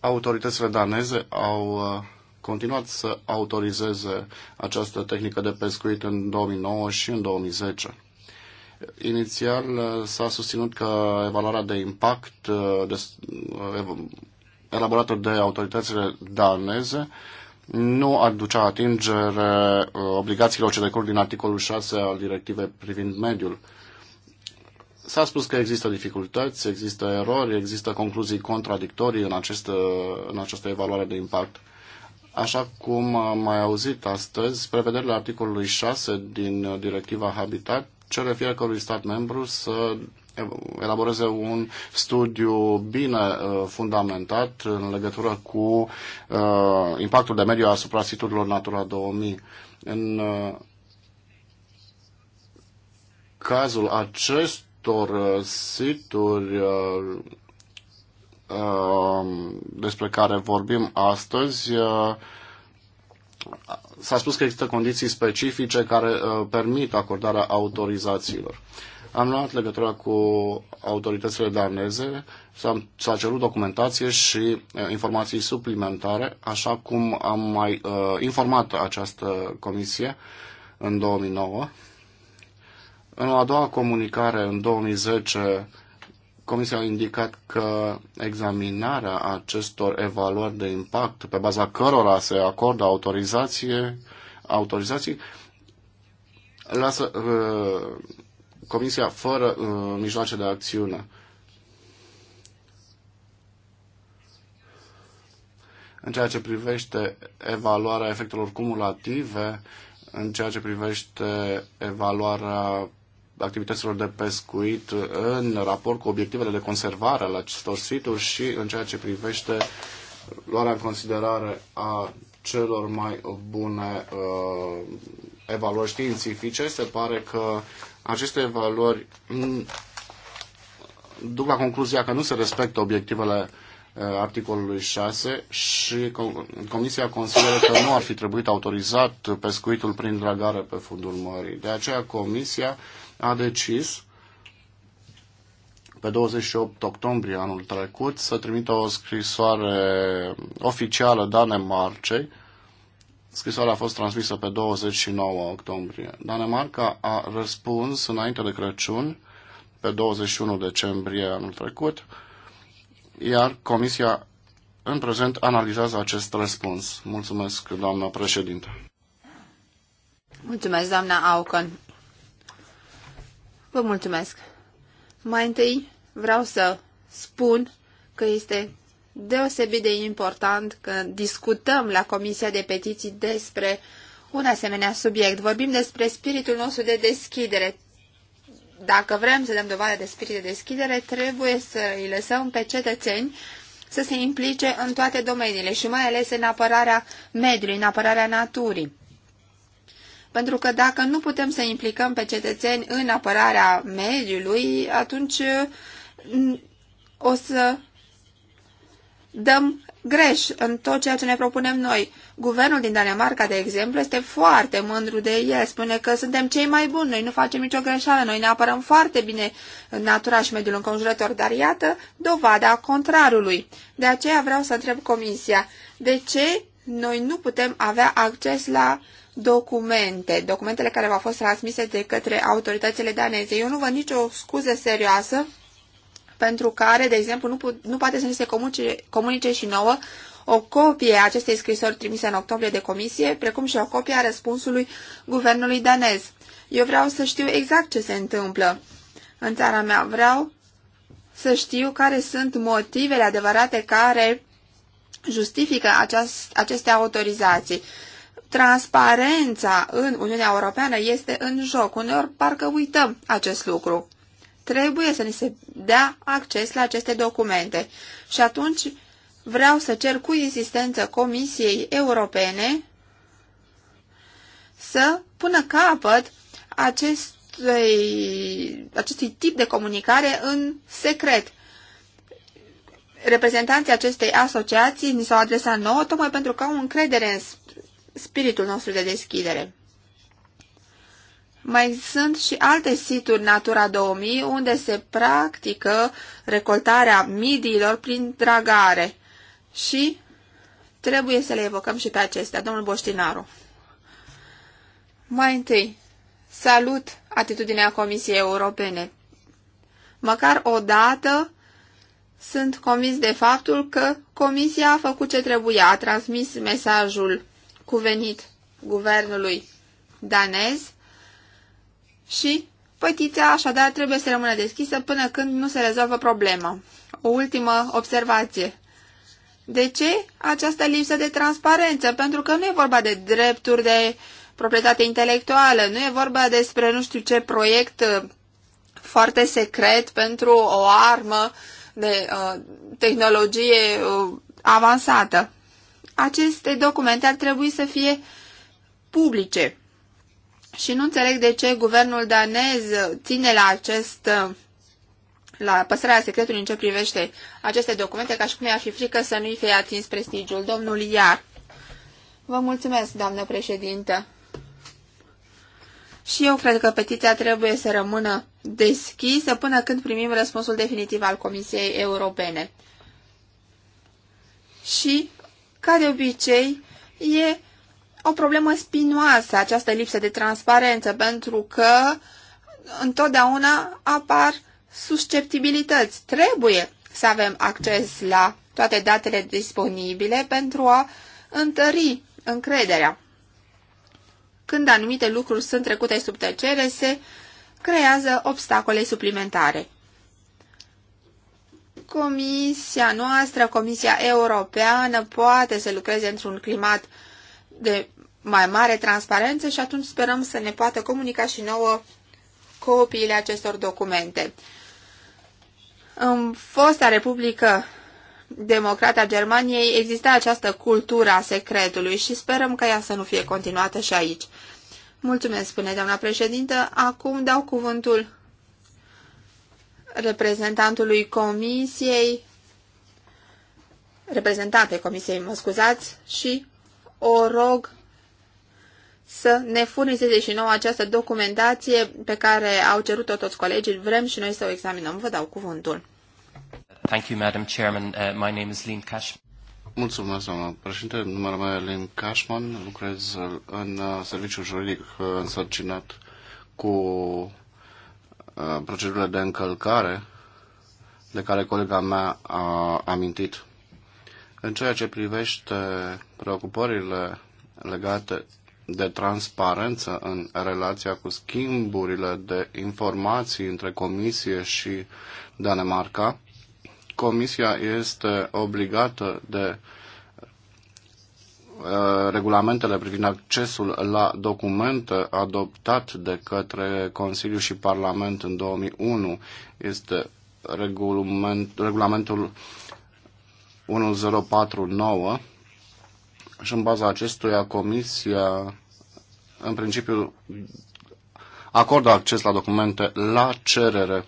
Autoritățile daneze au uh, continuat să autorizeze această tehnică de pescuit în 2009 și în 2010. Inițial uh, s-a susținut că evaluarea de impact uh, de, uh, elaborată de autoritățile daneze nu ar ducea atingere obligațiilor ce decurg din articolul 6 al directivei privind mediul. S-a spus că există dificultăți, există erori, există concluzii contradictorii în, acest, în această evaluare de impact. Așa cum am mai auzit astăzi, prevederile articolului 6 din directiva Habitat cere fiecărui stat membru să elaboreze un studiu bine uh, fundamentat în legătură cu uh, impactul de mediu asupra siturilor Natura 2000. În uh, cazul acestor situri despre care vorbim astăzi, s-a spus că există condiții specifice care uh, permit acordarea autorizațiilor. Am luat legătura cu autoritățile daneze, s-a, cerut documentație și uh, informații suplimentare, așa cum am mai uh, informat această comisie în 2009. În a doua comunicare, în 2010, Comisia a indicat că examinarea acestor evaluări de impact pe baza cărora se acordă autorizație, autorizații lasă uh, Comisia fără uh, mijloace de acțiune. În ceea ce privește evaluarea efectelor cumulative, în ceea ce privește evaluarea activităților de pescuit în raport cu obiectivele de conservare ale acestor situri și în ceea ce privește luarea în considerare a celor mai bune uh, evaluări științifice. Se pare că aceste evaluări duc la concluzia că nu se respectă obiectivele uh, articolului 6 și Comisia consideră că nu ar fi trebuit autorizat pescuitul prin dragare pe fundul mării. De aceea Comisia a decis pe 28 octombrie anul trecut să trimită o scrisoare oficială Danemarcei. Scrisoarea a fost transmisă pe 29 octombrie. Danemarca a răspuns înainte de Crăciun, pe 21 decembrie anul trecut, iar Comisia în prezent analizează acest răspuns. Mulțumesc, doamna președinte. Mulțumesc, doamna Aucon. Vă mulțumesc. Mai întâi vreau să spun că este deosebit de important că discutăm la Comisia de Petiții despre un asemenea subiect. Vorbim despre spiritul nostru de deschidere. Dacă vrem să dăm dovadă de spirit de deschidere, trebuie să îi lăsăm pe cetățeni să se implice în toate domeniile și mai ales în apărarea mediului, în apărarea naturii. Pentru că dacă nu putem să implicăm pe cetățeni în apărarea mediului, atunci mm, o să dăm greș în tot ceea ce ne propunem noi. Guvernul din Danemarca, de exemplu, este foarte mândru de el. Spune că suntem cei mai buni, noi nu facem nicio greșeală, noi ne apărăm foarte bine natura și mediul înconjurător, dar iată dovada contrarului. De aceea vreau să întreb Comisia, de ce noi nu putem avea acces la documente, documentele care v-au fost transmise de către autoritățile daneze. Eu nu văd nicio scuză serioasă pentru care, de exemplu, nu, pu- nu poate să ni se comunice, comunice și nouă o copie a acestei scrisori trimise în octombrie de comisie, precum și o copie a răspunsului guvernului danez. Eu vreau să știu exact ce se întâmplă în țara mea. Vreau să știu care sunt motivele adevărate care justifică aceast, aceste autorizații transparența în Uniunea Europeană este în joc. Uneori parcă uităm acest lucru. Trebuie să ni se dea acces la aceste documente. Și atunci vreau să cer cu insistență Comisiei Europene să pună capăt acestui, acestui tip de comunicare în secret. Reprezentanții acestei asociații ni s-au adresat nouă tocmai pentru că au încredere în spiritul nostru de deschidere. Mai sunt și alte situri Natura 2000 unde se practică recoltarea midiilor prin dragare și trebuie să le evocăm și pe acestea. Domnul Boștinaru. Mai întâi, salut atitudinea Comisiei Europene. Măcar o dată sunt convins de faptul că Comisia a făcut ce trebuia, a transmis mesajul cuvenit guvernului danez și pătița așadar trebuie să rămână deschisă până când nu se rezolvă problema. O ultimă observație. De ce această lipsă de transparență? Pentru că nu e vorba de drepturi de proprietate intelectuală, nu e vorba despre nu știu ce proiect uh, foarte secret pentru o armă de uh, tehnologie uh, avansată aceste documente ar trebui să fie publice. Și nu înțeleg de ce guvernul danez ține la acest la păstrarea secretului în ce privește aceste documente, ca și cum i-ar fi frică să nu-i fie atins prestigiul. Domnul Iar. Vă mulțumesc, doamnă președintă. Și eu cred că petiția trebuie să rămână deschisă până când primim răspunsul definitiv al Comisiei Europene. Și ca de obicei, e o problemă spinoasă această lipsă de transparență, pentru că întotdeauna apar susceptibilități. Trebuie să avem acces la toate datele disponibile pentru a întări încrederea. Când anumite lucruri sunt trecute sub tăcere, se creează obstacole suplimentare. Comisia noastră, Comisia Europeană, poate să lucreze într-un climat de mai mare transparență și atunci sperăm să ne poată comunica și nouă copiile acestor documente. În fosta Republică Democrată a Germaniei exista această cultură a secretului și sperăm că ea să nu fie continuată și aici. Mulțumesc, spune doamna președintă. Acum dau cuvântul reprezentantului comisiei, reprezentante comisiei, mă scuzați, și o rog să ne furnizeze și nouă această documentație pe care au cerut-o toți colegii. Vrem și noi să o examinăm. Vă dau cuvântul. Thank you, Madam Chairman. Uh, my name is Lynn Cashman. Mulțumesc, doamna președinte. Numele meu e Lynn Cashman. Lucrez în uh, serviciul juridic uh, însărcinat cu Uh, procedurile de încălcare de care colega mea a amintit. În ceea ce privește preocupările legate de transparență în relația cu schimburile de informații între Comisie și Danemarca, Comisia este obligată de Uh, regulamentele privind accesul la documente adoptat de către Consiliu și Parlament în 2001 este regulament, regulamentul 1049 și în baza acestuia Comisia în principiu acordă acces la documente la cerere,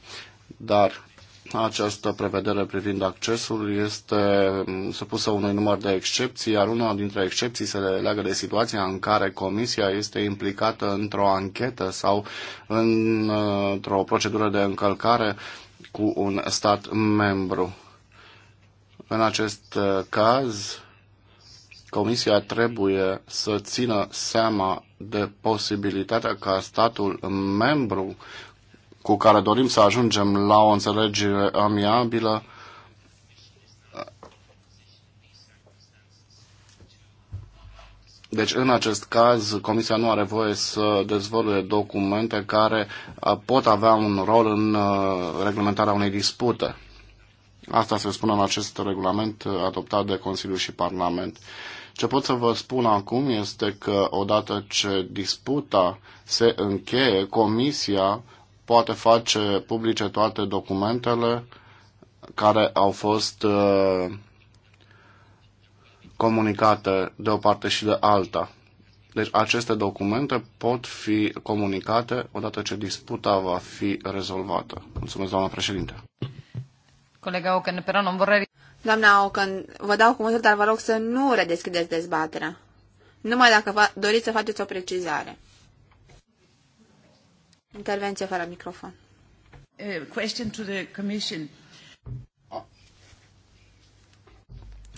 dar această prevedere privind accesul este mm, supusă unui număr de excepții, iar una dintre excepții se leagă de situația în care comisia este implicată într-o anchetă sau într-o procedură de încălcare cu un stat membru. În acest uh, caz, Comisia trebuie să țină seama de posibilitatea ca statul membru cu care dorim să ajungem la o înțelegere amiabilă, Deci, în acest caz, Comisia nu are voie să dezvăluie documente care uh, pot avea un rol în uh, reglementarea unei dispute. Asta se spune în acest regulament uh, adoptat de Consiliu și Parlament. Ce pot să vă spun acum este că, odată ce disputa se încheie, Comisia poate face publice toate documentele care au fost uh, comunicate de o parte și de alta. Deci aceste documente pot fi comunicate odată ce disputa va fi rezolvată. Mulțumesc, doamna președinte. Colega Ocan, però non vorrei... Doamna Ocan, vă dau cuvântul, dar vă rog să nu redeschideți dezbaterea. Numai dacă doriți să faceți o precizare. Intervenție fără microfon. question to the commission.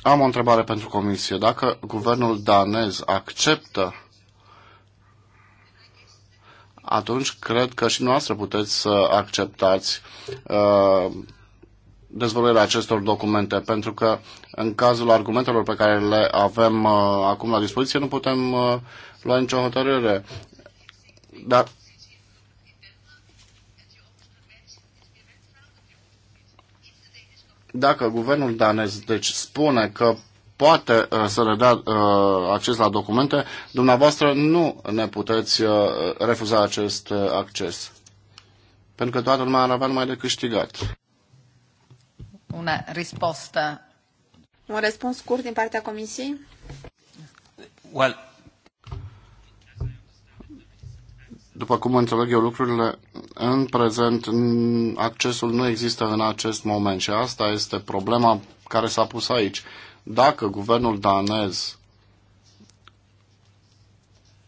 Am o întrebare pentru comisie. Dacă guvernul danez acceptă, atunci cred că și noastră puteți să acceptați uh, acestor documente, pentru că în cazul argumentelor pe care le avem uh, acum la dispoziție nu putem uh, lua nicio hotărâre. Dar Dacă guvernul danez deci, spune că poate uh, să le dea uh, acces la documente, dumneavoastră nu ne puteți uh, refuza acest acces. Pentru că toată lumea ar avea numai de câștigat. Una risposta. Un răspuns scurt din partea Comisiei? Well, după cum înțeleg eu lucrurile, în prezent, accesul nu există în acest moment și asta este problema care s-a pus aici. Dacă guvernul danez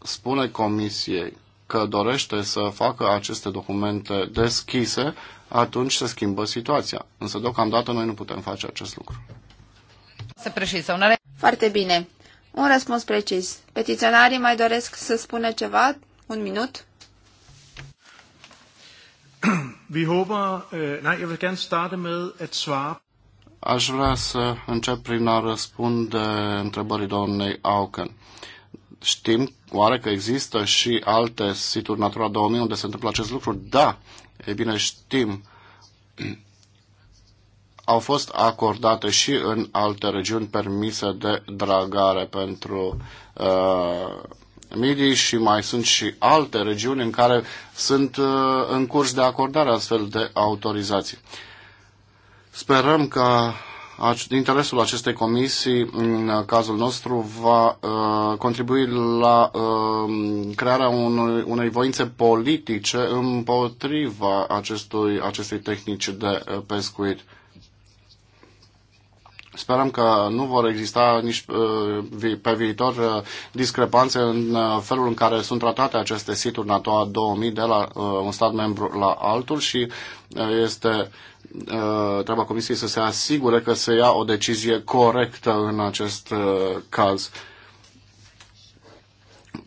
spune comisiei că dorește să facă aceste documente deschise, atunci se schimbă situația. Însă deocamdată noi nu putem face acest lucru. Foarte bine. Un răspuns precis. Petiționarii mai doresc să spună ceva? Un minut? Vi håber, øh, nej, jeg vil gerne starte med at svare. Aș vrea să încep prin a răspunde întrebării doamnei Auken. Știm oare că există și alte situri Natura 2000 unde se întâmplă acest lucru? Da, e bine știm. Au fost acordate și în alte regiuni permise de dragare pentru uh, Midi și mai sunt și alte regiuni în care sunt uh, în curs de acordare astfel de autorizații. Sperăm că interesul acestei comisii, în uh, cazul nostru, va uh, contribui la crearea unui, unei voințe politice împotriva acestui, acestei tehnici de pescuit. Sperăm că nu vor exista nici uh, pe viitor uh, discrepanțe în uh, felul în care sunt tratate aceste situri NATO 2000 de la un stat membru la altul și este treaba Comisiei să se asigure că se ia o decizie corectă în acest caz.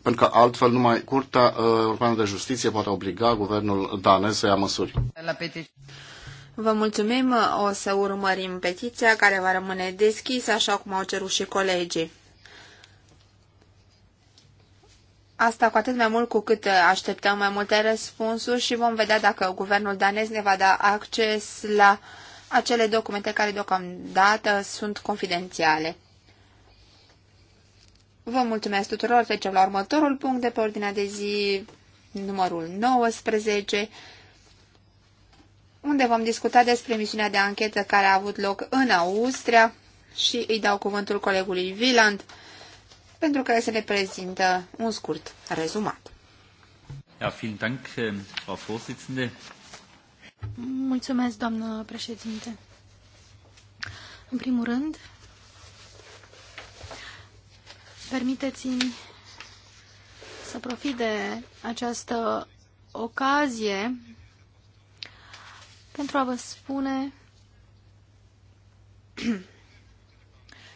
Pentru că altfel numai Curtea Europeană de Justiție poate obliga guvernul danez să ia măsuri. Vă mulțumim, o să urmărim petiția care va rămâne deschisă, așa cum au cerut și colegii. Asta cu atât mai mult cu cât așteptăm mai multe răspunsuri și vom vedea dacă guvernul danez ne va da acces la acele documente care deocamdată sunt confidențiale. Vă mulțumesc tuturor, trecem la următorul punct de pe ordinea de zi, numărul 19, unde vom discuta despre misiunea de anchetă care a avut loc în Austria și îi dau cuvântul colegului Viland pentru care să ne prezintă un scurt rezumat. Ja, vielen Dank, äh, Frau Vorsitzende. Mulțumesc, doamnă președinte. În primul rând, permiteți-mi să profit de această ocazie pentru a vă spune...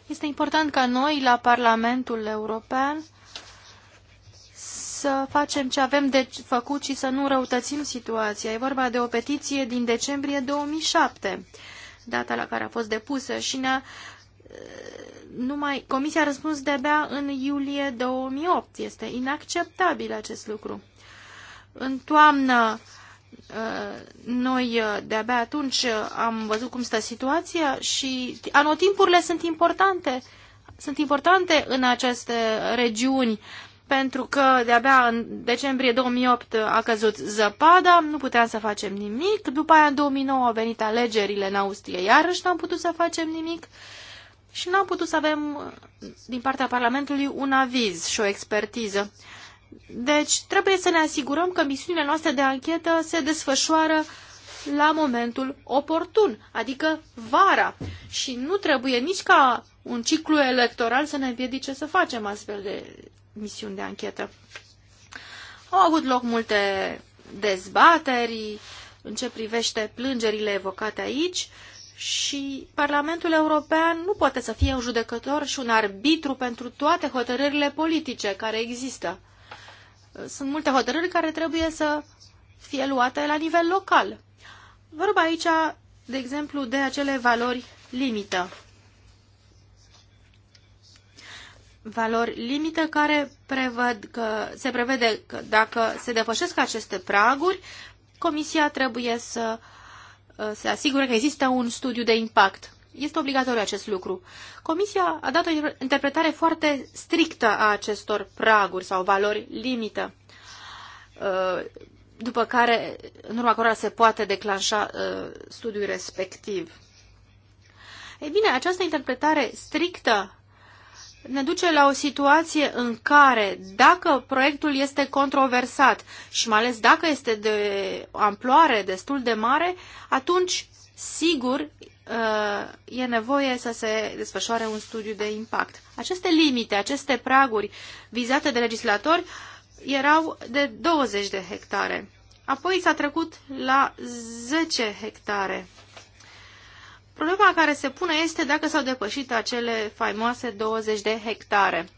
Este important ca noi, la Parlamentul European, să facem ce avem de făcut și să nu răutățim situația. E vorba de o petiție din decembrie 2007, data la care a fost depusă și ne-a uh, numai... Comisia a răspuns de-abia în iulie 2008. Este inacceptabil acest lucru. În toamnă Uh, noi uh, de-abia atunci uh, am văzut cum stă situația și anotimpurile sunt importante. Sunt importante în aceste regiuni pentru că de-abia în decembrie 2008 a căzut zăpada, nu puteam să facem nimic, după aia în 2009 au venit alegerile în Austria, iarăși n-am putut să facem nimic și n-am putut să avem din partea Parlamentului un aviz și o expertiză. Deci trebuie să ne asigurăm că misiunile noastre de anchetă se desfășoară la momentul oportun, adică vara. Și nu trebuie nici ca un ciclu electoral să ne împiedice să facem astfel de misiuni de anchetă. Au avut loc multe dezbateri în ce privește plângerile evocate aici și Parlamentul European nu poate să fie un judecător și un arbitru pentru toate hotărârile politice care există sunt multe hotărâri care trebuie să fie luate la nivel local. Vorba aici, de exemplu, de acele valori limită. Valori limită care prevăd că, se prevede că dacă se depășesc aceste praguri, Comisia trebuie să uh, se asigure că există un studiu de impact. Este obligatoriu acest lucru. Comisia a dat o interpretare foarte strictă a acestor praguri sau valori limită, uh, după care, în urma cărora se poate declanșa uh, studiul respectiv. Ei bine, această interpretare strictă ne duce la o situație în care, dacă proiectul este controversat și mai ales dacă este de amploare destul de mare, atunci, sigur, Uh, e nevoie să se desfășoare un studiu de impact. Aceste limite, aceste praguri vizate de legislatori erau de 20 de hectare. Apoi s-a trecut la 10 hectare. Problema care se pune este dacă s-au depășit acele faimoase 20 de hectare.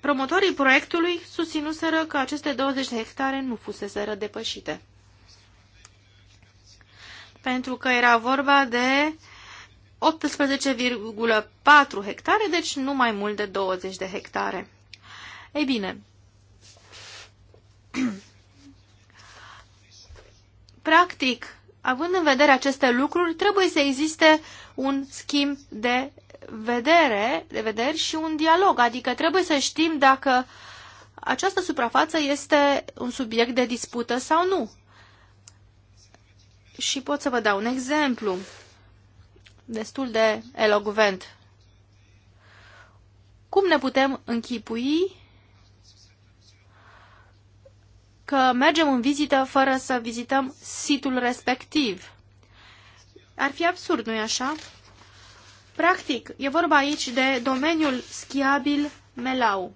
Promotorii proiectului susținuseră că aceste 20 de hectare nu fuseseră depășite pentru că era vorba de 18,4 hectare, deci nu mai mult de 20 de hectare. Ei bine, practic, având în vedere aceste lucruri, trebuie să existe un schimb de vedere, de vederi și un dialog, adică trebuie să știm dacă această suprafață este un subiect de dispută sau nu. Și pot să vă dau un exemplu destul de elogvent. Cum ne putem închipui că mergem în vizită fără să vizităm situl respectiv? Ar fi absurd, nu-i așa? Practic, e vorba aici de domeniul schiabil Melau,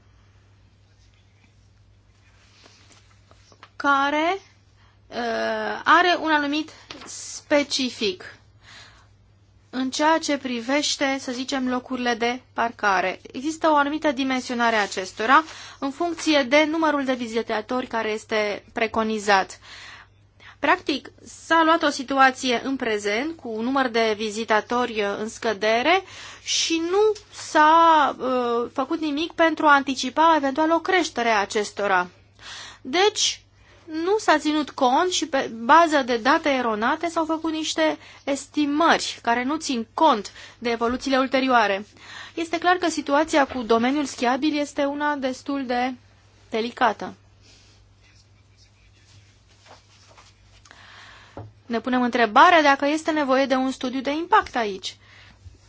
care Uh, are un anumit specific în ceea ce privește, să zicem, locurile de parcare. Există o anumită dimensionare a acestora în funcție de numărul de vizitatori care este preconizat. Practic, s-a luat o situație în prezent cu un număr de vizitatori uh, în scădere și nu s-a uh, făcut nimic pentru a anticipa eventual o creștere a acestora. Deci, nu s-a ținut cont și pe bază de date eronate s-au făcut niște estimări care nu țin cont de evoluțiile ulterioare. Este clar că situația cu domeniul schiabil este una destul de delicată. Ne punem întrebarea dacă este nevoie de un studiu de impact aici.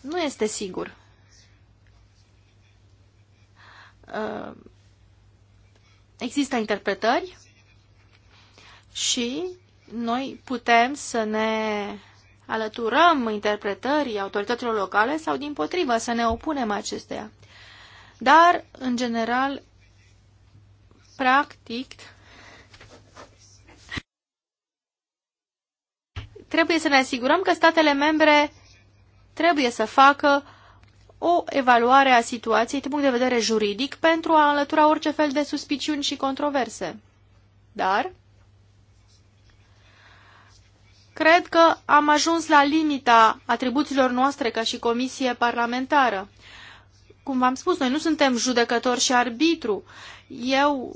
Nu este sigur. Ă, există interpretări și noi putem să ne alăturăm interpretării autorităților locale sau, din potrivă, să ne opunem acesteia. Dar, în general, practic, trebuie să ne asigurăm că statele membre trebuie să facă o evaluare a situației din punct de vedere juridic pentru a înlătura orice fel de suspiciuni și controverse. Dar, Cred că am ajuns la limita atribuțiilor noastre ca și comisie parlamentară. Cum v-am spus, noi nu suntem judecători și arbitru. Eu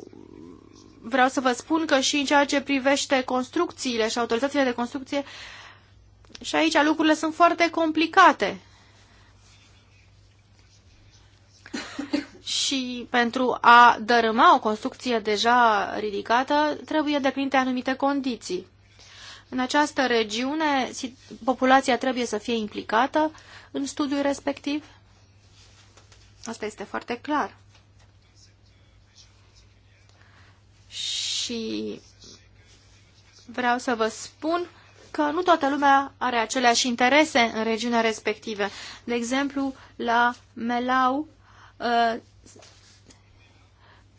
vreau să vă spun că și în ceea ce privește construcțiile și autorizațiile de construcție, și aici lucrurile sunt foarte complicate. și pentru a dărâma o construcție deja ridicată, trebuie deplinite anumite condiții. În această regiune, populația trebuie să fie implicată în studiul respectiv? Asta este foarte clar. Și vreau să vă spun că nu toată lumea are aceleași interese în regiunea respectivă. De exemplu, la Melau uh,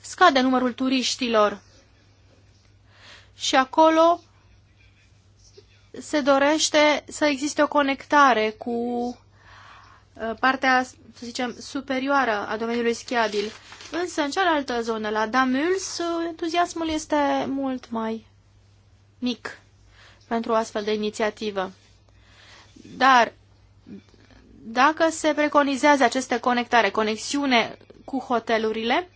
scade numărul turiștilor și acolo se dorește să existe o conectare cu uh, partea, să zicem, superioară a domeniului schiabil. Însă, în cealaltă zonă, la Damuls, entuziasmul este mult mai mic pentru o astfel de inițiativă. Dar, dacă se preconizează aceste conectare, conexiune cu hotelurile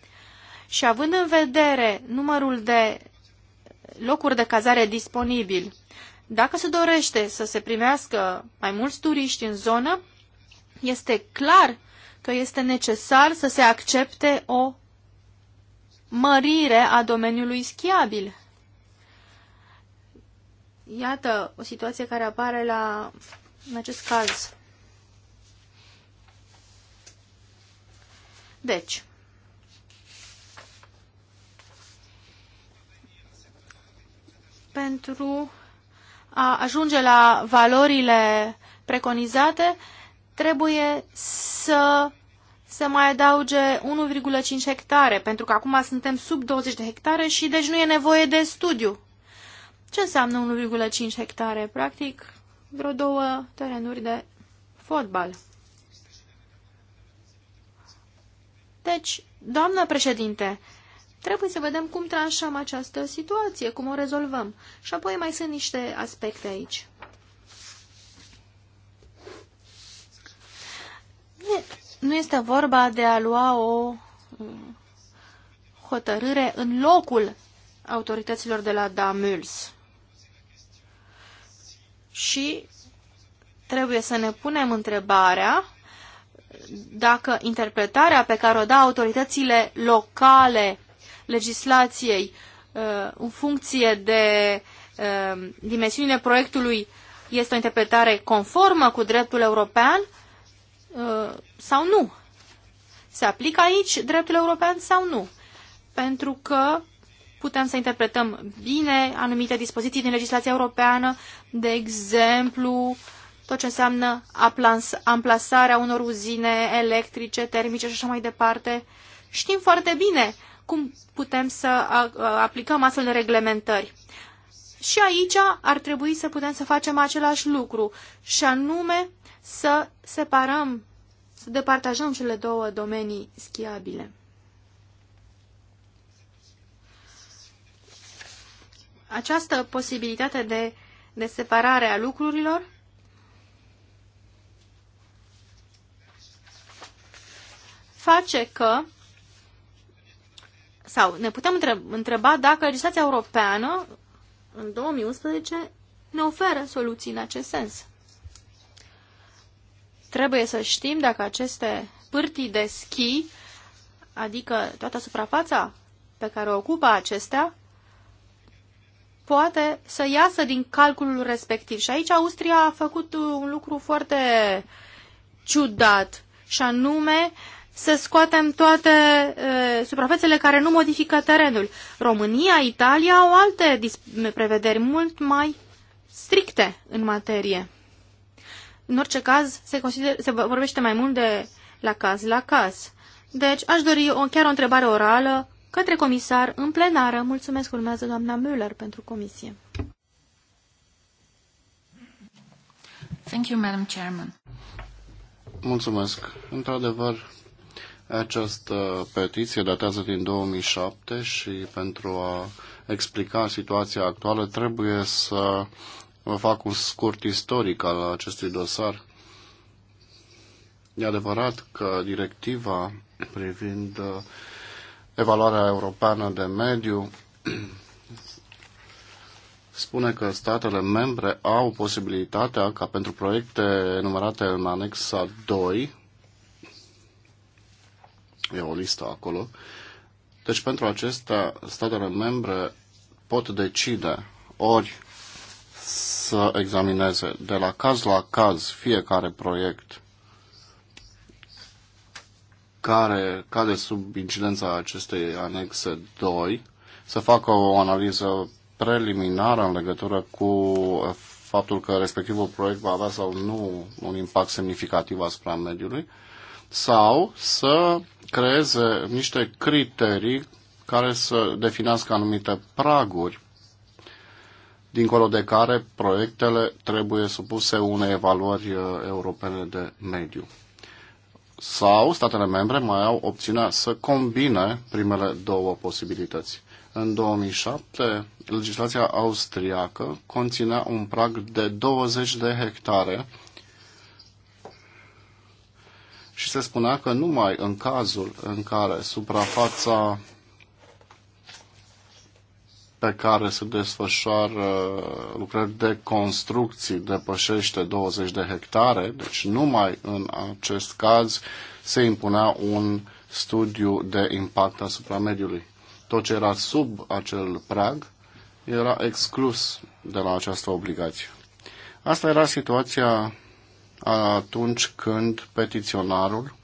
și având în vedere numărul de locuri de cazare disponibil dacă se dorește să se primească mai mulți turiști în zonă, este clar că este necesar să se accepte o mărire a domeniului schiabil. Iată o situație care apare la, în acest caz. Deci, pentru a ajunge la valorile preconizate, trebuie să se mai adauge 1,5 hectare, pentru că acum suntem sub 20 de hectare și deci nu e nevoie de studiu. Ce înseamnă 1,5 hectare? Practic, vreo două terenuri de fotbal. Deci, doamnă președinte, Trebuie să vedem cum tranșăm această situație, cum o rezolvăm. Și apoi mai sunt niște aspecte aici. Nu este vorba de a lua o mm, hotărâre în locul autorităților de la Damuls. Și trebuie să ne punem întrebarea dacă interpretarea pe care o dau autoritățile locale legislației uh, în funcție de uh, dimensiunile proiectului este o interpretare conformă cu dreptul european uh, sau nu? Se aplică aici dreptul european sau nu? Pentru că putem să interpretăm bine anumite dispoziții din legislația europeană, de exemplu, tot ce înseamnă amplasarea unor uzine electrice, termice și așa mai departe. Știm foarte bine cum putem să aplicăm astfel de reglementări. Și aici ar trebui să putem să facem același lucru, și anume să separăm, să departajăm cele două domenii schiabile. Această posibilitate de, de separare a lucrurilor face că sau ne putem întreba dacă legislația europeană în 2011 ne oferă soluții în acest sens. Trebuie să știm dacă aceste pârtii de schi, adică toată suprafața pe care o ocupă acestea, poate să iasă din calculul respectiv. Și aici Austria a făcut un lucru foarte ciudat, și anume să scoatem toate e, suprafețele care nu modifică terenul. România, Italia au alte prevederi mult mai stricte în materie. În orice caz, se, consider, se vorbește mai mult de la caz la caz. Deci, aș dori o, chiar o întrebare orală către comisar în plenară. Mulțumesc, urmează doamna Müller pentru comisie. Thank you, Madam Chairman. Mulțumesc. Într-adevăr, această petiție datează din 2007 și pentru a explica situația actuală trebuie să vă fac un scurt istoric al acestui dosar. E adevărat că directiva privind uh, evaluarea europeană de mediu spune că statele membre au posibilitatea ca pentru proiecte enumerate în anexa 2 E o listă acolo. Deci pentru acestea, statele membre pot decide ori să examineze de la caz la caz fiecare proiect care cade sub incidența acestei anexe 2, să facă o analiză preliminară în legătură cu faptul că respectivul proiect va avea sau nu un impact semnificativ asupra mediului sau să creeze niște criterii care să definească anumite praguri dincolo de care proiectele trebuie supuse unei evaluări uh, europene de mediu. Sau statele membre mai au opțiunea să combine primele două posibilități. În 2007, legislația austriacă conținea un prag de 20 de hectare și se spunea că numai în cazul în care suprafața pe care se desfășoară lucrări de construcții depășește 20 de hectare, deci numai în acest caz se impunea un studiu de impact asupra mediului. Tot ce era sub acel prag era exclus de la această obligație. Asta era situația atunci când petiționarul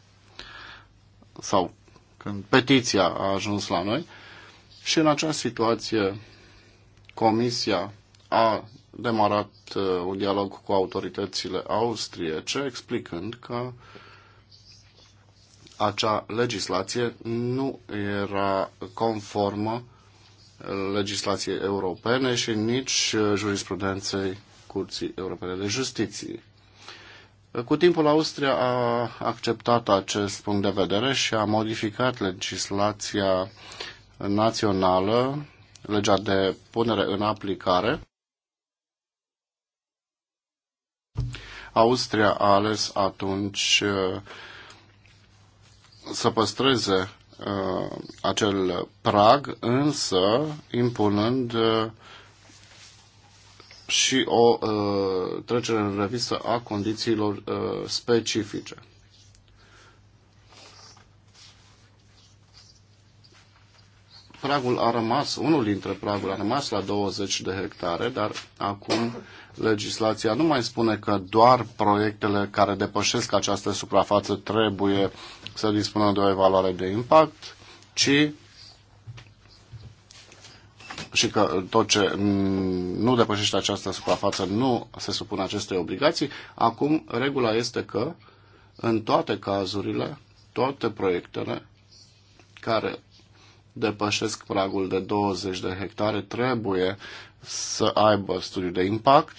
sau când petiția a ajuns la noi și în acea situație comisia a demarat uh, un dialog cu autoritățile austriece explicând că acea legislație nu era conformă legislației europene și nici uh, jurisprudenței Curții Europene de Justiție. Cu timpul, Austria a acceptat acest punct de vedere și a modificat legislația națională, legea de punere în aplicare. Austria a ales atunci uh, să păstreze uh, acel prag, însă impunând uh, și o uh, trecere în revistă a condițiilor uh, specifice. Pragul a rămas, unul dintre praguri a rămas la 20 de hectare, dar acum legislația nu mai spune că doar proiectele care depășesc această suprafață trebuie să dispună de o evaluare de impact, ci și că tot ce nu depășește această suprafață nu se supune acestei obligații. Acum, regula este că în toate cazurile, toate proiectele care depășesc pragul de 20 de hectare trebuie să aibă studiu de impact,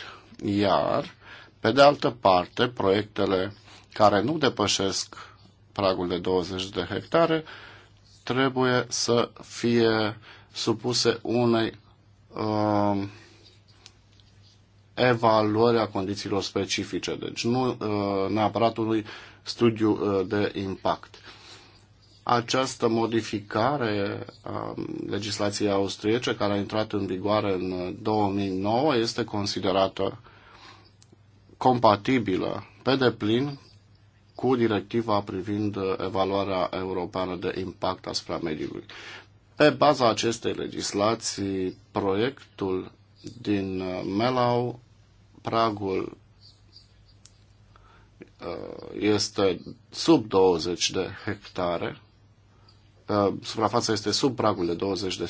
iar, pe de altă parte, proiectele care nu depășesc pragul de 20 de hectare trebuie să fie supuse unei uh, evaluări a condițiilor specifice, deci nu uh, neapărat unui studiu uh, de impact. Această modificare a legislației austriece, care a intrat în vigoare în 2009, uh, este considerată compatibilă pe deplin cu directiva privind uh, evaluarea europeană de impact asupra mediului. Pe baza acestei legislații, proiectul din uh, Melau, pragul uh, este sub 20 de hectare, uh, suprafața este sub pragul de 20 de,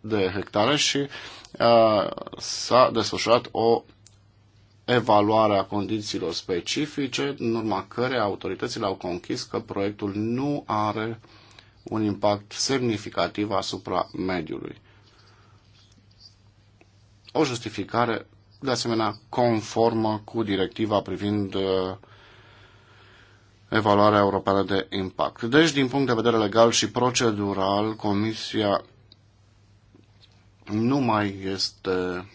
de hectare și s-a desfășurat o evaluare a condițiilor specifice, în urma căreia autoritățile au conchis că proiectul nu are uh, un impact semnificativ asupra mediului. O justificare, de asemenea, conformă cu directiva privind uh, evaluarea europeană de impact. Deci, din punct de vedere legal și procedural, Comisia nu mai este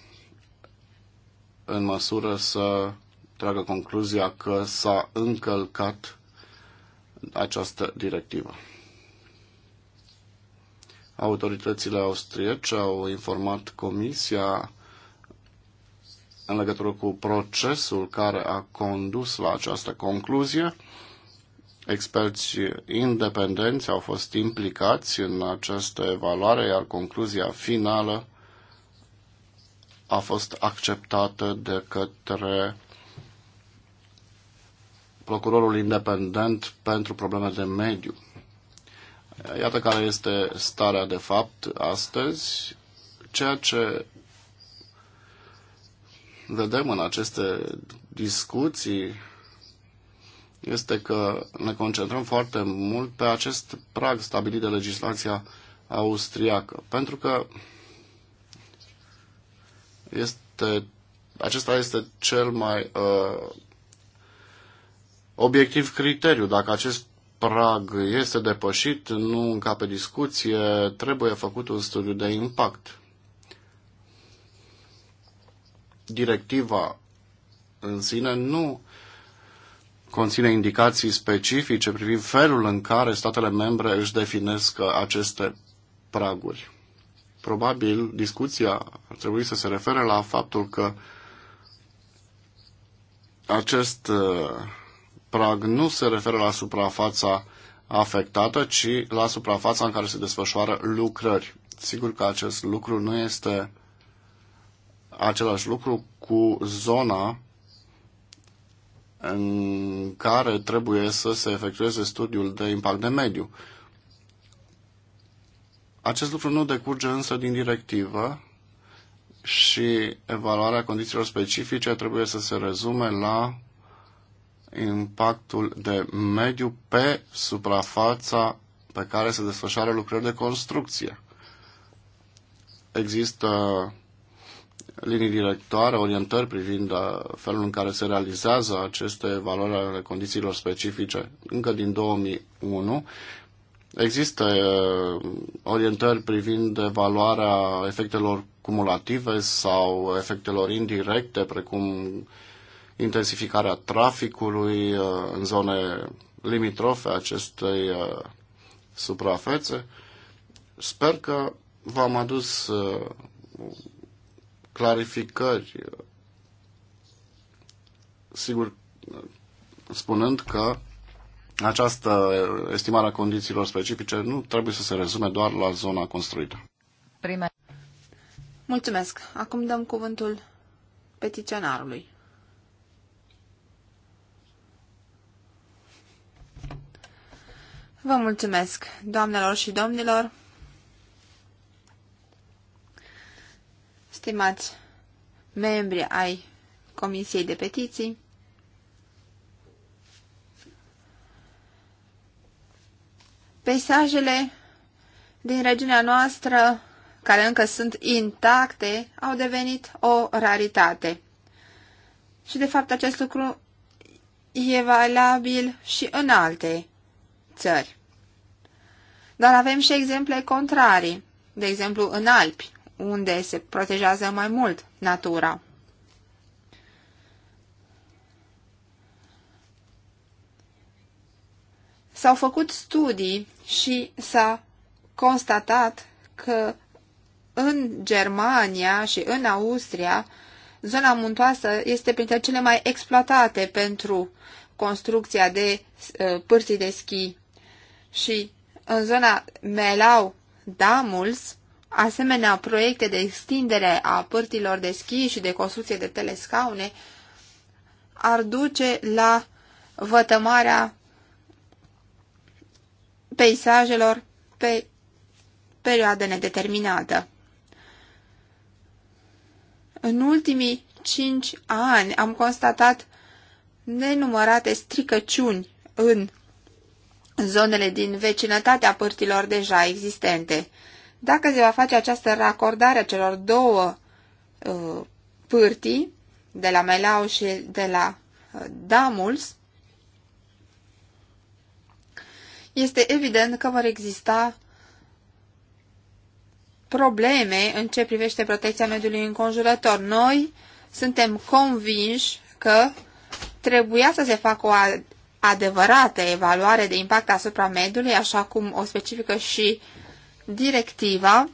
în măsură să tragă concluzia că s-a încălcat această directivă. Autoritățile austriece au informat Comisia în legătură cu procesul care a condus la această concluzie. Experți independenți au fost implicați în această evaluare, iar concluzia finală a fost acceptată de către procurorul independent pentru probleme de mediu. Iată care este starea de fapt astăzi. Ceea ce vedem în aceste discuții este că ne concentrăm foarte mult pe acest prag stabilit de legislația austriacă, pentru că este, acesta este cel mai uh, obiectiv criteriu. Dacă acest prag este depășit, nu încape discuție, trebuie făcut un studiu de impact. Directiva în sine nu conține indicații specifice privind felul în care statele membre își definesc aceste praguri. Probabil discuția ar trebui să se refere la faptul că acest uh, prag nu se referă la suprafața afectată, ci la suprafața în care se desfășoară lucrări. Sigur că acest lucru nu este același lucru cu zona în care trebuie să se efectueze studiul de impact de mediu. Acest lucru nu decurge însă din directivă și evaluarea condițiilor specifice trebuie să se rezume la impactul de mediu pe suprafața pe care se desfășoară lucrări de construcție. Există linii directoare, orientări privind uh, felul în care se realizează aceste valori ale condițiilor specifice încă din 2001. Există uh, orientări privind evaluarea efectelor cumulative sau efectelor indirecte, precum uh, intensificarea traficului uh, în zone limitrofe acestei uh, suprafețe. Sper că v-am adus uh, clarificări, sigur, spunând că această estimare a condițiilor specifice nu trebuie să se rezume doar la zona construită. Prima. Mulțumesc. Acum dăm cuvântul petiționarului. Vă mulțumesc, doamnelor și domnilor. Stimați membri ai Comisiei de Petiții, peisajele din regiunea noastră, care încă sunt intacte, au devenit o raritate. Și, de fapt, acest lucru e valabil și în alte țări. Dar avem și exemple contrarii, de exemplu în Alpi, unde se protejează mai mult natura. S-au făcut studii și s-a constatat că în Germania și în Austria, zona muntoasă este printre cele mai exploatate pentru construcția de uh, pârții de schi și în zona Melau Damuls, asemenea proiecte de extindere a părților de schi și de construcție de telescaune ar duce la vătămarea peisajelor pe perioadă nedeterminată. În ultimii cinci ani am constatat nenumărate stricăciuni în zonele din vecinătatea părților deja existente. Dacă se va face această racordare a celor două uh, pârtii, de la Melau și de la uh, Damuls, este evident că vor exista probleme în ce privește protecția mediului înconjurător. Noi suntem convinși că trebuia să se facă o adevărată evaluare de impact asupra mediului, așa cum o specifică și directiva,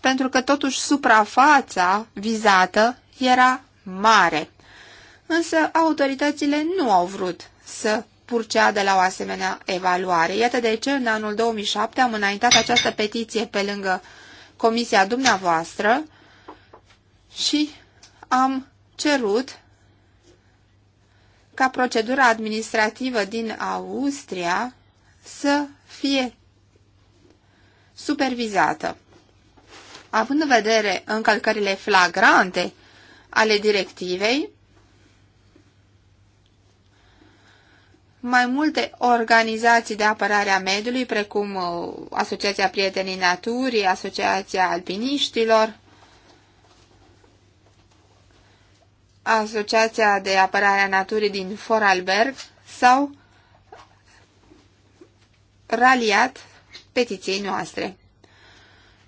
pentru că totuși suprafața vizată era mare. Însă autoritățile nu au vrut să purcea de la o asemenea evaluare. Iată de ce în anul 2007 am înaintat această petiție pe lângă comisia dumneavoastră și am cerut ca procedura administrativă din Austria să fie supervizată. Având în vedere încălcările flagrante ale directivei, mai multe organizații de apărare a mediului, precum uh, Asociația Prietenii Naturii, Asociația Alpiniștilor, Asociația de Apărare a Naturii din Foralberg sau raliat petiției noastre.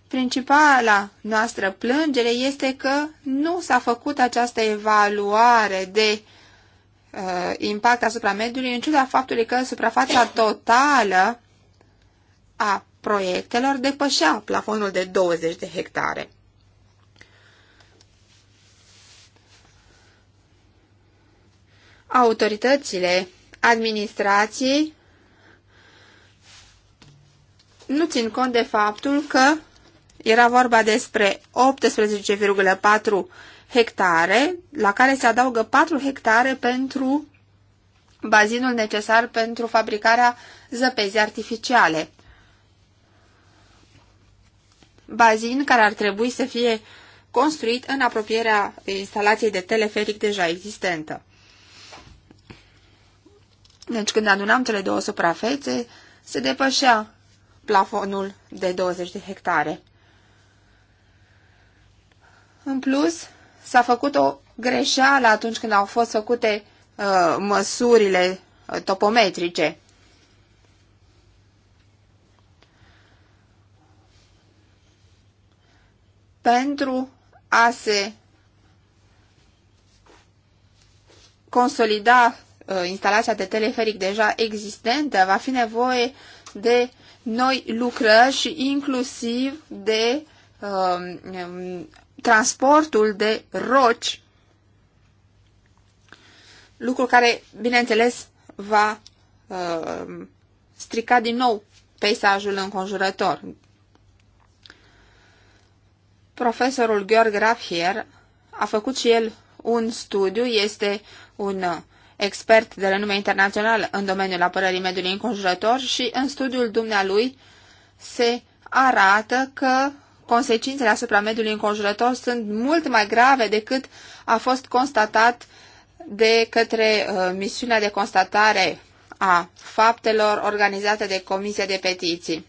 Principala noastră plângere este că nu s-a făcut această evaluare de uh, impact asupra mediului, în ciuda faptului că suprafața totală a proiectelor depășea plafonul de 20 de hectare. autoritățile administrației nu țin cont de faptul că era vorba despre 18,4 hectare, la care se adaugă 4 hectare pentru bazinul necesar pentru fabricarea zăpezii artificiale. Bazin care ar trebui să fie construit în apropierea instalației de teleferic deja existentă. Deci când adunam cele două suprafețe, se depășea plafonul de 20 de hectare. În plus, s-a făcut o greșeală atunci când au fost făcute uh, măsurile uh, topometrice. Pentru a se consolida Uh, instalația de teleferic deja existentă, va fi nevoie de noi lucrări și inclusiv de uh, transportul de roci, lucru care, bineînțeles, va uh, strica din nou peisajul înconjurător. Profesorul Georg Raphier a făcut și el un studiu, este un expert de renume internațional în domeniul apărării mediului înconjurător și în studiul dumnealui se arată că consecințele asupra mediului înconjurător sunt mult mai grave decât a fost constatat de către uh, misiunea de constatare a faptelor organizate de Comisia de Petiții.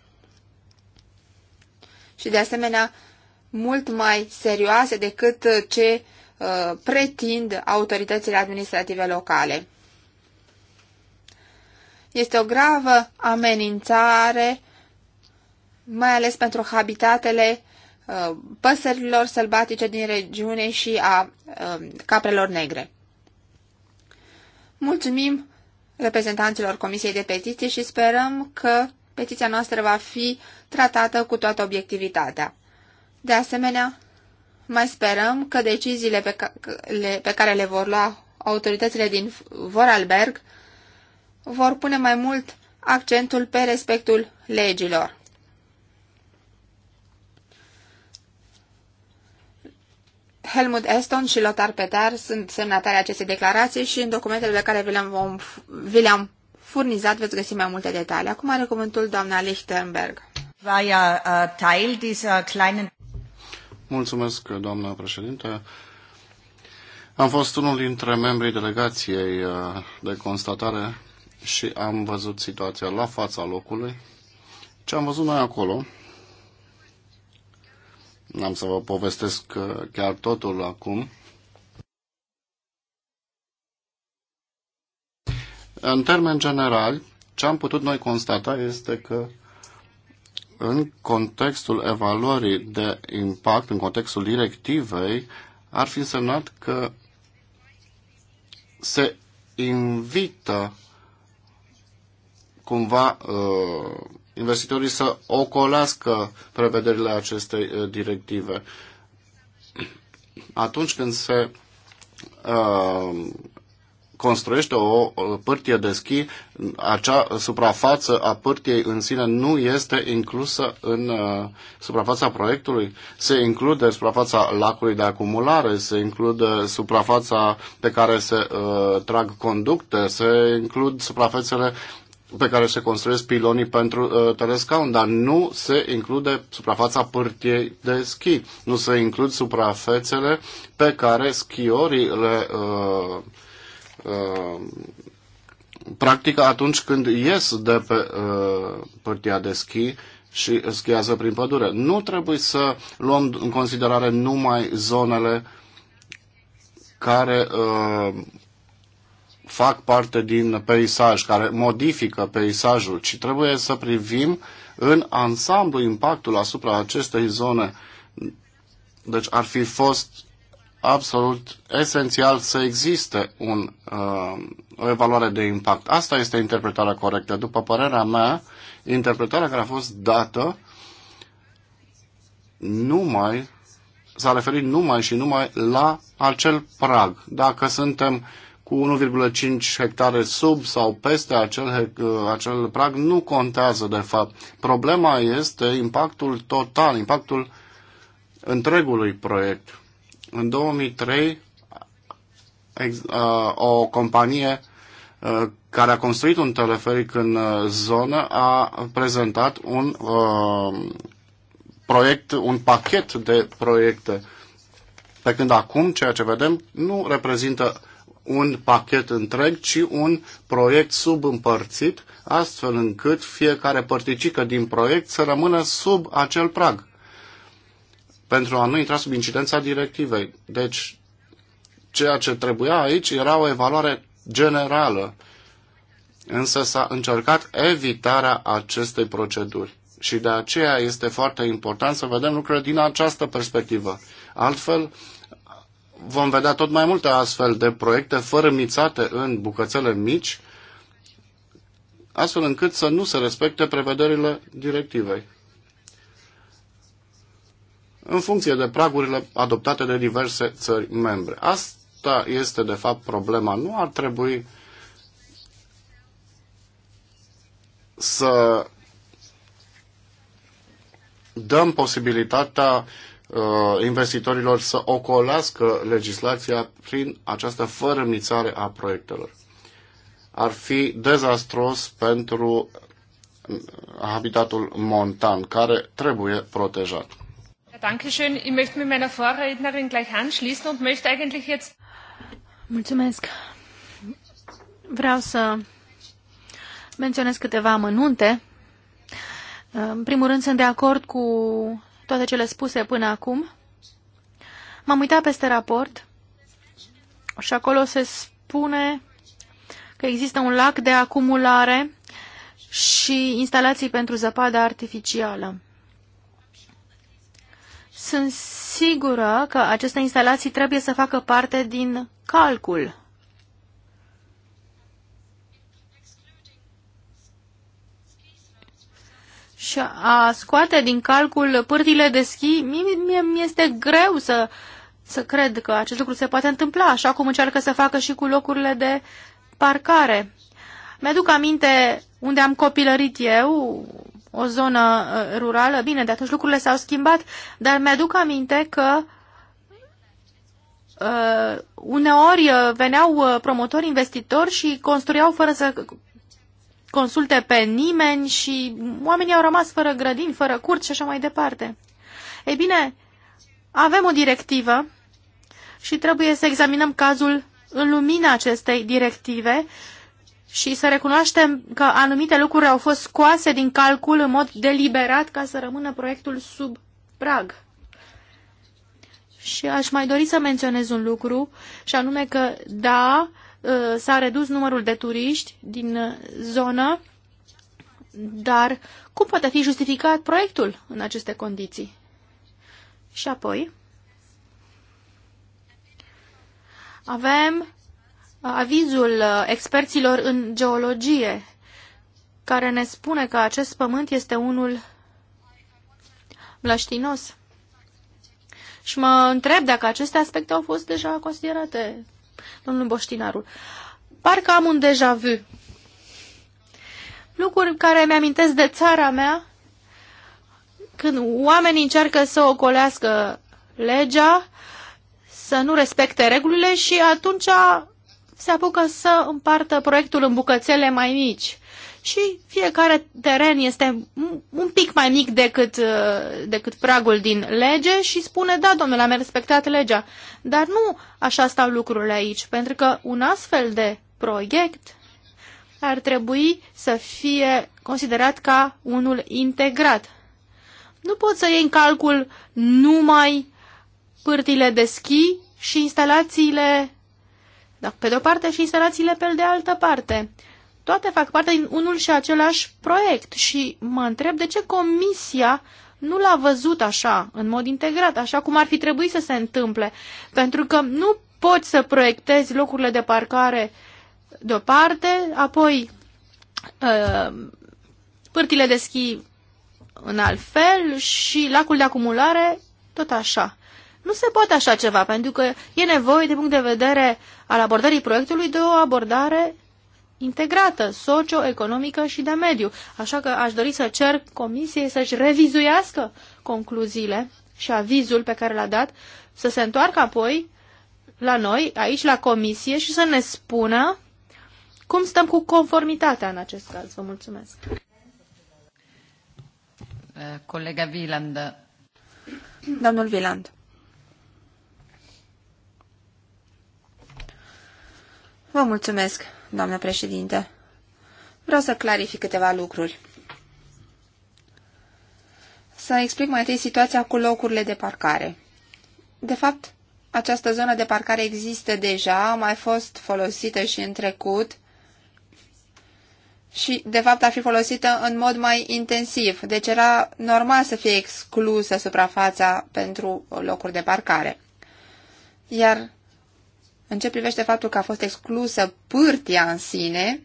Și de asemenea, mult mai serioase decât ce Uh, pretind autoritățile administrative locale. Este o gravă amenințare, mai ales pentru habitatele uh, păsărilor sălbatice din regiune și a uh, caprelor negre. Mulțumim reprezentanților Comisiei de Petiții și sperăm că petiția noastră va fi tratată cu toată obiectivitatea. De asemenea, mai sperăm că deciziile pe, ca, le, pe care le vor lua autoritățile din Vorarlberg vor pune mai mult accentul pe respectul legilor. Helmut Eston și Lothar Petar sunt semnatari acestei declarații și în documentele pe care vi le-am, le furnizat veți găsi mai multe detalii. Acum are cuvântul doamna Lichtenberg. War uh, Teil dieser kleinen Mulțumesc, doamnă președinte. Am fost unul dintre membrii delegației uh, de constatare și am văzut situația la fața locului. Ce am văzut noi acolo, n-am să vă povestesc uh, chiar totul acum, În termen general, ce am putut noi constata este că în contextul evaluării de impact, în contextul directivei, ar fi însemnat că se invită cumva uh, investitorii să ocolească prevederile acestei uh, directive. Atunci când se uh, construiește o pârtie de schi, acea suprafață a pârtiei în sine nu este inclusă în uh, suprafața proiectului. Se include suprafața lacului de acumulare, se include suprafața pe care se uh, trag conducte, se includ suprafețele pe care se construiesc pilonii pentru uh, telescaun, dar nu se include suprafața pârtiei de schi, nu se includ suprafețele pe care schiorii le uh, Uh, practic atunci când ies de pe uh, părtia de schi și schiază prin pădure. Nu trebuie să luăm în considerare numai zonele care uh, fac parte din peisaj, care modifică peisajul, ci trebuie să privim în ansamblu impactul asupra acestei zone. Deci ar fi fost absolut esențial să existe un, uh, o evaluare de impact. Asta este interpretarea corectă. După părerea mea, interpretarea care a fost dată numai s-a referit numai și numai la acel prag. Dacă suntem cu 1,5 hectare sub sau peste acel, uh, acel prag, nu contează de fapt. Problema este impactul total, impactul întregului proiect. În 2003, uh, o companie uh, care a construit un teleferic în uh, zonă a prezentat un proiect, un pachet de proiecte. Pe când acum ceea ce vedem nu reprezintă un pachet întreg, ci un proiect subîmpărțit, astfel încât fiecare părticică din proiect să rămână sub acel prag pentru a nu intra sub incidența directivei. Deci, ceea ce trebuia aici era o evaluare generală, însă s-a încercat evitarea acestei proceduri. Și de aceea este foarte important să vedem lucrurile din această perspectivă. Altfel, vom vedea tot mai multe astfel de proiecte fărâmițate în bucățele mici, astfel încât să nu se respecte prevederile directivei în funcție de pragurile adoptate de diverse țări membre. Asta este, de fapt, problema. Nu ar trebui să dăm posibilitatea uh, investitorilor să ocolească legislația prin această fărămițare a proiectelor. Ar fi dezastros pentru uh, habitatul montan, care trebuie protejat danke schön. Ich möchte mit meiner Vorrednerin gleich anschließen und möchte eigentlich jetzt... Mulțumesc. Vreau să menționez câteva amănunte. În primul rând, sunt de acord cu toate cele spuse până acum. M-am uitat peste raport și acolo se spune că există un lac de acumulare și instalații pentru zăpadă artificială. Sunt sigură că aceste instalații trebuie să facă parte din calcul. Și a scoate din calcul pârtile de schi, mie mi este greu să, să cred că acest lucru se poate întâmpla, așa cum încearcă să facă și cu locurile de parcare. Mi-aduc aminte unde am copilărit eu, o zonă uh, rurală. Bine, de atunci lucrurile s-au schimbat, dar mi-aduc aminte că uh, uneori uh, veneau uh, promotori investitori și construiau fără să consulte pe nimeni și oamenii au rămas fără grădini, fără curți și așa mai departe. Ei bine, avem o directivă și trebuie să examinăm cazul în lumina acestei directive și să recunoaștem că anumite lucruri au fost scoase din calcul în mod deliberat ca să rămână proiectul sub prag. Și aș mai dori să menționez un lucru, și anume că, da, ă, s-a redus numărul de turiști din zonă, dar cum poate fi justificat proiectul în aceste condiții? Și apoi, avem avizul uh, experților în geologie, care ne spune că acest pământ este unul mlaștinos. Și mă întreb dacă aceste aspecte au fost deja considerate, domnul Boștinarul. Parcă am un deja vu. Lucruri care mi-amintesc de țara mea, când oamenii încearcă să ocolească legea, să nu respecte regulile și atunci se apucă să împartă proiectul în bucățele mai mici și fiecare teren este un pic mai mic decât, uh, decât pragul din lege și spune, da, domnule, am respectat legea. Dar nu așa stau lucrurile aici, pentru că un astfel de proiect ar trebui să fie considerat ca unul integrat. Nu poți să iei în calcul numai pârtile de schi și instalațiile dar pe de o parte și instalațiile pe de altă parte. Toate fac parte din unul și același proiect și mă întreb de ce comisia nu l-a văzut așa, în mod integrat, așa cum ar fi trebuit să se întâmple, pentru că nu poți să proiectezi locurile de parcare deoparte, apoi uh, pârtile de schi în alt fel și lacul de acumulare tot așa. Nu se poate așa ceva, pentru că e nevoie, din punct de vedere al abordării proiectului, de o abordare integrată, socio-economică și de mediu. Așa că aș dori să cer comisiei să-și revizuiască concluziile și avizul pe care l-a dat, să se întoarcă apoi la noi, aici, la comisie și să ne spună cum stăm cu conformitatea în acest caz. Vă mulțumesc. Eh, colega Wieland. Domnul Wieland. Vă mulțumesc, doamnă președinte. Vreau să clarific câteva lucruri. Să explic mai întâi situația cu locurile de parcare. De fapt, această zonă de parcare există deja, a mai fost folosită și în trecut și, de fapt, ar fi folosită în mod mai intensiv, deci era normal să fie exclusă suprafața pentru locuri de parcare. Iar în ce privește faptul că a fost exclusă pârtia în sine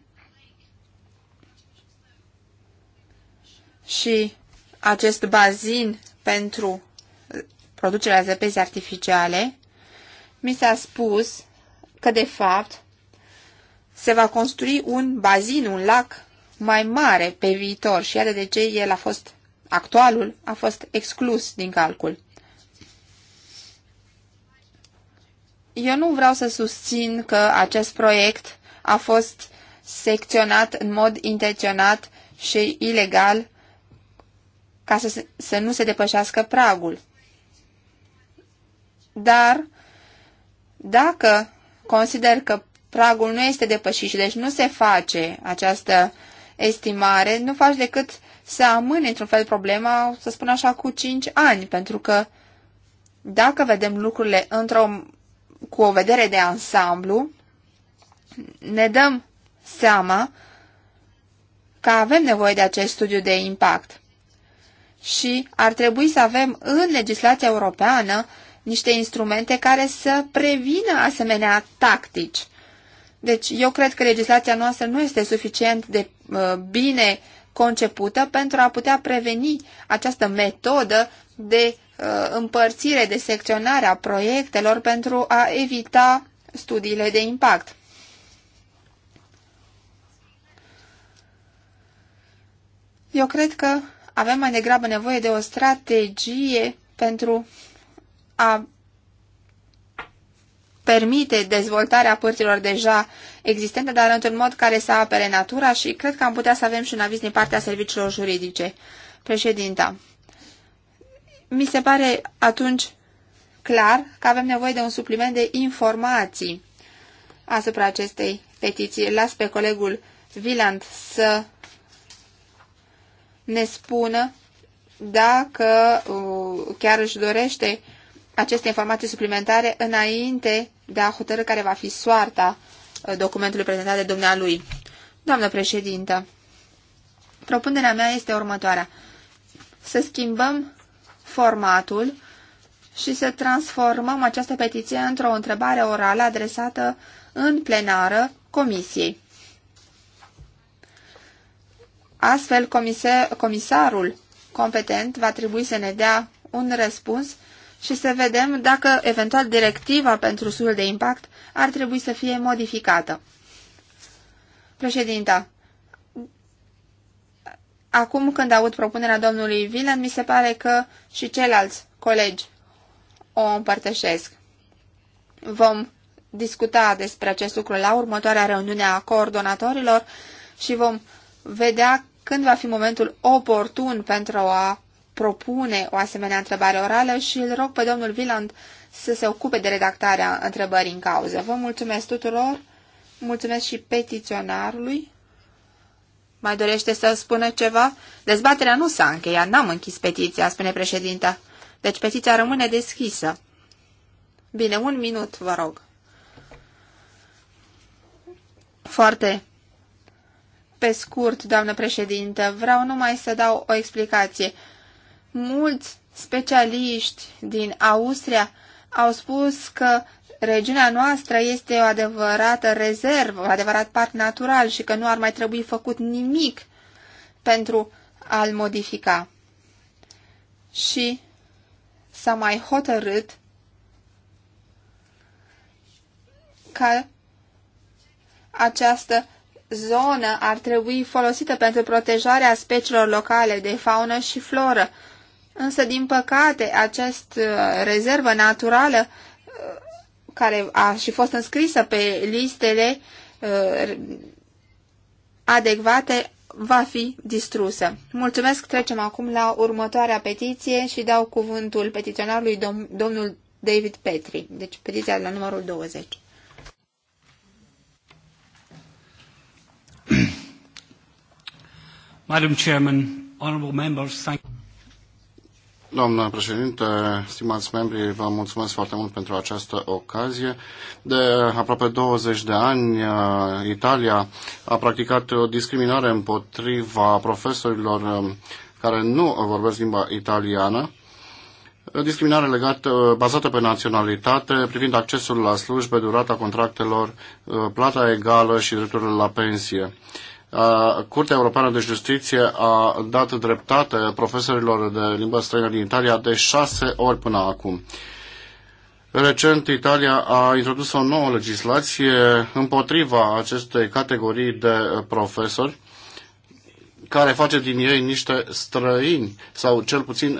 și acest bazin pentru producerea zăpezii artificiale, mi s-a spus că, de fapt, se va construi un bazin, un lac mai mare pe viitor și iată de ce el a fost, actualul, a fost exclus din calcul. Eu nu vreau să susțin că acest proiect a fost secționat în mod intenționat și ilegal ca să, să nu se depășească pragul. Dar dacă consider că pragul nu este depășit și deci nu se face această estimare, nu faci decât să amâne într-un fel problema, să spun așa, cu 5 ani, pentru că dacă vedem lucrurile într-o cu o vedere de ansamblu, ne dăm seama că avem nevoie de acest studiu de impact și ar trebui să avem în legislația europeană niște instrumente care să prevină asemenea tactici. Deci, eu cred că legislația noastră nu este suficient de uh, bine concepută pentru a putea preveni această metodă de Uh, împărțire, de secționare a proiectelor pentru a evita studiile de impact. Eu cred că avem mai degrabă nevoie de o strategie pentru a permite dezvoltarea părților deja existente, dar într-un mod care să apere natura și cred că am putea să avem și un aviz din partea serviciilor juridice. Președinta, mi se pare atunci clar că avem nevoie de un supliment de informații asupra acestei petiții. Las pe colegul Viland să ne spună dacă uh, chiar își dorește aceste informații suplimentare înainte de a hotărâ care va fi soarta uh, documentului prezentat de dumnealui. Doamnă președintă, propunerea mea este următoarea. Să schimbăm formatul și să transformăm această petiție într-o întrebare orală adresată în plenară comisiei. Astfel, comise, comisarul competent va trebui să ne dea un răspuns și să vedem dacă eventual directiva pentru studiul de impact ar trebui să fie modificată. Președinta, Acum când aud propunerea domnului Vilan, mi se pare că și ceilalți colegi o împărtășesc. Vom discuta despre acest lucru la următoarea reuniune a coordonatorilor și vom vedea când va fi momentul oportun pentru a propune o asemenea întrebare orală și îl rog pe domnul Viland să se ocupe de redactarea întrebării în cauză. Vă mulțumesc tuturor, mulțumesc și petiționarului. Mai dorește să spună ceva? Dezbaterea nu s-a încheiat, n-am închis petiția, spune președinta. Deci petiția rămâne deschisă. Bine, un minut, vă rog. Foarte pe scurt, doamnă președintă, vreau numai să dau o explicație. Mulți specialiști din Austria au spus că regiunea noastră este o adevărată rezervă, o adevărat parc natural și că nu ar mai trebui făcut nimic pentru a-l modifica. Și s-a mai hotărât ca această zonă ar trebui folosită pentru protejarea speciilor locale de faună și floră, însă, din păcate, această rezervă naturală care a și fost înscrisă pe listele uh, adecvate va fi distrusă. Mulțumesc, trecem acum la următoarea petiție și dau cuvântul petiționarului dom domnul David Petri, deci petiția de la numărul 20. Madam Chairman, honorable members, thank you. Doamnă președinte, stimați membri, vă mulțumesc foarte mult pentru această ocazie. De aproape 20 de ani, uh, Italia a practicat o discriminare împotriva profesorilor um, care nu vorbesc limba italiană, discriminare legată, uh, bazată pe naționalitate, privind accesul la slujbe, durata contractelor, uh, plata egală și drepturile la pensie. Uh, Curtea Europeană de Justiție a dat dreptate profesorilor de limba străină din Italia de șase ori până acum. Recent, Italia a introdus o nouă legislație împotriva acestei categorii de profesori care face din ei niște străini sau cel puțin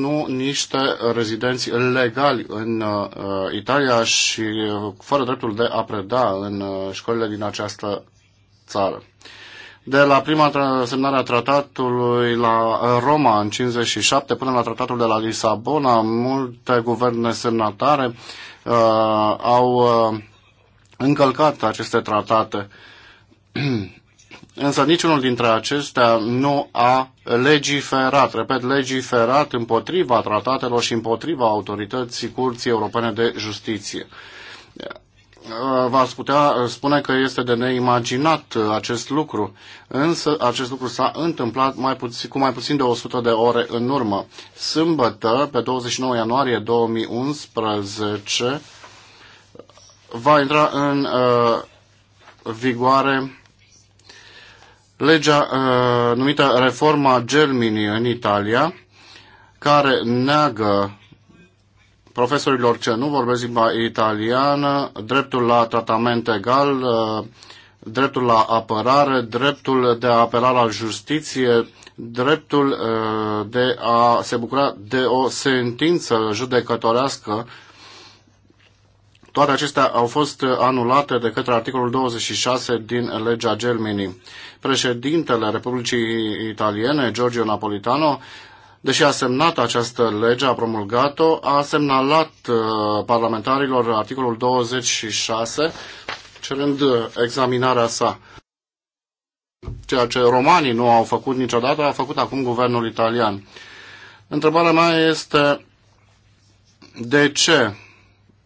nu niște rezidenți legali în uh, Italia și uh, fără dreptul de a preda în uh, școlile din această țară de la prima semnare a tratatului la Roma în 57 până la tratatul de la Lisabona, multe guverne semnatare uh, au uh, încălcat aceste tratate. Însă niciunul dintre acestea nu a legiferat, repet, legiferat împotriva tratatelor și împotriva autorității Curții Europene de Justiție. Uh, v ați putea uh, spune că este de neimaginat uh, acest lucru, însă acest lucru s-a întâmplat mai puțin, cu mai puțin de 100 de ore în urmă. Sâmbătă, pe 29 ianuarie 2011, va intra în uh, vigoare legea uh, numită Reforma Germini în Italia, care neagă profesorilor ce nu vorbesc limba italiană, dreptul la tratament egal, uh, dreptul la apărare, dreptul de a apela la justiție, dreptul uh, de a se bucura de o sentință judecătorească. Toate acestea au fost anulate de către articolul 26 din legea Gelmini. Președintele Republicii Italiene, Giorgio Napolitano, deși a semnat această lege, a promulgat-o, a semnalat uh, parlamentarilor articolul 26, cerând uh, examinarea sa. Ceea ce romanii nu au făcut niciodată, a făcut acum guvernul italian. Întrebarea mea este de ce?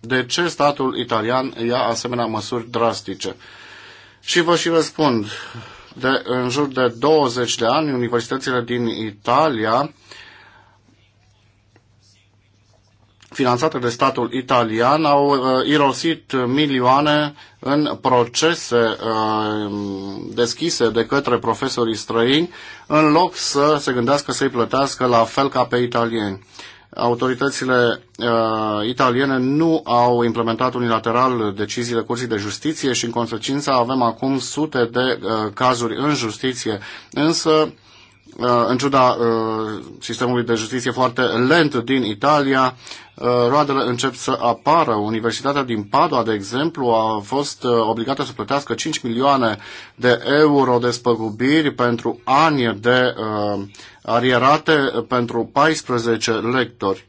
De ce statul italian ia asemenea măsuri drastice? Și vă și răspund. De, în jur de 20 de ani, universitățile din Italia finanțate de statul italian au uh, irosit milioane în procese uh, deschise de către profesorii străini în loc să se gândească să-i plătească la fel ca pe italieni. Autoritățile uh, italiene nu au implementat unilateral deciziile Curții de Justiție și în consecință avem acum sute de uh, cazuri în justiție. Însă uh, Uh, în ciuda uh, sistemului de justiție foarte lent din Italia, uh, roadele încep să apară. Universitatea din Padua, de exemplu, a fost obligată să plătească 5 milioane de euro de spăgubiri pentru ani de arierate pentru 14 lectori.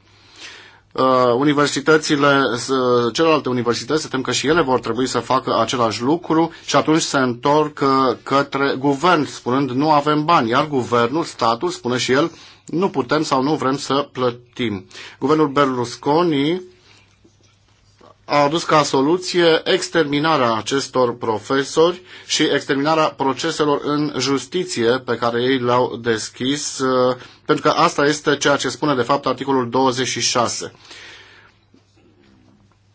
Uh, universitățile, uh, celelalte universități, se tem că și ele vor trebui să facă același lucru și atunci se întorc uh, către guvern, spunând nu avem bani, iar guvernul, statul, spune și el, nu putem sau nu vrem să plătim. Guvernul Berlusconi a adus ca soluție exterminarea acestor profesori și exterminarea proceselor în justiție pe care ei le-au deschis, uh, pentru că asta este ceea ce spune de fapt articolul 26.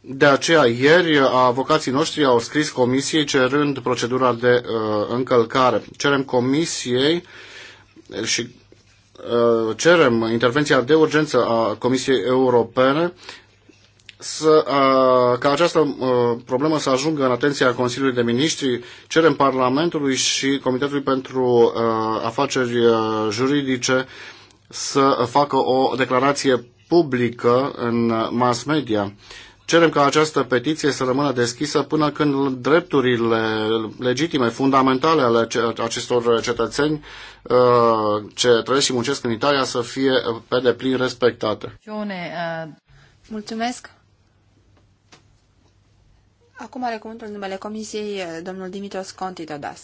De aceea, ieri, avocații noștri au scris comisiei cerând procedura de uh, încălcare. Cerem comisiei uh, și uh, cerem intervenția de urgență a Comisiei Europene să, ca această problemă să ajungă în atenția Consiliului de Ministri, cerem Parlamentului și Comitetului pentru Afaceri Juridice să facă o declarație publică în mass media. Cerem ca această petiție să rămână deschisă până când drepturile legitime, fundamentale ale acestor cetățeni ce trăiesc și muncesc în Italia să fie pe deplin respectate. Mulțumesc! Acum are cuvântul numele Comisiei eh, domnul Dimitrios Contitodas.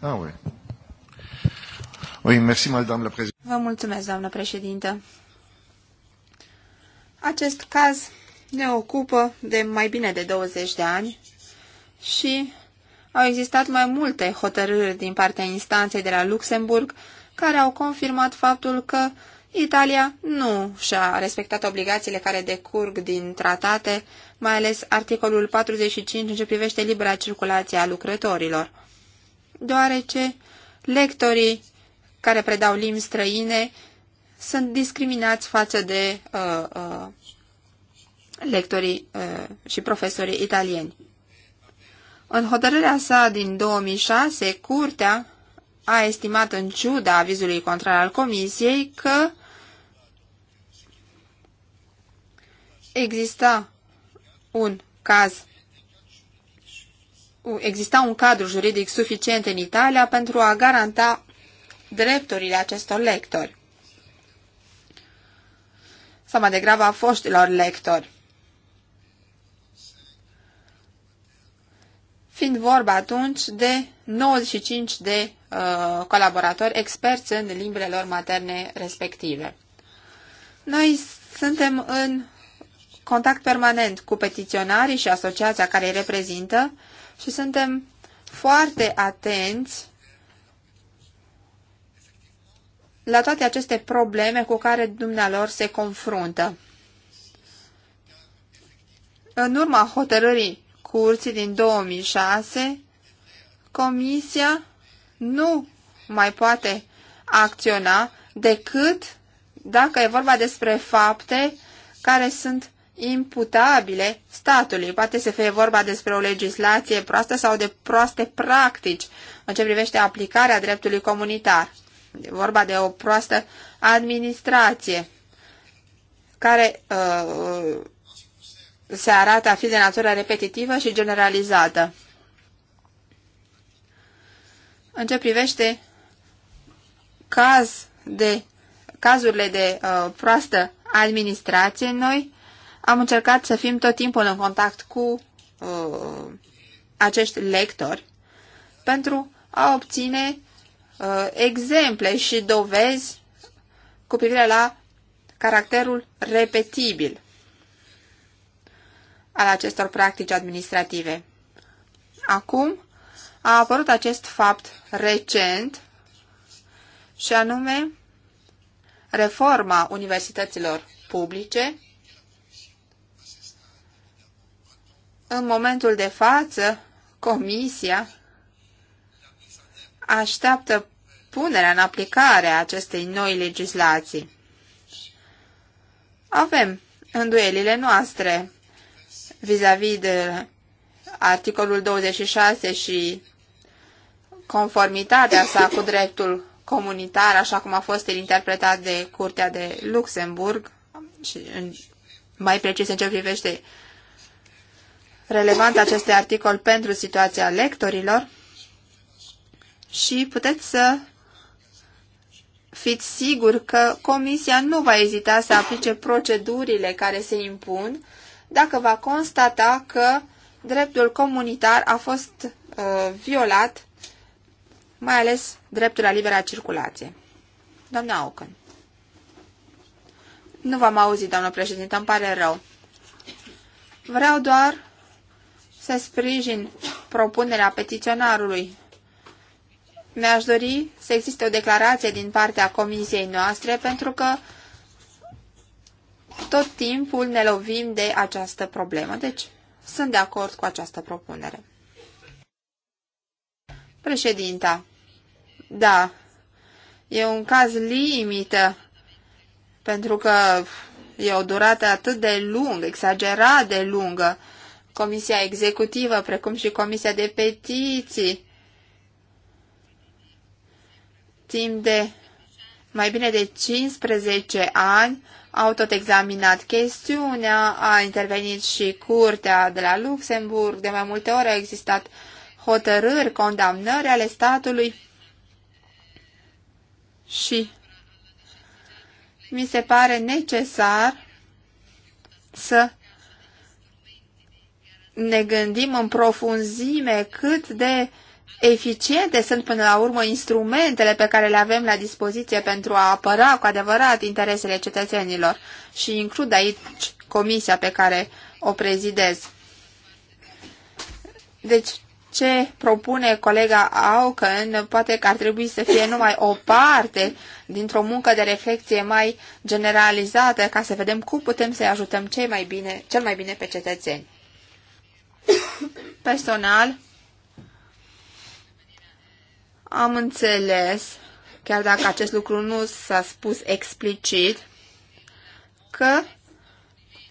Ah, oui. Oui, merci, madame la Vă mulțumesc, doamnă președintă. Acest caz ne ocupă de mai bine de 20 de ani și au existat mai multe hotărâri din partea instanței de la Luxemburg care au confirmat faptul că Italia nu și-a respectat obligațiile care decurg din tratate, mai ales articolul 45 în ce privește libera circulație a lucrătorilor, deoarece lectorii care predau limbi străine sunt discriminați față de uh, uh, lectorii uh, și profesorii italieni. În hotărârea sa din 2006, Curtea a estimat în ciuda avizului contrar al Comisiei că exista un caz exista un cadru juridic suficient în Italia pentru a garanta drepturile acestor lectori. Sau mai degrabă a foștilor lectori. fiind vorba atunci de 95 de uh, colaboratori experți în limbile lor materne respective. Noi suntem în contact permanent cu petiționarii și asociația care îi reprezintă și suntem foarte atenți la toate aceste probleme cu care dumnealor se confruntă. În urma hotărârii curții din 2006, Comisia nu mai poate acționa decât dacă e vorba despre fapte care sunt imputabile statului. Poate să fie vorba despre o legislație proastă sau de proaste practici în ce privește aplicarea dreptului comunitar. E vorba de o proastă administrație care uh, se arată a fi de natură repetitivă și generalizată. În ce privește caz de, cazurile de uh, proastă administrație, noi am încercat să fim tot timpul în contact cu uh, acești lectori pentru a obține uh, exemple și dovezi cu privire la caracterul repetibil al acestor practici administrative. Acum a apărut acest fapt recent și anume reforma universităților publice. În momentul de față, Comisia așteaptă punerea în aplicare a acestei noi legislații. Avem înduielile noastre vis-a-vis -vis de articolul 26 și conformitatea sa cu dreptul comunitar, așa cum a fost el interpretat de Curtea de Luxemburg, și în, mai precis în ce privește relevant acestui articol pentru situația lectorilor, și puteți să fiți siguri că Comisia nu va ezita să aplice procedurile care se impun dacă va constata că dreptul comunitar a fost uh, violat, mai ales dreptul la libera circulație. Doamna Aucăn. Nu v-am auzit, doamnă președintă, îmi pare rău. Vreau doar să sprijin propunerea petiționarului. Mi-aș dori să existe o declarație din partea comisiei noastre, pentru că tot timpul ne lovim de această problemă. Deci, sunt de acord cu această propunere. Președinta, da, e un caz limită, pentru că e o durată atât de lungă, exagerat de lungă. Comisia executivă, precum și Comisia de petiții, timp de mai bine de 15 ani, au tot examinat chestiunea, a intervenit și curtea de la Luxemburg, de mai multe ori au existat hotărâri, condamnări ale statului și mi se pare necesar să ne gândim în profunzime cât de eficiente sunt până la urmă instrumentele pe care le avem la dispoziție pentru a apăra cu adevărat interesele cetățenilor și includ aici comisia pe care o prezidez. Deci, ce propune colega Auken poate că ar trebui să fie numai o parte dintr-o muncă de reflexie mai generalizată ca să vedem cum putem să-i ajutăm cei mai bine, cel mai bine pe cetățeni. Personal, am înțeles, chiar dacă acest lucru nu s-a spus explicit, că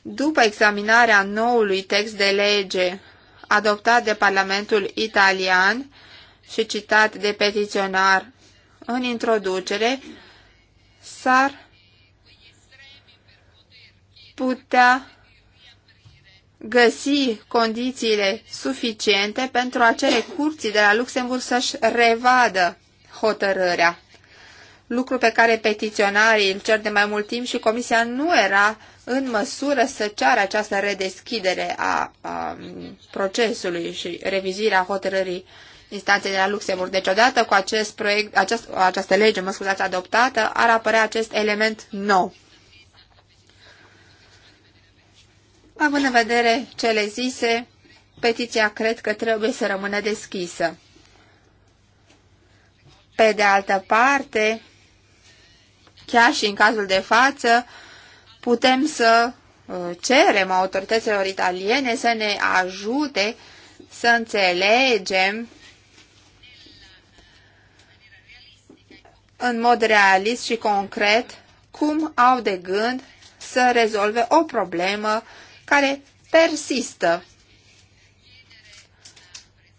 după examinarea noului text de lege adoptat de Parlamentul Italian și citat de petiționar în introducere, s-ar putea găsi condițiile suficiente pentru a cere curții de la Luxemburg să-și revadă hotărârea. Lucru pe care petiționarii îl cer de mai mult timp și comisia nu era în măsură să ceară această redeschidere a, a procesului și revizirea hotărârii instanței de la Luxemburg. Deci odată cu acest proiect, aceast, această lege, mă scuzați, adoptată, ar apărea acest element nou. Având în vedere cele zise, petiția cred că trebuie să rămână deschisă. Pe de altă parte, chiar și în cazul de față, putem să uh, cerem autorităților italiene să ne ajute să înțelegem în mod realist și concret cum au de gând să rezolve o problemă care persistă.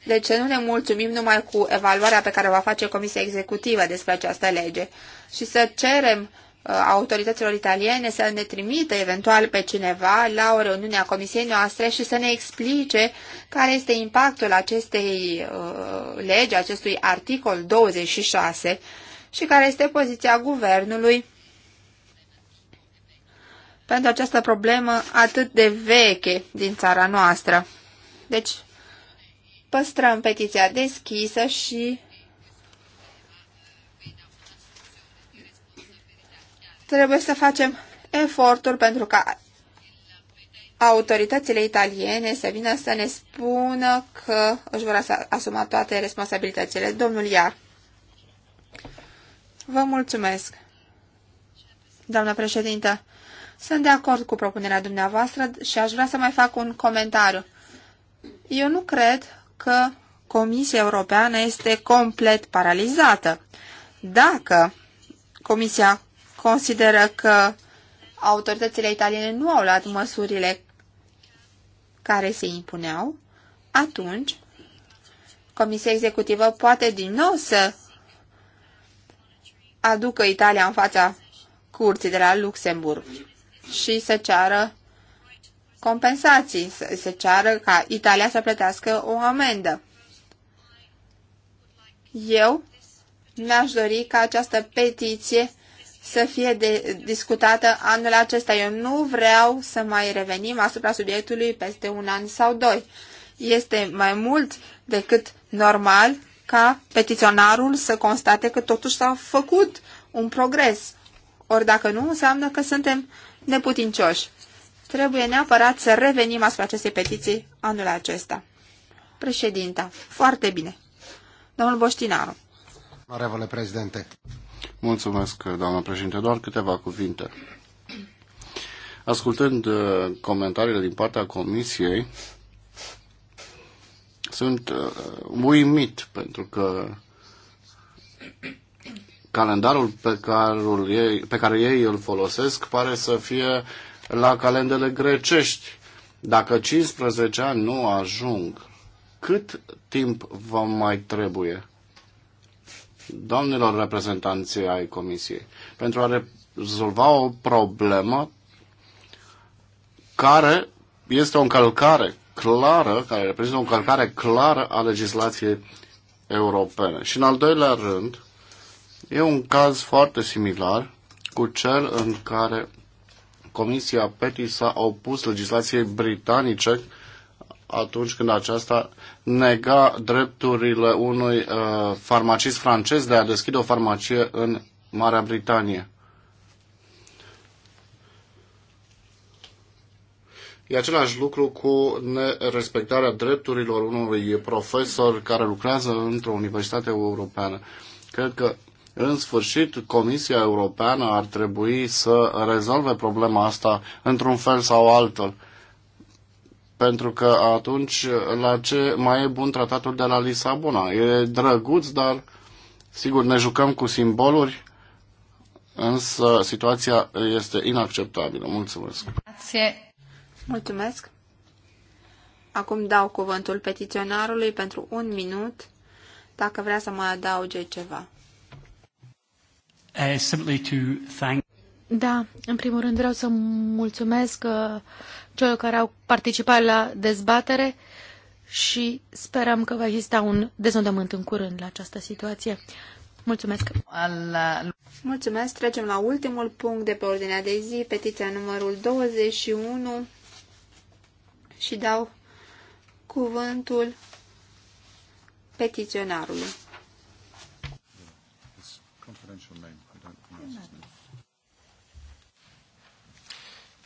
De ce nu ne mulțumim numai cu evaluarea pe care o va face Comisia Executivă despre această lege și să cerem uh, autorităților italiene să ne trimită eventual pe cineva la o reuniune a comisiei noastre și să ne explice care este impactul acestei uh, legi, acestui articol 26 și care este poziția guvernului pentru această problemă atât de veche din țara noastră. Deci, păstrăm petiția deschisă și trebuie să facem eforturi pentru ca autoritățile italiene să vină să ne spună că își vor asuma toate responsabilitățile. Domnul Iar. Vă mulțumesc, Doamna președintă. Sunt de acord cu propunerea dumneavoastră și aș vrea să mai fac un comentariu. Eu nu cred că Comisia Europeană este complet paralizată. Dacă Comisia consideră că autoritățile italiene nu au luat măsurile care se impuneau, atunci Comisia Executivă poate din nou să aducă Italia în fața curții de la Luxemburg și să ceară compensații, să se ceară ca Italia să plătească o amendă. Eu mi-aș dori ca această petiție să fie de, discutată anul acesta. Eu nu vreau să mai revenim asupra subiectului peste un an sau doi. Este mai mult decât normal ca petiționarul să constate că totuși s-a făcut un progres. Ori dacă nu, înseamnă că suntem neputincioși. Trebuie neapărat să revenim asupra acestei petiții anul acesta. Președinta, foarte bine. Domnul Boștinaru. Marevole președinte. Mulțumesc, doamnă președinte. Doar câteva cuvinte. Ascultând uh, comentariile din partea comisiei, sunt uh, uimit pentru că calendarul pe care, ei, pe care ei îl folosesc pare să fie la calendele grecești. Dacă 15 ani nu ajung, cât timp vă mai trebuie? Domnilor reprezentanți ai Comisiei, pentru a rezolva o problemă care este o încălcare clară, care reprezintă o încălcare clară a legislației europene. Și în al doilea rând, E un caz foarte similar cu cel în care Comisia PETI s-a opus legislației britanice atunci când aceasta nega drepturile unui uh, farmacist francez de a deschide o farmacie în Marea Britanie. E același lucru cu nerespectarea drepturilor unui profesor care lucrează într-o universitate europeană. Cred că în sfârșit, Comisia Europeană ar trebui să rezolve problema asta într-un fel sau altul. Pentru că atunci la ce mai e bun tratatul de la Lisabona? E drăguț, dar sigur ne jucăm cu simboluri, însă situația este inacceptabilă. Mulțumesc! Mulțumesc! Acum dau cuvântul petiționarului pentru un minut, dacă vrea să mai adauge ceva. Uh, da, în primul rând vreau să mulțumesc uh, celor care au participat la dezbatere și sperăm că va exista un dezondământ în curând la această situație. Mulțumesc! Mulțumesc! Trecem la ultimul punct de pe ordinea de zi, petiția numărul 21 și dau cuvântul petiționarului.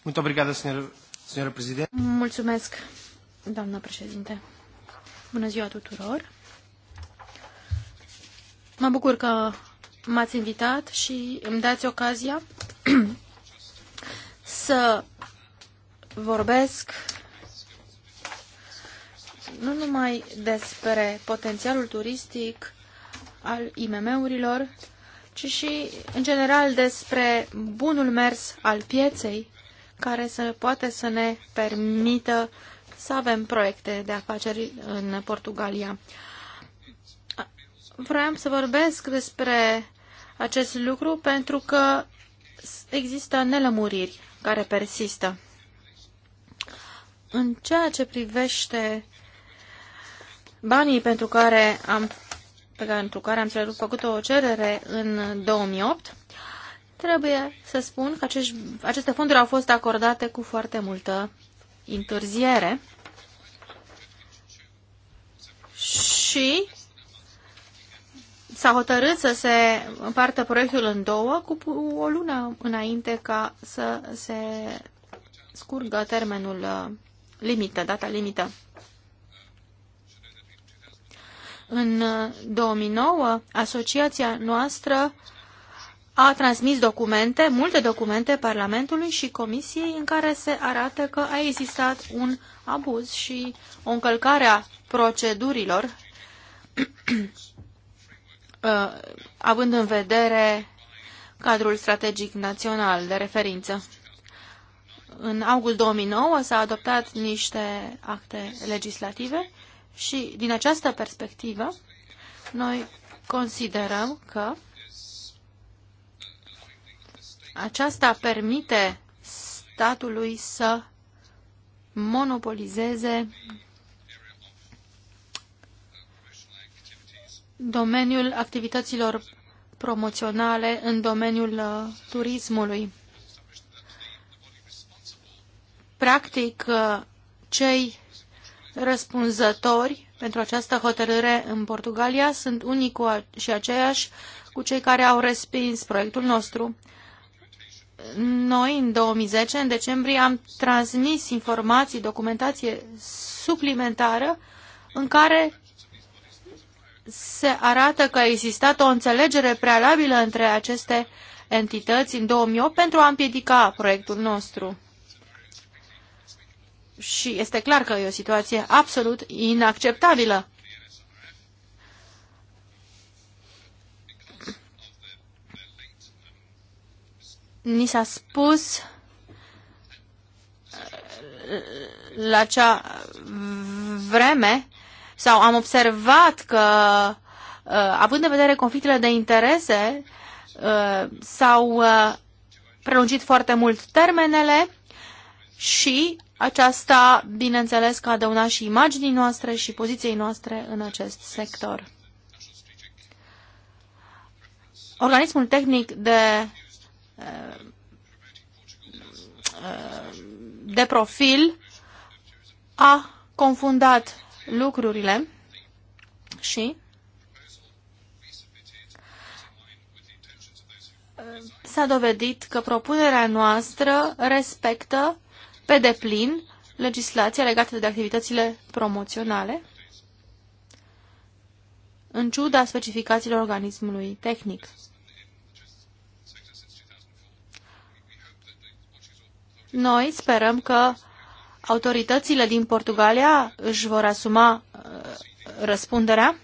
Muito obrigada, senhora, senhora presidente. doamnă președinte. Bună ziua tuturor. Mă bucur că m-ați invitat și îmi dați ocazia să vorbesc nu numai despre potențialul turistic al IMM-urilor, ci și, în general, despre bunul mers al pieței care să poate să ne permită să avem proiecte de afaceri în Portugalia. Vreau să vorbesc despre acest lucru pentru că există nelămuriri care persistă. În ceea ce privește banii pentru care am, pentru care am făcut o cerere în 2008, Trebuie să spun că acești, aceste fonduri au fost acordate cu foarte multă întârziere și s-a hotărât să se împartă proiectul în două cu o lună înainte ca să se scurgă termenul uh, limită, data limită. În 2009, uh, asociația noastră a transmis documente, multe documente Parlamentului și Comisiei în care se arată că a existat un abuz și o încălcare a procedurilor, uh, având în vedere cadrul strategic național de referință. În august 2009 s-a adoptat niște acte legislative și din această perspectivă noi considerăm că aceasta permite statului să monopolizeze domeniul activităților promoționale în domeniul uh, turismului. Practic, uh, cei răspunzători pentru această hotărâre în Portugalia sunt unii cu și aceiași cu cei care au respins proiectul nostru. Noi, în 2010, în decembrie, am transmis informații, documentație suplimentară în care se arată că a existat o înțelegere prealabilă între aceste entități în 2008 pentru a împiedica proiectul nostru. Și este clar că e o situație absolut inacceptabilă. Ni s-a spus la cea vreme sau am observat că uh, având în vedere conflictele de interese uh, s-au uh, prelungit foarte mult termenele și aceasta, bineînțeles, că dăunat și imaginii noastre și poziției noastre în acest sector. Organismul tehnic de de profil a confundat lucrurile și uh, s-a dovedit că propunerea noastră respectă pe deplin legislația legată de activitățile promoționale, în ciuda specificațiilor organismului tehnic. Noi sperăm că autoritățile din Portugalia își vor asuma uh, răspunderea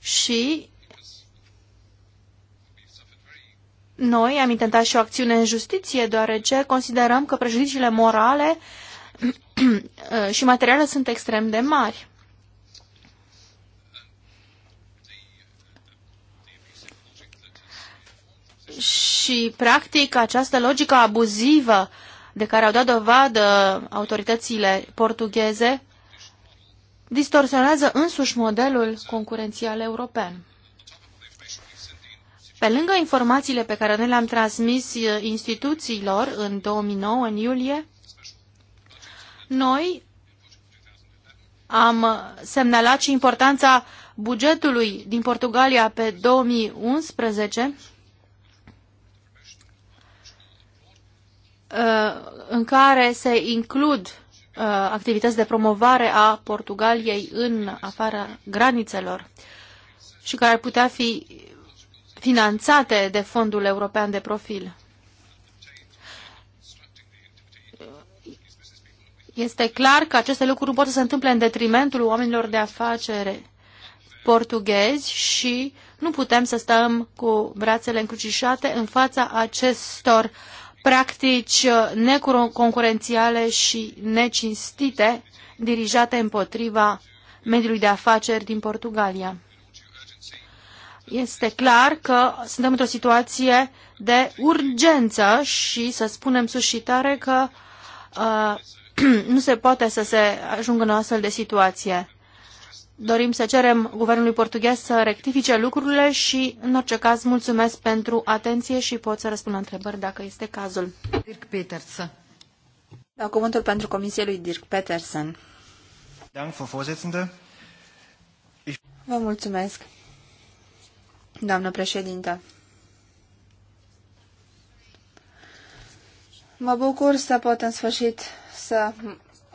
și noi am intentat și o acțiune în justiție, deoarece considerăm că prejudiciile morale uh, și materiale sunt extrem de mari. Și, practic, această logică abuzivă uh, de care au dat dovadă autoritățile portugheze distorsionează însuși modelul concurențial european. Pe lângă informațiile pe care noi le-am transmis eh, instituțiilor în 2009, în iulie, noi am semnalat și importanța bugetului din Portugalia pe 2011 Uh, în care se includ uh, activități de promovare a Portugaliei în afara granițelor și care ar putea fi finanțate de Fondul European de Profil. Este clar că aceste lucruri pot să se întâmple în detrimentul oamenilor de afacere portughezi și nu putem să stăm cu brațele încrucișate în fața acestor practici uh, neconcurențiale și necinstite dirijate împotriva mediului de afaceri din Portugalia. Este clar că suntem într-o situație de urgență și să spunem sus și tare că uh, nu se poate să se ajungă în o astfel de situație dorim să cerem guvernului portughez să rectifice lucrurile și, în orice caz, mulțumesc pentru atenție și pot să răspund la întrebări dacă este cazul. Dirk Petersen. La cuvântul pentru comisie lui Dirk Petersen. Vă mulțumesc, doamnă președintă. Mă bucur să pot în sfârșit să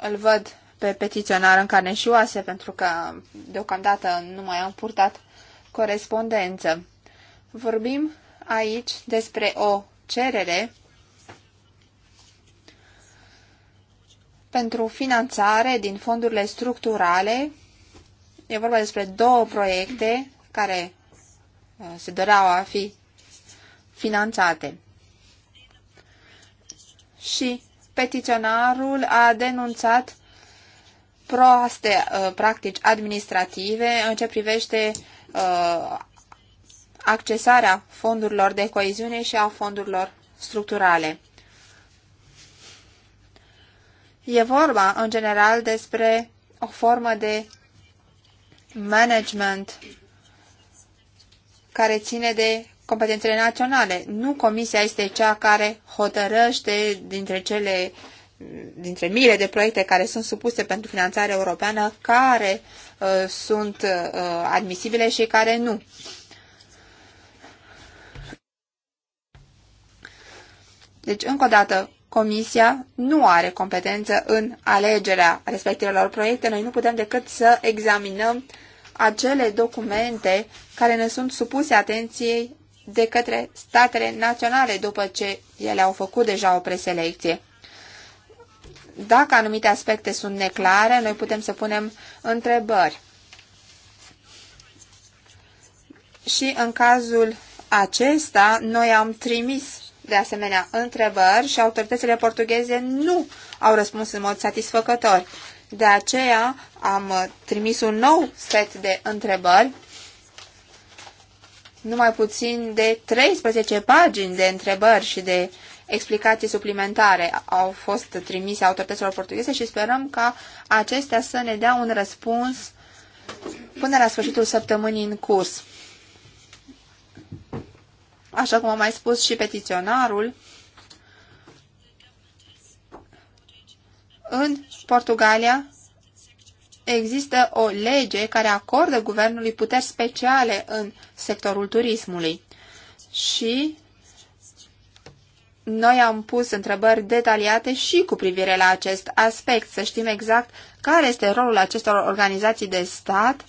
îl văd pe petiționar în Caneșioase, pentru că deocamdată nu mai am purtat corespondență. Vorbim aici despre o cerere pentru finanțare din fondurile structurale. E vorba despre două proiecte care uh, se doreau a fi finanțate. Și petiționarul a denunțat proaste uh, practici administrative în ce privește uh, accesarea fondurilor de coeziune și a fondurilor structurale. E vorba, în general, despre o formă de management care ține de competențele naționale. Nu comisia este cea care hotărăște dintre cele uh, dintre miile de proiecte care sunt supuse pentru finanțare europeană, care uh, sunt uh, admisibile și care nu. Deci, încă o dată, Comisia nu are competență în alegerea respectivelor proiecte. Noi nu putem decât să examinăm acele documente care ne sunt supuse atenției de către statele naționale după ce ele au făcut deja o preselecție. Dacă anumite aspecte sunt neclare, noi putem să punem întrebări. Și în cazul acesta, noi am trimis de asemenea întrebări și autoritățile portugheze nu au răspuns în mod satisfăcător. De aceea am trimis un nou set de întrebări, numai puțin de 13 pagini de întrebări și de explicații suplimentare au fost trimise autorităților portugheze și sperăm ca acestea să ne dea un răspuns până la sfârșitul săptămânii în curs. Așa cum a mai spus și petiționarul, în Portugalia există o lege care acordă guvernului puteri speciale în sectorul turismului și noi am pus întrebări detaliate și cu privire la acest aspect, să știm exact care este rolul acestor organizații de stat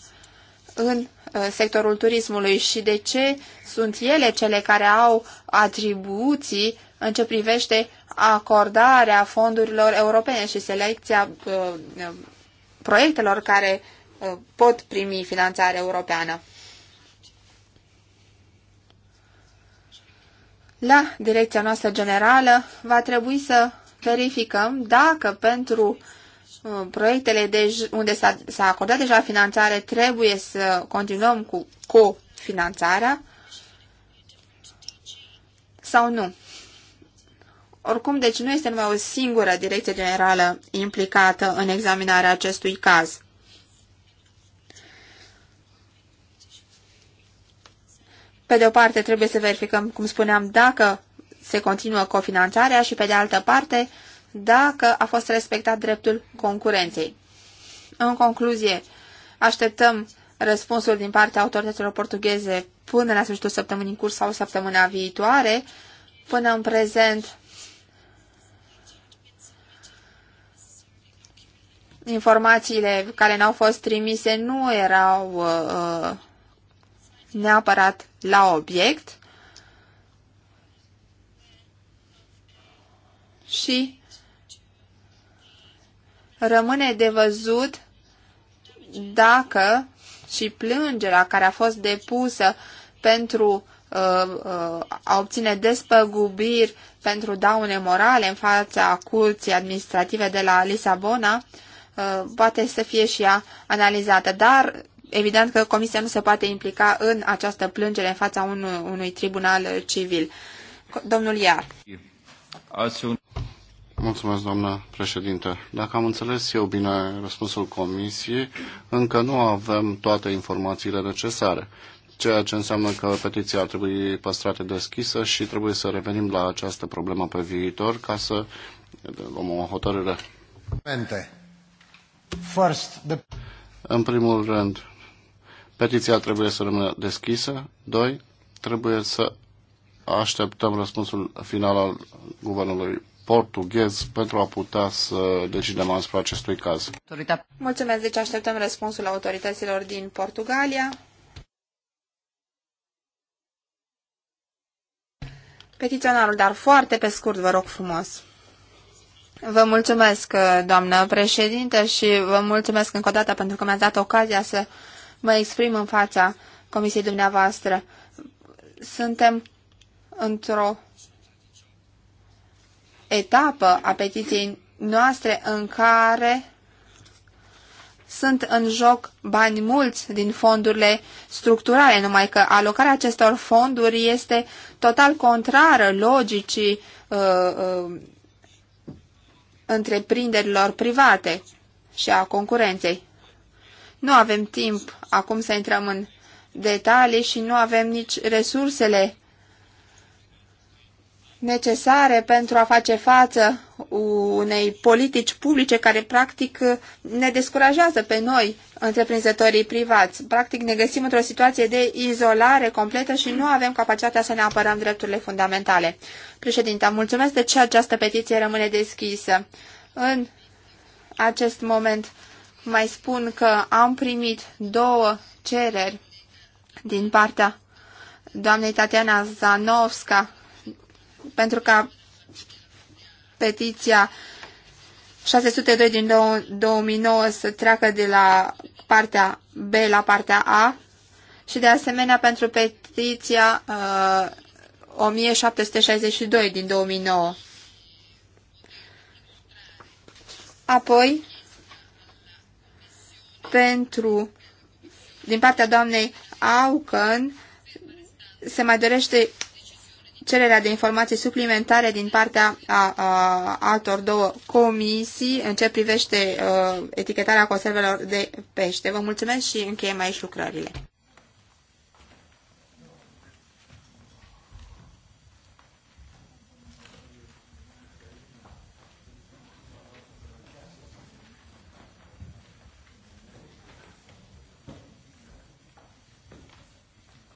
în uh, sectorul turismului și de ce sunt ele cele care au atribuții în ce privește acordarea fondurilor europene și selecția uh, uh proiectelor care uh, pot primi finanțare europeană. la direcția noastră generală va trebui să verificăm dacă pentru uh, proiectele de, unde s-a acordat deja finanțare trebuie să continuăm cu cofinanțarea sau nu. Oricum, deci nu este numai o singură direcție generală implicată în examinarea acestui caz. Pe de o parte, trebuie să verificăm, cum spuneam, dacă se continuă cofinanțarea și, pe de altă parte, dacă a fost respectat dreptul concurenței. În concluzie, așteptăm răspunsul din partea autorităților portugheze până la sfârșitul săptămânii în curs sau săptămâna viitoare. Până în prezent, informațiile care n-au fost trimise nu erau uh, uh neapărat la obiect și rămâne de văzut dacă și plângerea care a fost depusă pentru uh, uh, a obține despăgubiri pentru daune morale în fața curții administrative de la Lisabona, uh, poate să fie și ea analizată. Dar evident că Comisia nu se poate implica în această plângere în fața unui, unui tribunal civil. Domnul Iar. Mulțumesc, doamnă președinte. Dacă am înțeles eu bine răspunsul Comisiei, încă nu avem toate informațiile necesare, ceea ce înseamnă că petiția ar trebui păstrată deschisă și trebuie să revenim la această problemă pe viitor ca să luăm o hotărâre. First, the... În primul rând, Petiția trebuie să rămână deschisă. 2. Trebuie să așteptăm răspunsul final al guvernului portughez pentru a putea să decidem asupra acestui caz. Mulțumesc, deci așteptăm răspunsul autorităților din Portugalia. Petiționarul, dar foarte pe scurt, vă rog frumos. Vă mulțumesc, doamnă președinte, și vă mulțumesc încă o dată pentru că mi-ați dat ocazia să mă exprim în fața comisiei dumneavoastră. Suntem într-o etapă a petiției noastre în care sunt în joc bani mulți din fondurile structurale, numai că alocarea acestor fonduri este total contrară logicii uh, uh, întreprinderilor private și a concurenței. Nu avem timp acum să intrăm în detalii și nu avem nici resursele necesare pentru a face față unei politici publice care practic ne descurajează pe noi, întreprinzătorii privați. Practic ne găsim într-o situație de izolare completă și nu avem capacitatea să ne apărăm drepturile fundamentale. Președinte, mulțumesc de deci ce această petiție rămâne deschisă. În acest moment mai spun că am primit două cereri din partea doamnei Tatiana Zanovska pentru ca petiția 602 din 2009 să treacă de la partea B la partea A și de asemenea pentru petiția uh, 1762 din 2009. Apoi, pentru, din partea doamnei Aucăn se mai dorește cererea de informații suplimentare din partea a, a, altor două comisii în ce privește a, uh, etichetarea conservelor de pește. Vă mulțumesc și încheiem aici lucrările.